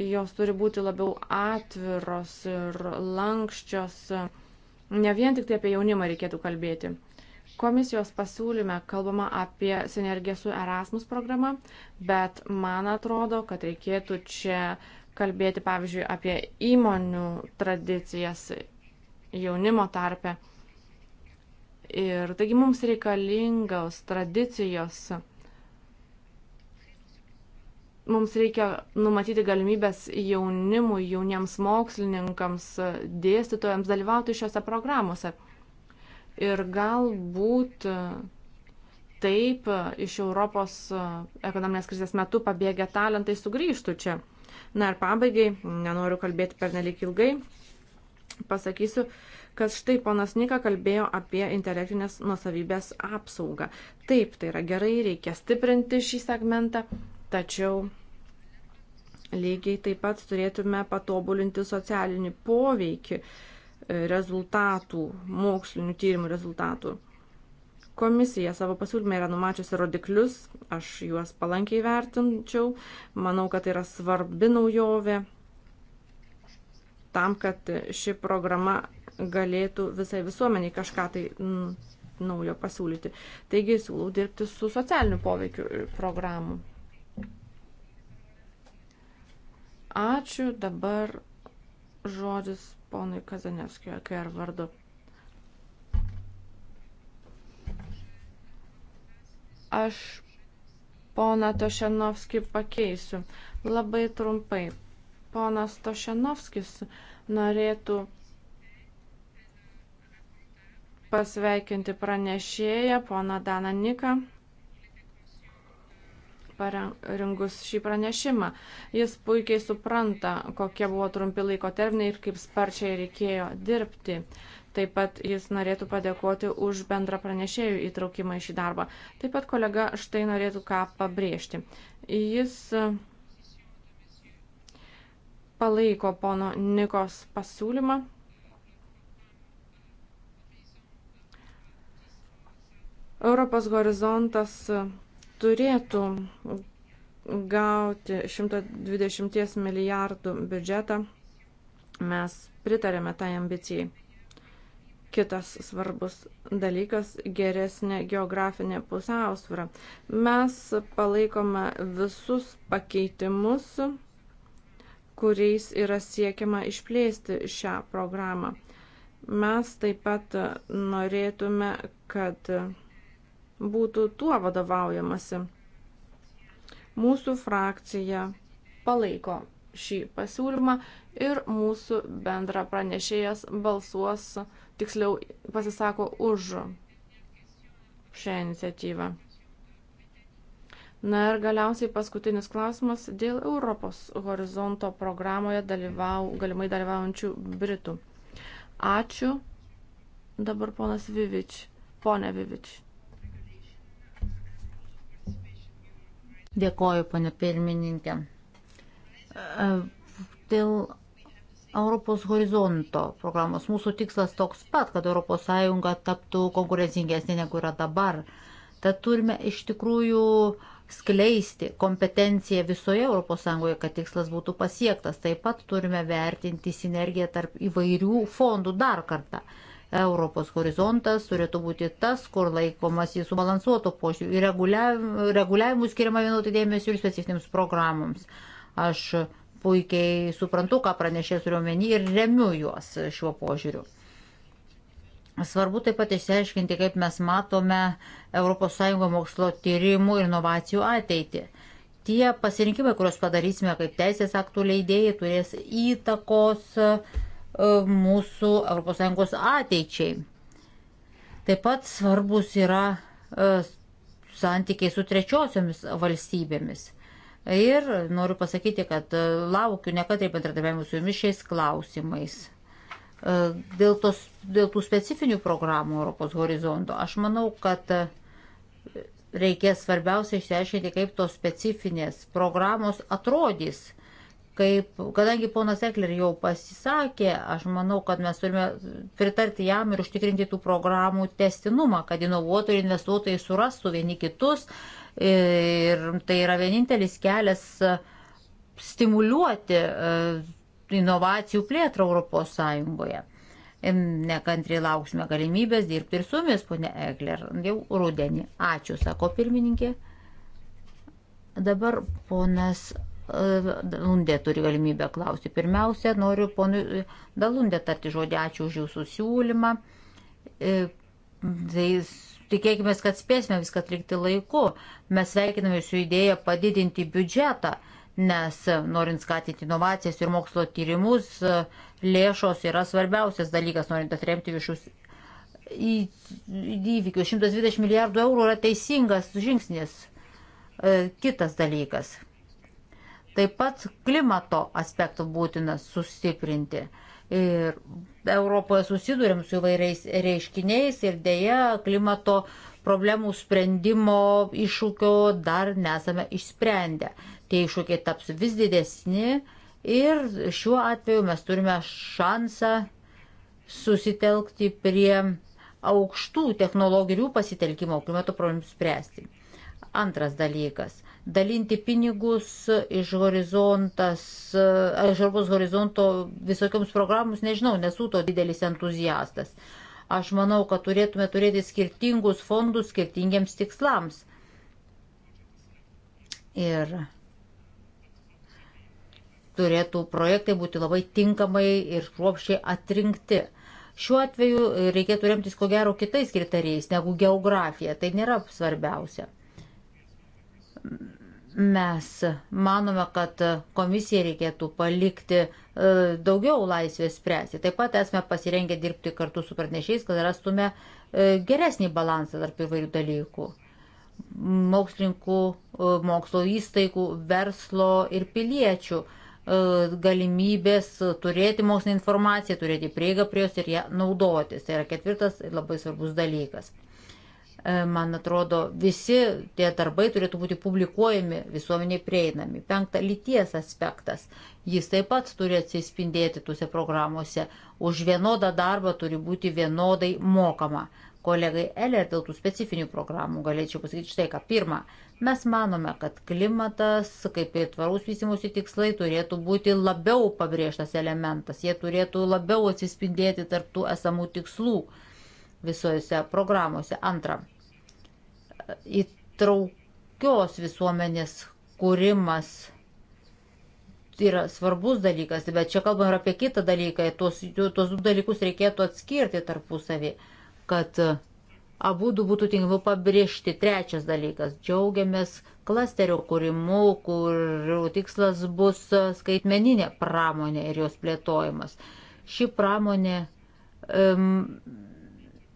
S3: Jos turi būti labiau atviros ir lankščios. Ne vien tik tai apie jaunimą reikėtų kalbėti. Komisijos pasiūlyme kalbama apie sinergiją su Erasmus programa, bet man atrodo, kad reikėtų čia kalbėti, pavyzdžiui, apie įmonių tradicijas jaunimo tarpe. Ir taigi mums reikalingos tradicijos mums reikia numatyti galimybės jaunimui, jauniems mokslininkams, dėstytojams dalyvauti šiuose programuose ir galbūt taip iš Europos ekonominės krizės metu pabėgę talentai sugrįžtų čia. Na ir pabaigai, nenoriu kalbėti per nelik ilgai, pasakysiu, kad štai ponas Nika kalbėjo apie intelektinės nusavybės apsaugą. Taip, tai yra gerai, reikia stiprinti šį segmentą, tačiau lygiai taip pat turėtume patobulinti socialinį poveikį. Uh, rezultatų, mokslinių tyrimų rezultatų. Komisija savo pasiūlymę yra numačiusi rodiklius, aš juos palankiai vertinčiau, manau, kad tai yra svarbi naujovė tam, kad ši programa galėtų visai visuomeniai kažką tai m, naujo pasiūlyti. Taigi siūlau dirbti su socialiniu poveikiu programų. Ačiū, dabar žodis ponui Kazanevskijui, kai ar vardu. Aš poną Tošenovskį pakeisiu. Labai trumpai. Ponas Tošenovskis norėtų pasveikinti pranešėją, poną Daną Niką parengus šį pranešimą. Jis puikiai supranta, kokie buvo trumpi laiko terminai ir kaip sparčiai reikėjo dirbti. Taip pat jis norėtų padėkoti už bendrą pranešėjų įtraukimą į šį darbą. Taip pat kolega štai norėtų ką pabrėžti. Jis e, palaiko pono Nikos pasiūlymą. Europos horizontas turėtų gauti 120 milijardų biudžetą. Mes pritarėme tai ambicijai. Kitas svarbus dalykas - geresnė geografinė pusiausvara. Mes palaikome visus pakeitimus, kuriais yra siekiama išplėsti šią programą. Mes taip pat norėtume, kad būtų tuo vadovaujamasi. Mūsų frakcija palaiko šį pasiūlymą ir mūsų bendra pranešėjas balsuos, tiksliau pasisako už šią iniciatyvą. Na ir galiausiai paskutinis klausimas dėl Europos horizonto programoje dalyvau, galimai dalyvaujančių Britų. Ačiū. Dabar ponas Vivič. Pone Vivič.
S1: Dėkoju, ponė pirmininkė. E, dėl Europos horizonto programos mūsų tikslas toks pat, kad ES taptų konkurencingesnė negu yra dabar. Tad turime iš tikrųjų skleisti kompetenciją visoje ES, kad tikslas būtų pasiektas. Taip pat turime vertinti sinergiją tarp įvairių fondų dar kartą. Europos horizontas turėtų būti tas, kur laikomas jis subalansuoto požiūriu ir reguliavimų skiriama vienodai dėmesio ir specifinėms programoms. Aš puikiai suprantu, ką pranešė turiuomenį ir remiu juos šiuo požiūriu. Svarbu taip pat išsiaiškinti, kaip mes matome ES mokslo tyrimų ir inovacijų ateitį. Tie pasirinkimai, kuriuos padarysime kaip teisės aktų leidėjai, turės įtakos uh, E, mūsų ES ateičiai. Taip pat svarbus yra e, santykiai su trečiosiomis valstybėmis. Ir noriu pasakyti, kad e, laukiu nekatrai bendradarbiavimų su jumis šiais klausimais. Dėl, tos, dėl tų specifinių programų Europos horizonto, aš manau, kad reikės svarbiausia išsiaiškinti, kaip tos specifinės programos atrodys Kaip, kadangi ponas Ekler jau pasisakė, aš manau, kad mes turime pritarti jam ir užtikrinti tų programų testinumą, kad inovuotojai ir investuotojai surastų vieni kitus. Ir tai yra vienintelis kelias e, stimuliuoti e, inovacijų plėtrą Europos Sąjungoje. Nekantriai lauksime galimybės dirbti ir su jumis, ponė Egler, jau rudenį. Ačiū, sako pirmininkė. Dabar ponas Dalundė e, turi galimybę klausti. Pirmiausia, noriu ponui Dalundė tarti žodį ačiū už jūsų siūlymą. E, tai tikėkime, kad spėsime viską atlikti laiku. Mes sveikiname su idėja padidinti biudžetą, nes e, norint skatinti inovacijas ir mokslo tyrimus, lėšos yra svarbiausias dalykas, norint atremti viešus įvykius. 120 milijardų eurų yra teisingas žingsnis. Kitas dalykas. Taip pat klimato aspektų būtina sustiprinti. Ir Europoje susidurėm su įvairiais reiškiniais ir dėja klimato problemų sprendimo iššūkio dar nesame išsprendę. Tie iššūkiai taps vis didesni ir šiuo atveju mes turime šansą susitelkti prie aukštų technologijų pasitelkimo klimato problemų spręsti. Antras dalykas dalinti pinigus iš horizontas, iš Europos horizonto visokioms programoms, nežinau, nesu to didelis entuziastas. Aš manau, kad turėtume turėti skirtingus fondus skirtingiems tikslams. Ir turėtų projektai būti labai tinkamai ir kruopščiai atrinkti. Šiuo atveju reikėtų remtis ko gero kitais kriterijais negu geografija. Tai nėra svarbiausia mes manome, kad komisijai reikėtų palikti e, daugiau laisvės spręsti. Taip pat esame pasirengę dirbti kartu su pranešiais, kad rastume e, geresnį balansą tarp įvairių dalykų. Mokslininkų, e, mokslo įstaigų, verslo ir piliečių galimybės turėti mokslinę informaciją, turėti prieigą prie jos ir ją naudotis. Tai yra ketvirtas labai svarbus dalykas. E, man atrodo, visi tie darbai turėtų būti publikuojami, visuomeniai prieinami. Penkta, lyties aspektas. Jis taip pat turi atsispindėti tuose programuose. Už vienodą darbą turi būti vienodai mokama. Kolegai Eler dėl tų specifinių programų galėčiau pasakyti štai ką. Pirma, mes manome, kad klimatas, kaip ir tvarus vystimusi tikslai, turėtų būti labiau pabrėžtas elementas. Jie turėtų labiau atsispindėti tarptų esamų tikslų visose programuose. Antra, įtraukios visuomenės kūrimas yra svarbus dalykas, bet čia kalbam ir apie kitą dalyką, tuos, tuos du dalykus reikėtų atskirti tarpusavį, kad abu du būtų tinkamiau pabrėžti. Trečias dalykas - džiaugiamės klasterio kūrimu, kurių tikslas bus skaitmeninė pramonė ir jos plėtojimas. Ši pramonė um,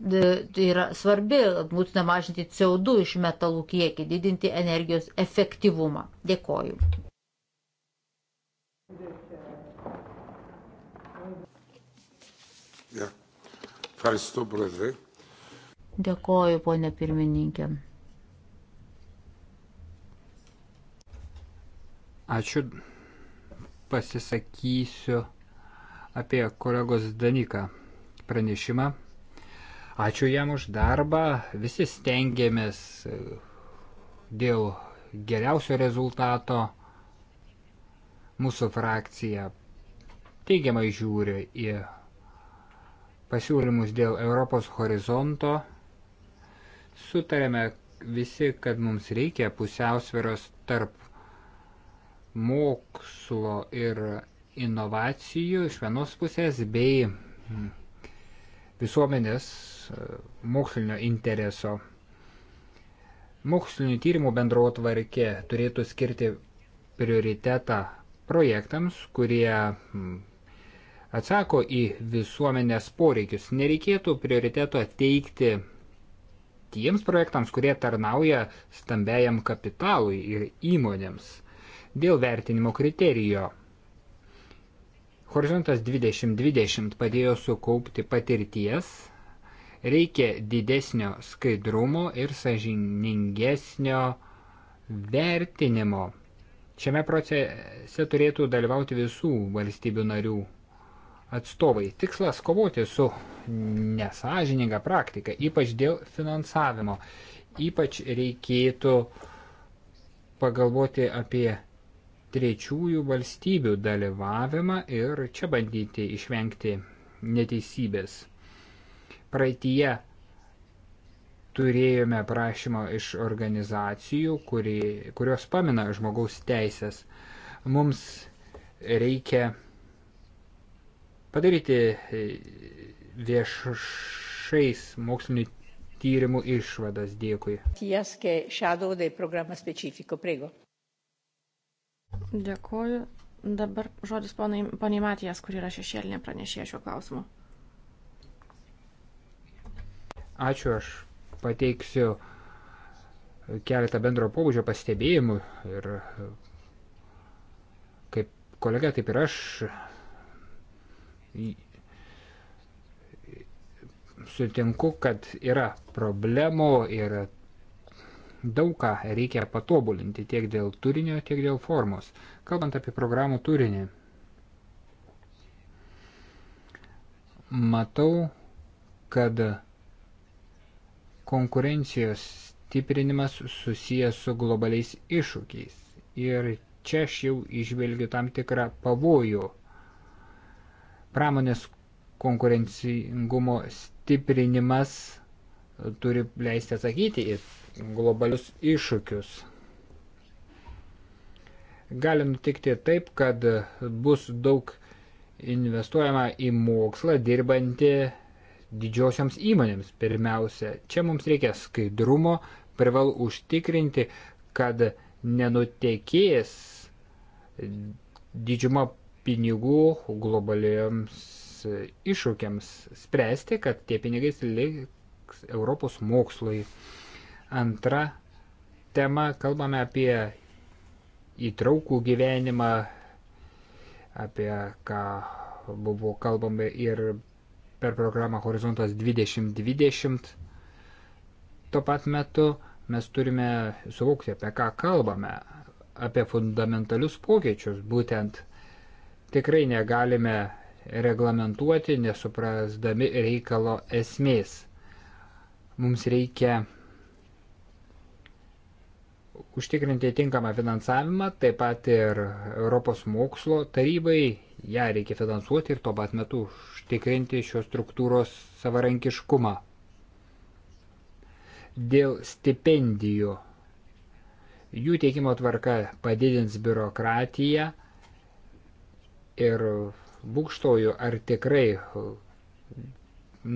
S1: E, tai yra svarbi, būtina mažinti CO2 iš metalų kiekį, didinti energijos efektyvumą. Dėkoju. Dėkoju, ponė pirmininkė.
S2: Ačiū. Pasisakysiu apie kolegos Danika pranešimą. Ačiū jam už darbą, visi stengiamės e, dėl geriausio rezultato. Mūsų frakcija teigiamai žiūri į pasiūlymus dėl Europos horizonto. Sutarėme visi, kad mums reikia pusiausvėros tarp mokslo ir inovacijų iš vienos pusės bei visuomenės e, mokslinio intereso. Mokslinių tyrimų bendrotvarkė turėtų skirti prioritetą projektams, kurie atsako į visuomenės poreikius. Nereikėtų prioriteto teikti tiems projektams, kurie tarnauja stambiajam kapitalui ir įmonėms dėl vertinimo kriterijo. Horizontas 2020 padėjo sukaupti patirties, reikia didesnio skaidrumo ir sažiningesnio vertinimo. Šiame procese turėtų dalyvauti visų valstybių narių atstovai. Tikslas kovoti su nesažininga praktika, ypač dėl finansavimo. Ypač reikėtų pagalvoti apie trečiųjų valstybių dalyvavimą ir čia bandyti išvengti neteisybės. Praeitie turėjome prašymą iš organizacijų, kuri, kurios pamina žmogaus teisės. Mums reikia padaryti e, viešais mokslinių tyrimų išvadas. Dėkui.
S1: Dėkuoju.
S3: Dabar žodis ponai, poniai Matijas, kur yra šešėlinė pranešėja šiuo klausimu.
S2: Ačiū, aš pateiksiu keletą bendro pobūdžio pastebėjimų ir kaip kolega, taip ir aš sutinku, kad yra problemų ir daug ką reikia patobulinti tiek dėl turinio, tiek dėl formos. Kalbant apie programų turinį, matau, kad konkurencijos stiprinimas susijęs su globaliais iššūkiais. Ir čia aš jau išvelgiu tam tikrą pavojų. Pramonės konkurencingumo stiprinimas turi leisti atsakyti į globalius iššūkius. Gali nutikti taip, kad bus daug investuojama į mokslą dirbantį didžiosioms įmonėms pirmiausia. Čia mums reikia skaidrumo, privalu užtikrinti, kad nenutekės didžiuma pinigų globalioms iššūkiams spręsti, kad tie pinigai liks Europos mokslui. Antra tema - kalbame apie įtraukų gyvenimą, apie ką buvo kalbama ir per programą Horizontas 2020. Tuo pat metu mes turime suvokti, apie ką kalbame, apie fundamentalius pokyčius būtent tikrai negalime reglamentuoti, nesuprasdami reikalo esmės. Mums reikia užtikrinti tinkamą finansavimą, taip pat ir Europos mokslo tarybai, ją reikia finansuoti ir tuo pat metu užtikrinti šios struktūros savarankiškumą. Dėl stipendijų. Jų teikimo tvarka padidins biurokratiją ir būkštoju, ar tikrai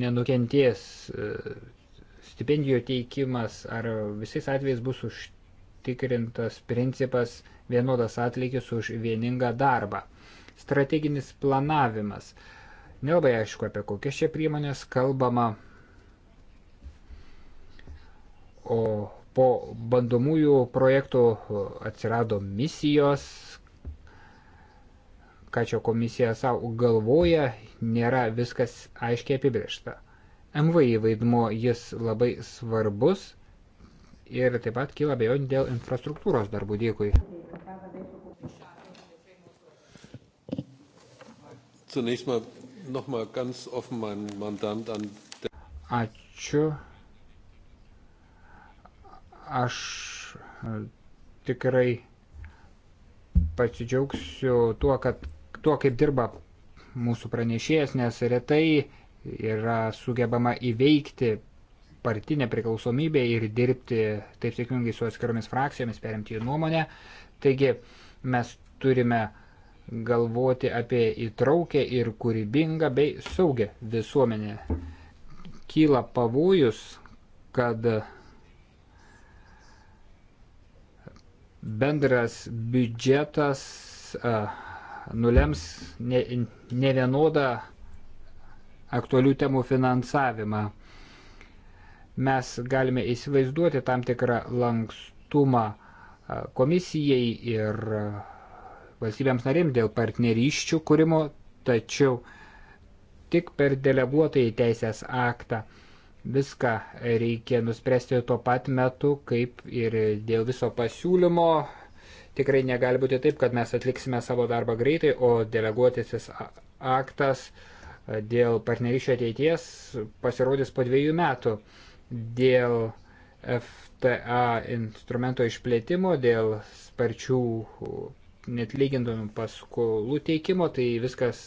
S2: nenukentės e, stipendijų teikimas, ar visais atvejais bus užtikrinti užtikrintas principas vienodas atlygis už vieningą darbą. Strateginis planavimas. Nelabai aišku, apie kokias čia priemonės kalbama. O po bandomųjų projektų atsirado misijos, ką čia komisija savo galvoja, nėra viskas aiškiai apibriešta. MVI vaidmo jis labai svarbus, ir taip pat kyla bejonių dėl infrastruktūros darbų. Dėkui. Ačiū. Aš e, tikrai pasidžiaugsiu tuo, kad tuo, kaip dirba mūsų pranešėjas, nes retai yra sugebama įveikti partinę priklausomybę ir dirbti taip sėkmingai su atskiromis frakcijomis, perimti jų nuomonę. Taigi mes turime galvoti apie įtraukę ir kūrybingą bei saugę visuomenę. Kyla pavojus, kad bendras biudžetas uh, nulems ne, ne vienodą aktualių temų finansavimą mes galime įsivaizduoti tam tikrą lankstumą komisijai ir valstybėms narėms dėl partnerysčių kūrimo, tačiau tik per deleguotojai teisės aktą viską reikia nuspręsti tuo pat metu, kaip ir dėl viso pasiūlymo. Tikrai negali būti taip, kad mes atliksime savo darbą greitai, o deleguotisis aktas dėl partnerysčio ateities pasirodys po dviejų metų dėl FTA instrumento išplėtimo, dėl sparčių netlygindomų paskolų teikimo, tai viskas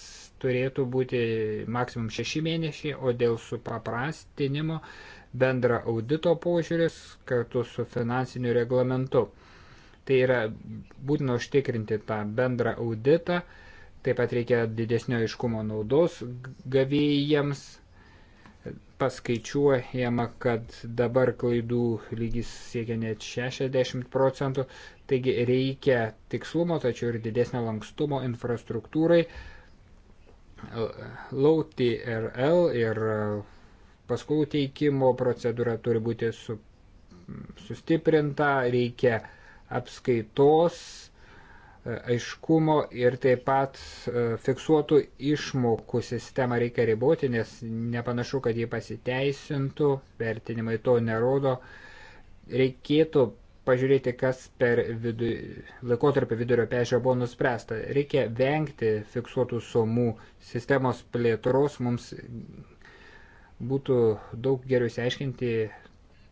S2: turėtų būti maksimum šeši mėnešiai, o dėl supaprastinimo bendra audito požiūris kartu su finansiniu reglamentu. Tai yra būtina užtikrinti tą bendrą auditą, taip pat reikia didesnio iškumo naudos gavėjams paskaičiuojama, kad dabar klaidų lygis siekia net 60 procentų, taigi reikia tikslumo, tačiau ir didesnio lankstumo infrastruktūrai. Lauti RL ir paskolų teikimo procedūra turi būti su, sustiprinta, reikia apskaitos aiškumo ir taip pat e, fiksuotų išmokų sistemą reikia riboti, nes nepanašu, kad jie pasiteisintų, vertinimai to nerodo. Reikėtų pažiūrėti, kas per vidu, laikotarpį vidurio pežio buvo nuspręsta. Reikia vengti fiksuotų sumų sistemos plėtros, mums būtų daug geriau įsiaiškinti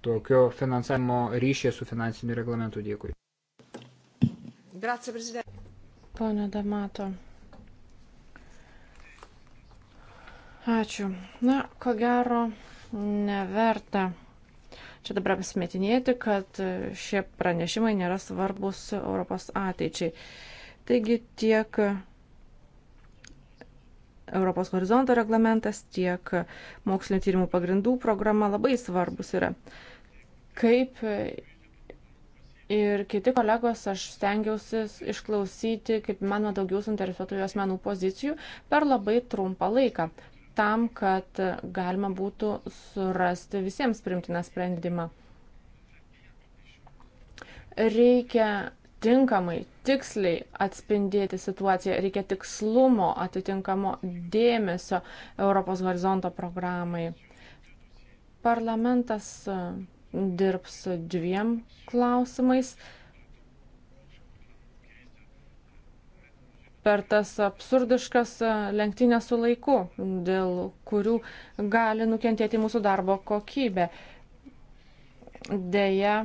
S2: tokio finansavimo ryšį su finansiniu reglamentu. Dėkui.
S3: Grazie, prezidentė. Pane Damato. Ačiū. Na, ko gero, neverta čia dabar apsmetinėti, kad šie pranešimai nėra svarbus Europos ateičiai. Taigi tiek Europos horizonto reglamentas, tiek mokslinio tyrimų pagrindų programa labai svarbus yra. Kaip ir kiti kolegos, aš stengiausi išklausyti, kaip manoma, daugiau suinteresuotųjų asmenų pozicijų per labai trumpą laiką, tam, kad galima būtų surasti visiems primtiną sprendimą. Reikia tinkamai, tiksliai atspindėti situaciją, reikia tikslumo, atitinkamo dėmesio Europos horizonto programai. Parlamentas dirbs dviem klausimais. Per tas absurdiškas e, lenktynės su laiku, dėl kurių gali nukentėti mūsų darbo kokybė. Deja,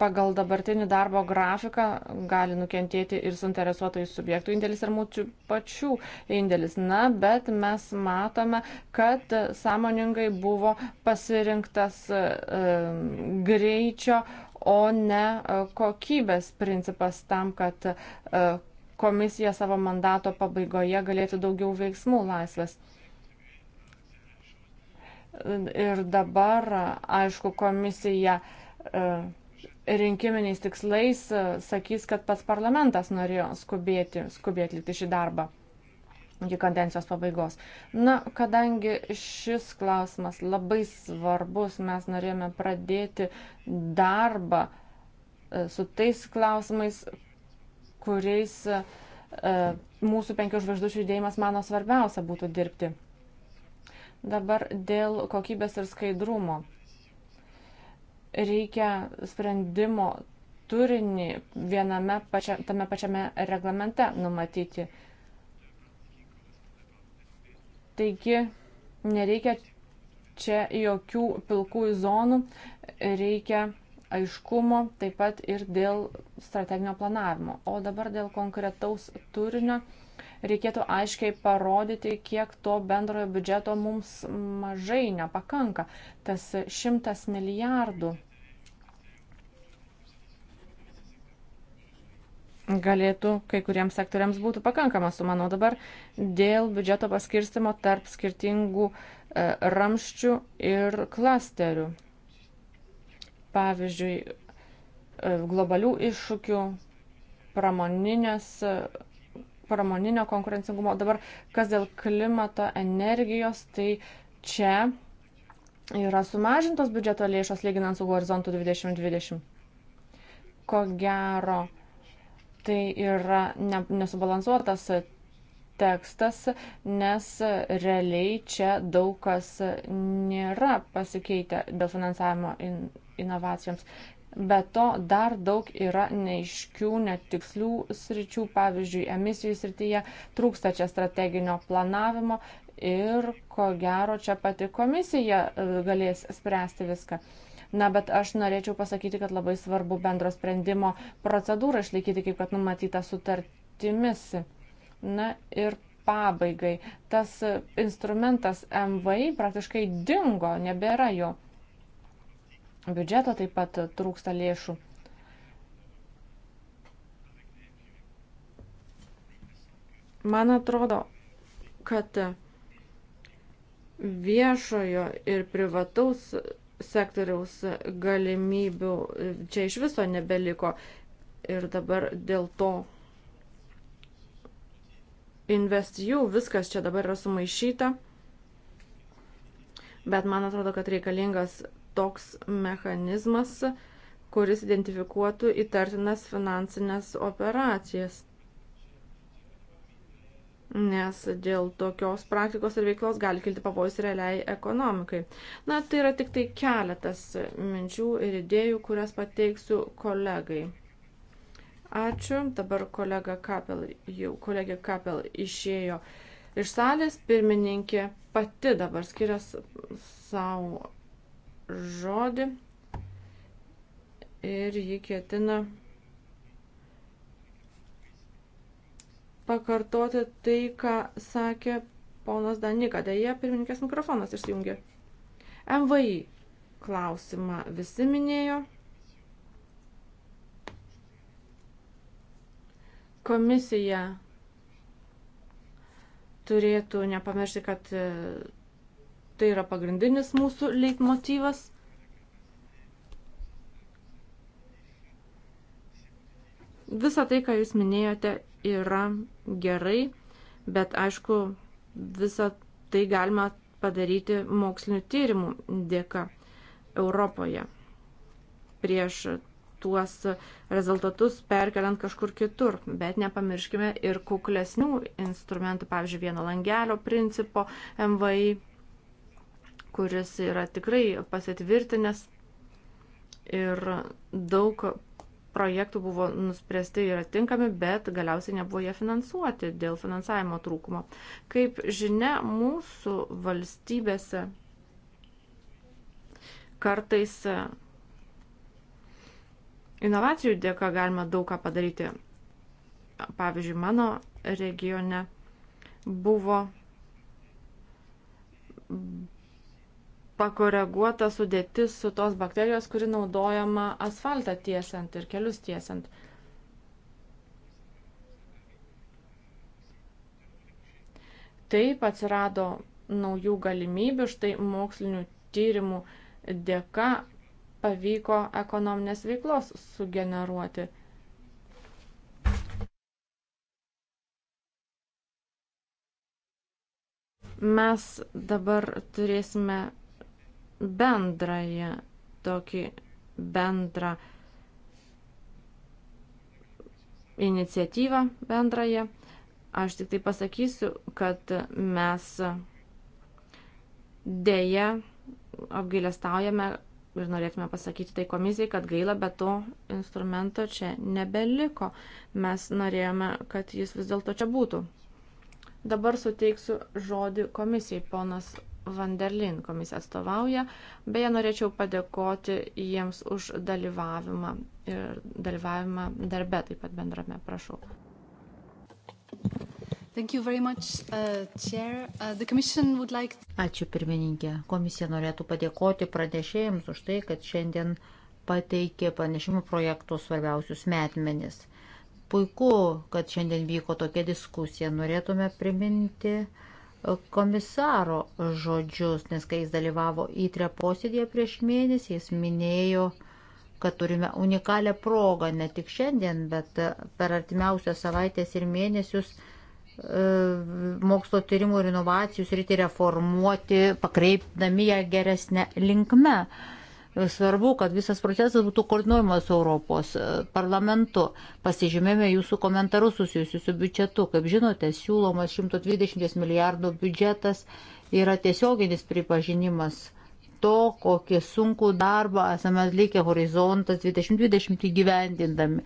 S3: pagal dabartinį darbo grafiką gali nukentėti ir suinteresuotojų subjektų indėlis ir mūsų pačių indėlis. Na, bet mes matome, kad sąmoningai buvo pasirinktas e, greičio, o ne e, kokybės principas tam, kad e, komisija savo mandato pabaigoje galėtų daugiau veiksmų laisvės. Ir dabar, aišku, komisija e, rinkiminiais tikslais e, sakys, kad pats parlamentas norėjo skubėti, skubėti atlikti šį darbą iki kadencijos pabaigos. Na, kadangi šis klausimas labai svarbus, mes norėjome pradėti darbą e, su tais klausimais, kuriais e, mūsų penkių žvaigždučių judėjimas mano svarbiausia būtų dirbti. Dabar dėl kokybės ir skaidrumo reikia sprendimo turinį viename pačia, tame pačiame reglamente numatyti. Taigi nereikia čia jokių pilkųjų zonų, reikia aiškumo taip pat ir dėl strateginio planavimo. O dabar dėl konkretaus turinio reikėtų aiškiai parodyti, kiek to bendrojo biudžeto mums mažai nepakanka. Tas šimtas milijardų galėtų kai kuriems sektoriams būtų pakankama suma. Manau dabar dėl biudžeto paskirstimo tarp skirtingų e, ramščių ir klasterių. Pavyzdžiui, e, globalių iššūkių, pramoninės pramoninio konkurencingumo. Dabar, kas dėl klimato energijos, tai čia yra sumažintos biudžeto lėšos lyginant su horizontu 2020. Ko gero, tai yra ne, nesubalansuotas tekstas, nes realiai čia daug kas nėra pasikeitę dėl finansavimo in, inovacijoms. Be to dar daug yra neiškių, netikslių sričių, pavyzdžiui, emisijų srityje trūksta čia strateginio planavimo ir ko gero čia pati komisija e, galės spręsti viską. Na, bet aš norėčiau pasakyti, kad labai svarbu bendro sprendimo procedūrą išlaikyti, kaip kad numatyta sutartimis. Na ir pabaigai, tas instrumentas MVI praktiškai dingo, nebėra jo biudžeto taip pat trūksta lėšų. Man atrodo, kad viešojo ir privataus sektoriaus galimybių čia iš viso nebeliko. Ir dabar dėl to investijų viskas čia dabar yra sumaišyta. Bet man atrodo, kad reikalingas toks mechanizmas, kuris identifikuotų įtartinas finansinės operacijas. Nes dėl tokios praktikos ir veiklos gali kilti pavojus realiai ekonomikai. Na, tai yra tik tai keletas minčių ir idėjų, kurias pateiksiu kolegai. Ačiū. Dabar kolega Kapel, jau kolegė Kapel išėjo iš salės. Pirmininkė pati dabar skirias savo žodį ir jį ketina pakartoti tai, ką sakė ponas Danika. Deja, pirmininkės mikrofonas išjungė. MVI klausimą visi minėjo. Komisija turėtų nepamiršti, kad tai yra pagrindinis mūsų leitmotyvas. Visa tai, ką jūs minėjote, yra gerai, bet aišku, visą tai galima padaryti mokslinių tyrimų dėka Europoje prieš tuos rezultatus perkeliant kažkur kitur. Bet nepamirškime ir kuklesnių instrumentų, pavyzdžiui, vieno langelio principo MVI kuris yra tikrai pasitvirtinęs ir daug projektų buvo nuspręsti yra tinkami, bet galiausiai nebuvo jie finansuoti dėl finansavimo trūkumo. Kaip žinia, mūsų valstybėse kartais inovacijų dėka galima daug ką padaryti. Pavyzdžiui, mano regione buvo pakoreguota sudėtis su tos bakterijos, kuri naudojama asfaltą tiesiant ir kelius tiesiant. Taip atsirado naujų galimybių, štai mokslinių tyrimų dėka pavyko ekonominės veiklos sugeneruoti. Mes dabar turėsime bendrąją, tokį bendrą iniciatyvą bendrąją. Aš tik tai pasakysiu, kad mes dėja apgailestaujame ir norėtume pasakyti tai komisijai, kad gaila, bet to instrumento čia nebeliko. Mes norėjome, kad jis vis dėlto čia būtų. Dabar suteiksiu žodį komisijai, ponas Vanderlin komisija atstovauja. Beje, norėčiau padėkoti jiems už dalyvavimą ir dalyvavimą darbe taip pat bendrame. Prašau. Much, uh, chair. uh, like...
S1: Ačiū pirmininkė. Komisija norėtų padėkoti pranešėjams už tai, kad šiandien pateikė pranešimų projektų svarbiausius metmenis. Puiku, kad šiandien vyko tokia diskusija. Norėtume priminti uh, komisaro žodžius, nes kai jis dalyvavo įtre posėdėje prieš mėnesį, jis minėjo, kad turime unikalią progą ne tik šiandien, bet per artimiausias savaitės ir mėnesius e, mokslo tyrimų ir inovacijų sritį reformuoti, pakreipdami ją geresnę linkmę. Svarbu, kad visas procesas būtų koordinuojamas Europos e, parlamentu. Pasižymėme jūsų komentarus susijusius su biudžetu. Kaip žinote, siūlomas 120 milijardų biudžetas yra tiesioginis pripažinimas to, kokį sunkų darbą esame atlikę horizontas 2020 įgyvendindami.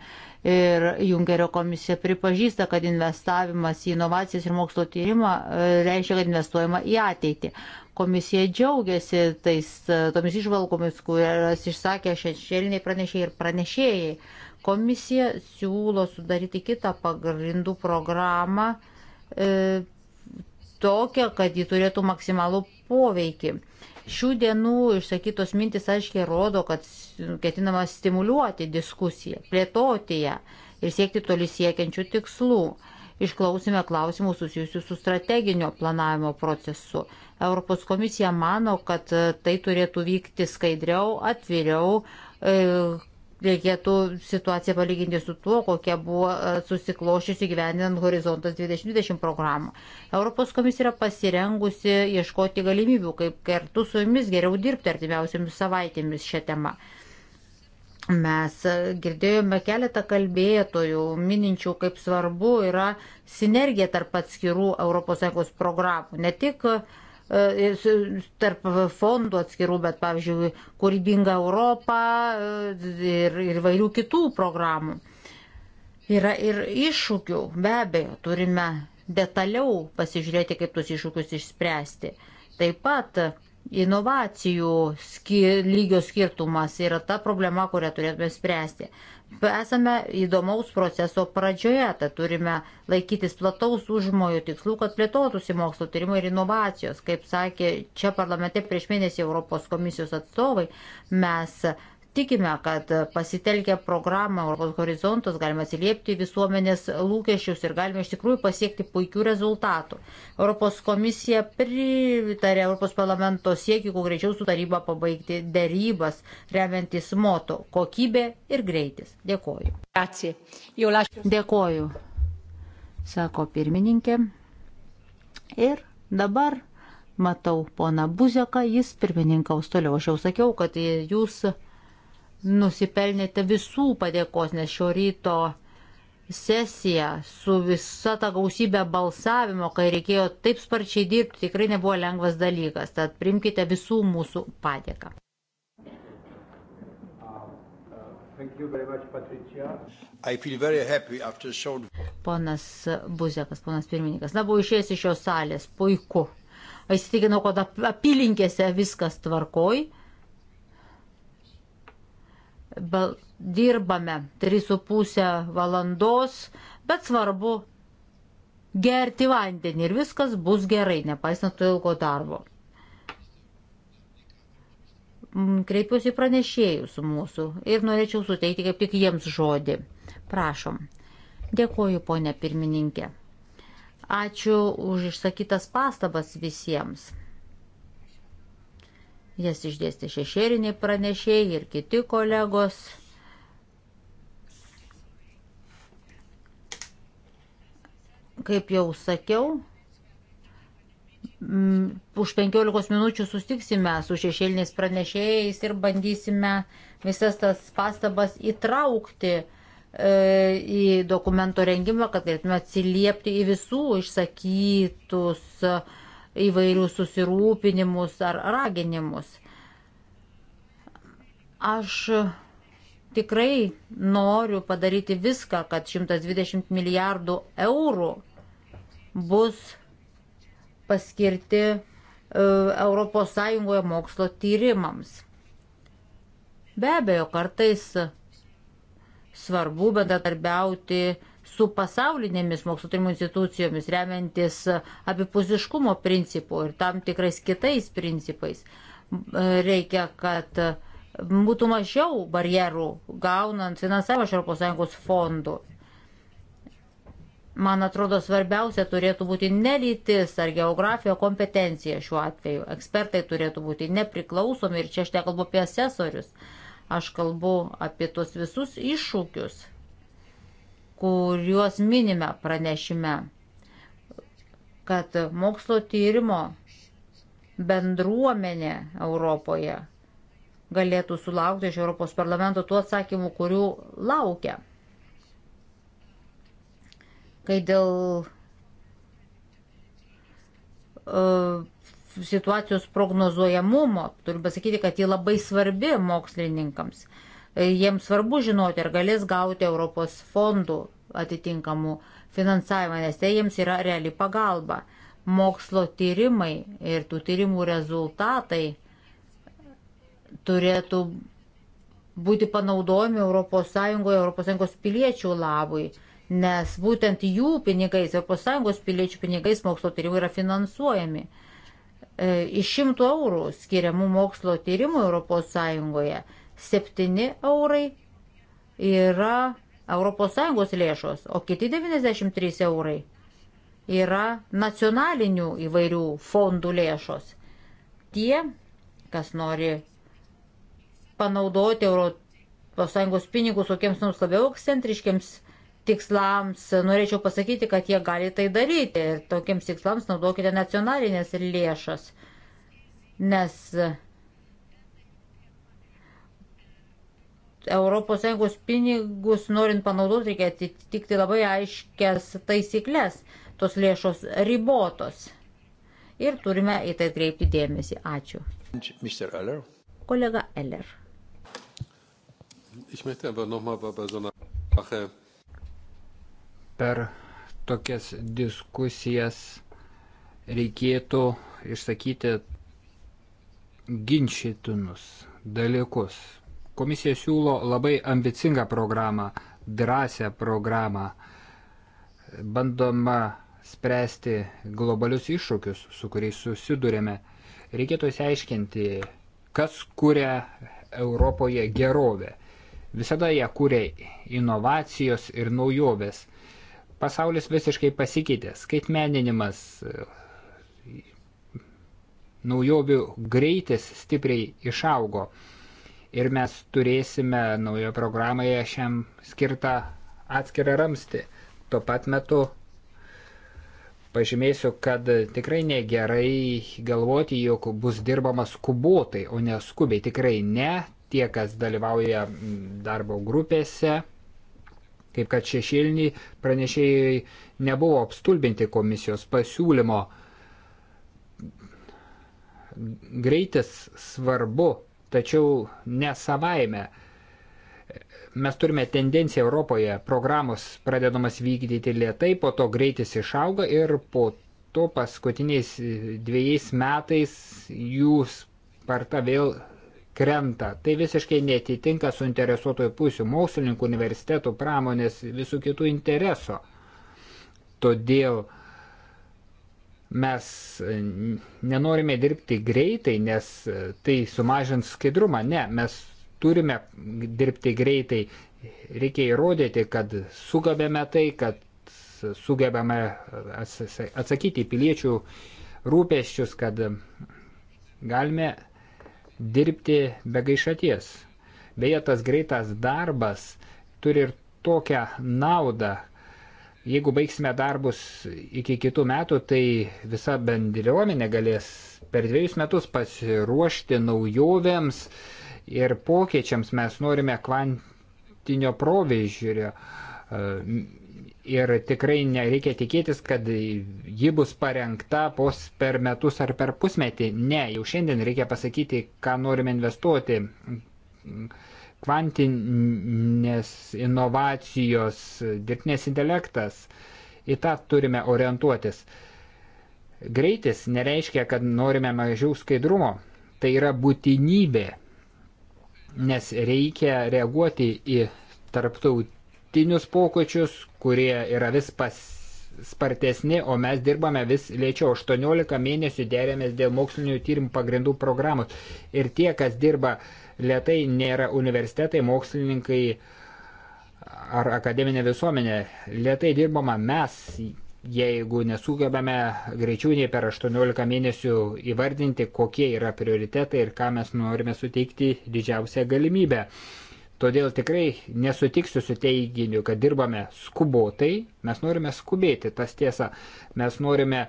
S1: Ir Junkerio komisija pripažįsta, kad investavimas į inovacijas ir mokslo tyrimą e, reiškia, kad investuojama į ateitį. Komisija džiaugiasi tais, e, tomis išvalgomis, kurias išsakė šešėliniai pranešėjai ir pranešėjai. Komisija siūlo sudaryti kitą pagrindų programą e, tokią, kad ji turėtų maksimalų poveikį. Šių dienų išsakytos mintis aiškiai rodo, kad ketinama stimuliuoti diskusiją, plėtoti ją ir siekti toli siekiančių tikslų išklausime klausimų susijusių su strateginio planavimo procesu. Europos komisija mano, kad e, tai turėtų vykti skaidriau, atviriau. E, reikėtų situaciją palyginti su tuo, kokia buvo e, susiklošiusi gyvendinant Horizontas 2020 programą. Europos komisija yra pasirengusi ieškoti galimybių, kaip kartu su jumis geriau dirbti artimiausiamis savaitėmis šią temą. Mes e, girdėjome keletą kalbėtojų, mininčių, kaip svarbu yra sinergija tarp atskirų ES programų. Ne tik e, e, tarp fondų atskirų, bet, pavyzdžiui, kūrybinga Europa ir, ir vairių kitų programų. Yra ir iššūkių, be abejo, turime detaliau pasižiūrėti, kaip tuos iššūkius išspręsti. Taip pat inovacijų skir, lygio skirtumas yra ta problema, kurią turėtume spręsti. Esame įdomaus proceso pradžioje, tad turime laikytis plataus užmojų tikslų, kad plėtotųsi mokslo tyrimai ir inovacijos. Kaip sakė čia parlamente prieš mėnesį Europos komisijos atstovai, mes tikime, kad pasitelkę programą Europos horizontus galime atsiliepti visuomenės lūkesčius ir galime iš tikrųjų pasiekti puikių rezultatų. Europos komisija pritarė Europos parlamento siekį, kuo greičiau su taryba pabaigti dėrybas, remiantis moto - kokybė ir greitis. Dėkoju. Dėkoju, sako pirmininkė. Ir dabar matau poną Buzeką, jis pirmininkaus toliau. Aš jau sakiau, kad jūs nusipelnėte visų padėkos, nes šio ryto sesija su visa ta gausybė balsavimo, kai reikėjo taip sparčiai dirbti, tikrai nebuvo lengvas dalykas. Tad primkite visų mūsų padėką.
S2: Much, short...
S1: Ponas Buzekas, ponas pirmininkas, na buvau išėjęs iš šios salės, puiku. Įsitikinau, kad apylinkėse viskas tvarkoj dirbame 3,5 valandos, bet svarbu gerti vandenį ir viskas bus gerai, nepaisant to ilgo darbo. Mm, kreipiuosi pranešėjus mūsų ir norėčiau suteikti kaip tik jiems žodį. Prašom. Dėkoju, ponė pirmininkė. Ačiū už išsakytas pastabas visiems. Jas išdėstė šešėriniai pranešėjai ir kiti kolegos. Kaip jau sakiau, už 15 minučių sustiksime su šešėliniais pranešėjais ir bandysime visas tas pastabas įtraukti e, į dokumento rengimą, kad galėtume atsiliepti į visų išsakytus uh, įvairius susirūpinimus ar raginimus. Aš tikrai noriu padaryti viską, kad 120 milijardų eurų bus paskirti ES mokslo tyrimams. Be abejo, kartais svarbu bendradarbiauti su pasaulinėmis mokslo tyrimų institucijomis, remiantis abipusiškumo principu ir tam tikrais kitais principais. Reikia, kad būtų mažiau barjerų gaunant finansavimą iš ES fondų. Man atrodo, svarbiausia turėtų būti ne lytis ar geografija, kompetencija šiuo atveju. Ekspertai turėtų būti nepriklausomi ir čia aš nekalbu apie asesorius. Aš kalbu apie tos visus iššūkius, kuriuos minime pranešime, kad mokslo tyrimo bendruomenė Europoje galėtų sulaukti iš Europos parlamento tų atsakymų, kurių laukia. Kai dėl uh, situacijos prognozuojamumo, turiu pasakyti, kad ji labai svarbi mokslininkams. Uh, Jiems svarbu žinoti, ar galės gauti Europos fondų atitinkamų finansavimą, nes tai jiems yra reali pagalba. Mokslo tyrimai ir tų tyrimų rezultatai turėtų būti panaudojami ES, ES piliečių labui, nes būtent jų pinigais, ES piliečių pinigais mokslo tyrimai yra finansuojami. E, iš šimtų eurų skiriamų mokslo tyrimų ES 7 eurai yra ES lėšos, o kiti 93 eurai yra nacionalinių įvairių fondų lėšos. Tie, kas nori panaudoti ES pinigus kokiems nors labiau ekscentriškiams tikslams, norėčiau pasakyti, kad jie gali tai daryti ir tokiems tikslams naudokite nacionalinės lėšas, nes ES pinigus, norint panaudoti, reikia atitikti labai aiškias taisyklės, tos lėšos ribotos. Ir turime į tai kreipti dėmesį. Ačiū. Eller. Kolega
S2: Eller. Per tokias diskusijas reikėtų išsakyti ginčytinus dalykus. Komisija siūlo labai ambicingą programą, drąsią programą. Bandoma spręsti globalius iššūkius, su kuriais susidurėme. Reikėtų įsiaiškinti, kas kuria Europoje gerovę. Visada ją kuria inovacijos ir naujovės. Pasaulis visiškai pasikeitė. Skaitmeninimas, naujovių greitis stipriai išaugo ir mes turėsime naujo programoje šiam skirtą atskirą ramstį. Tuo pat metu pažymėsiu, kad tikrai negerai galvoti, jog bus dirbama skubotai, o ne skubiai. Tikrai ne tie, kas dalyvauja darbo grupėse, kaip kad šešilniai pranešėjai nebuvo apstulbinti komisijos pasiūlymo. Greitis svarbu tačiau ne savaime. Mes turime tendenciją Europoje, programos pradedamas vykdyti lietai, po to greitis išauga ir po to paskutiniais dviejais metais jų sparta vėl krenta. Tai visiškai netitinka suinteresuotojų pusių mokslininkų, universitetų, pramonės, visų kitų intereso. Todėl Mes e, nenorime dirbti greitai, nes e, tai sumažins skaidrumą. Ne, mes turime dirbti greitai. Reikia įrodyti, kad sugebėme tai, kad sugebame atsakyti piliečių rūpeščius, kad galime dirbti be gaišaties. Beje, tas greitas darbas turi ir tokią naudą, Jeigu baigsime darbus iki kitų metų, tai visa bendriuomenė galės per dviejus metus pasiruošti naujovėms ir pokyčiams. Mes norime kvantinio provežiūrio ir tikrai nereikia tikėtis, kad ji bus parengta pos per metus ar per pusmetį. Ne, jau šiandien reikia pasakyti, ką norime investuoti kvantinės inovacijos, dirbtinės intelektas. Į tą turime orientuotis. Greitis nereiškia, kad norime mažiau skaidrumo. Tai yra būtinybė, nes reikia reaguoti į tarptautinius pokyčius, kurie yra vis pas, spartesni, o mes dirbame vis lėčiau. 18 mėnesių derėmės dėl mokslinių tyrimų pagrindų programos. Ir tie, kas dirba uh, lietai nėra universitetai, mokslininkai ar akademinė visuomenė. Lietai dirbama mes, jeigu nesugebame greičiau nei per 18 mėnesių įvardinti, kokie yra prioritetai ir ką mes norime suteikti didžiausią galimybę. Todėl tikrai nesutiksiu su teiginiu, kad dirbame skubotai, mes norime skubėti, tas tiesa, mes norime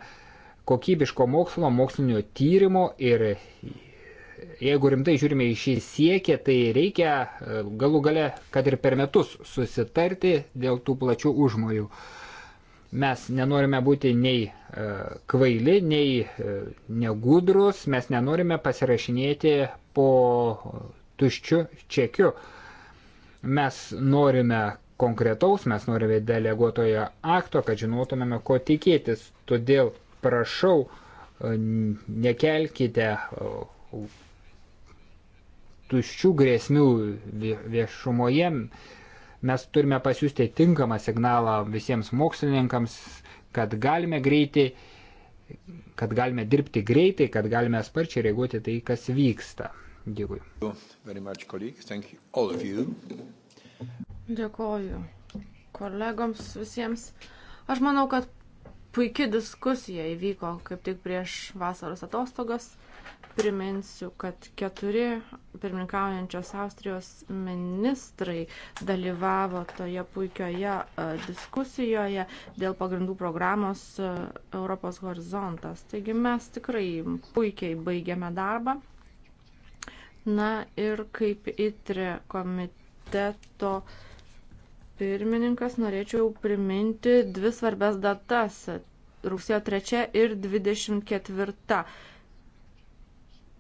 S2: kokybiško mokslo, mokslinio tyrimo ir jeigu rimtai žiūrime į šį siekį, tai reikia e, galų gale, kad ir per metus susitarti dėl tų plačių užmojų. Mes nenorime būti nei e, kvaili, nei e, negudrus, mes nenorime pasirašinėti po tuščiu čekiu. Mes norime konkretaus, mes norime deleguotojo akto, kad žinotumėme, ko tikėtis. Todėl prašau, nekelkite tuščių grėsmių viešumoje, mes turime pasiūsti tinkamą signalą visiems mokslininkams, kad galime greitai, kad galime dirbti greitai, kad galime sparčiai reaguoti tai, kas vyksta. Dėkui.
S3: Dėkoju kolegoms visiems. Aš manau, kad puikia diskusija įvyko kaip tik prieš vasaros atostogas. Priminsiu, kad keturi pirmininkaujančios Austrijos ministrai dalyvavo toje puikioje e, diskusijoje dėl pagrindų programos e, Europos horizontas. Taigi mes tikrai puikiai baigėme darbą. Na ir kaip ITRE komiteto pirmininkas norėčiau priminti dvi svarbės datas - rugsėjo 3 ir 24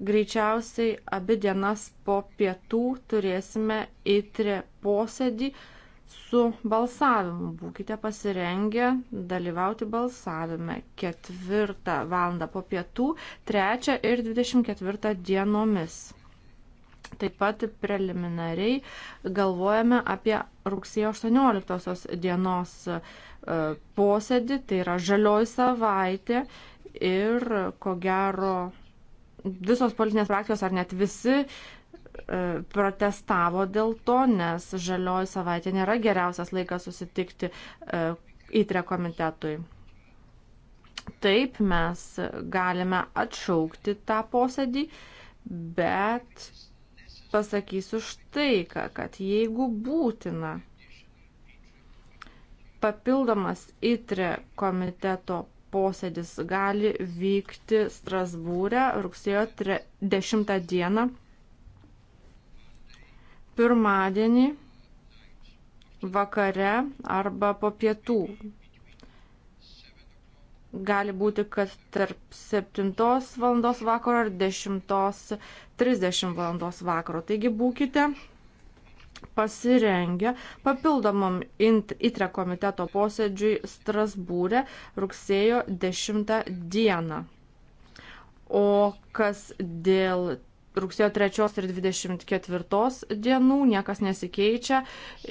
S3: greičiausiai abi dienas po pietų turėsime įtrė posėdį su balsavimu. Būkite pasirengę dalyvauti balsavime 4 val. po pietų, 3 ir 24 dienomis. Taip pat preliminariai galvojame apie rugsėjo 18 dienos e, posėdį, tai yra žalioji savaitė ir ko gero visos politinės frakcijos ar net visi e, protestavo dėl to, nes žalioji savaitė nėra geriausias laikas susitikti e, įtre komitetui. Taip, mes galime atšaukti tą posėdį, bet pasakysiu štai ką, kad jeigu būtina papildomas įtre komiteto posėdis gali vykti Strasbūrė rugsėjo 10 dieną, pirmadienį vakare arba po pietų. Gali būti, kad tarp 7 val. vakaro ir 10.30 val. vakaro. Taigi būkite pasirengę papildomam ITRE komiteto posėdžiui Strasbūrė rugsėjo 10 dieną. O kas dėl rugsėjo 3 ir 24 dienų niekas nesikeičia,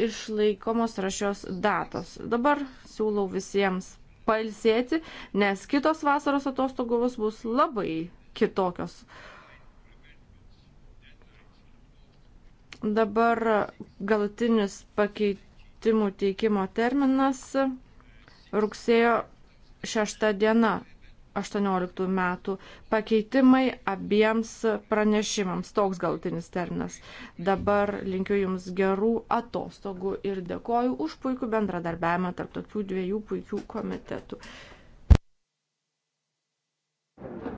S3: išlaikomos rašios datos. Dabar siūlau visiems pailsėti, nes kitos vasaros atostogos bus labai kitokios. Dabar galutinis pakeitimų teikimo terminas rugsėjo 6 diena 18 metų. Pakeitimai abiems pranešimams. Toks galutinis terminas. Dabar linkiu Jums gerų atostogų ir dėkoju už puikų bendradarbiavimą tarp tokių dviejų puikių komitetų. Thank you.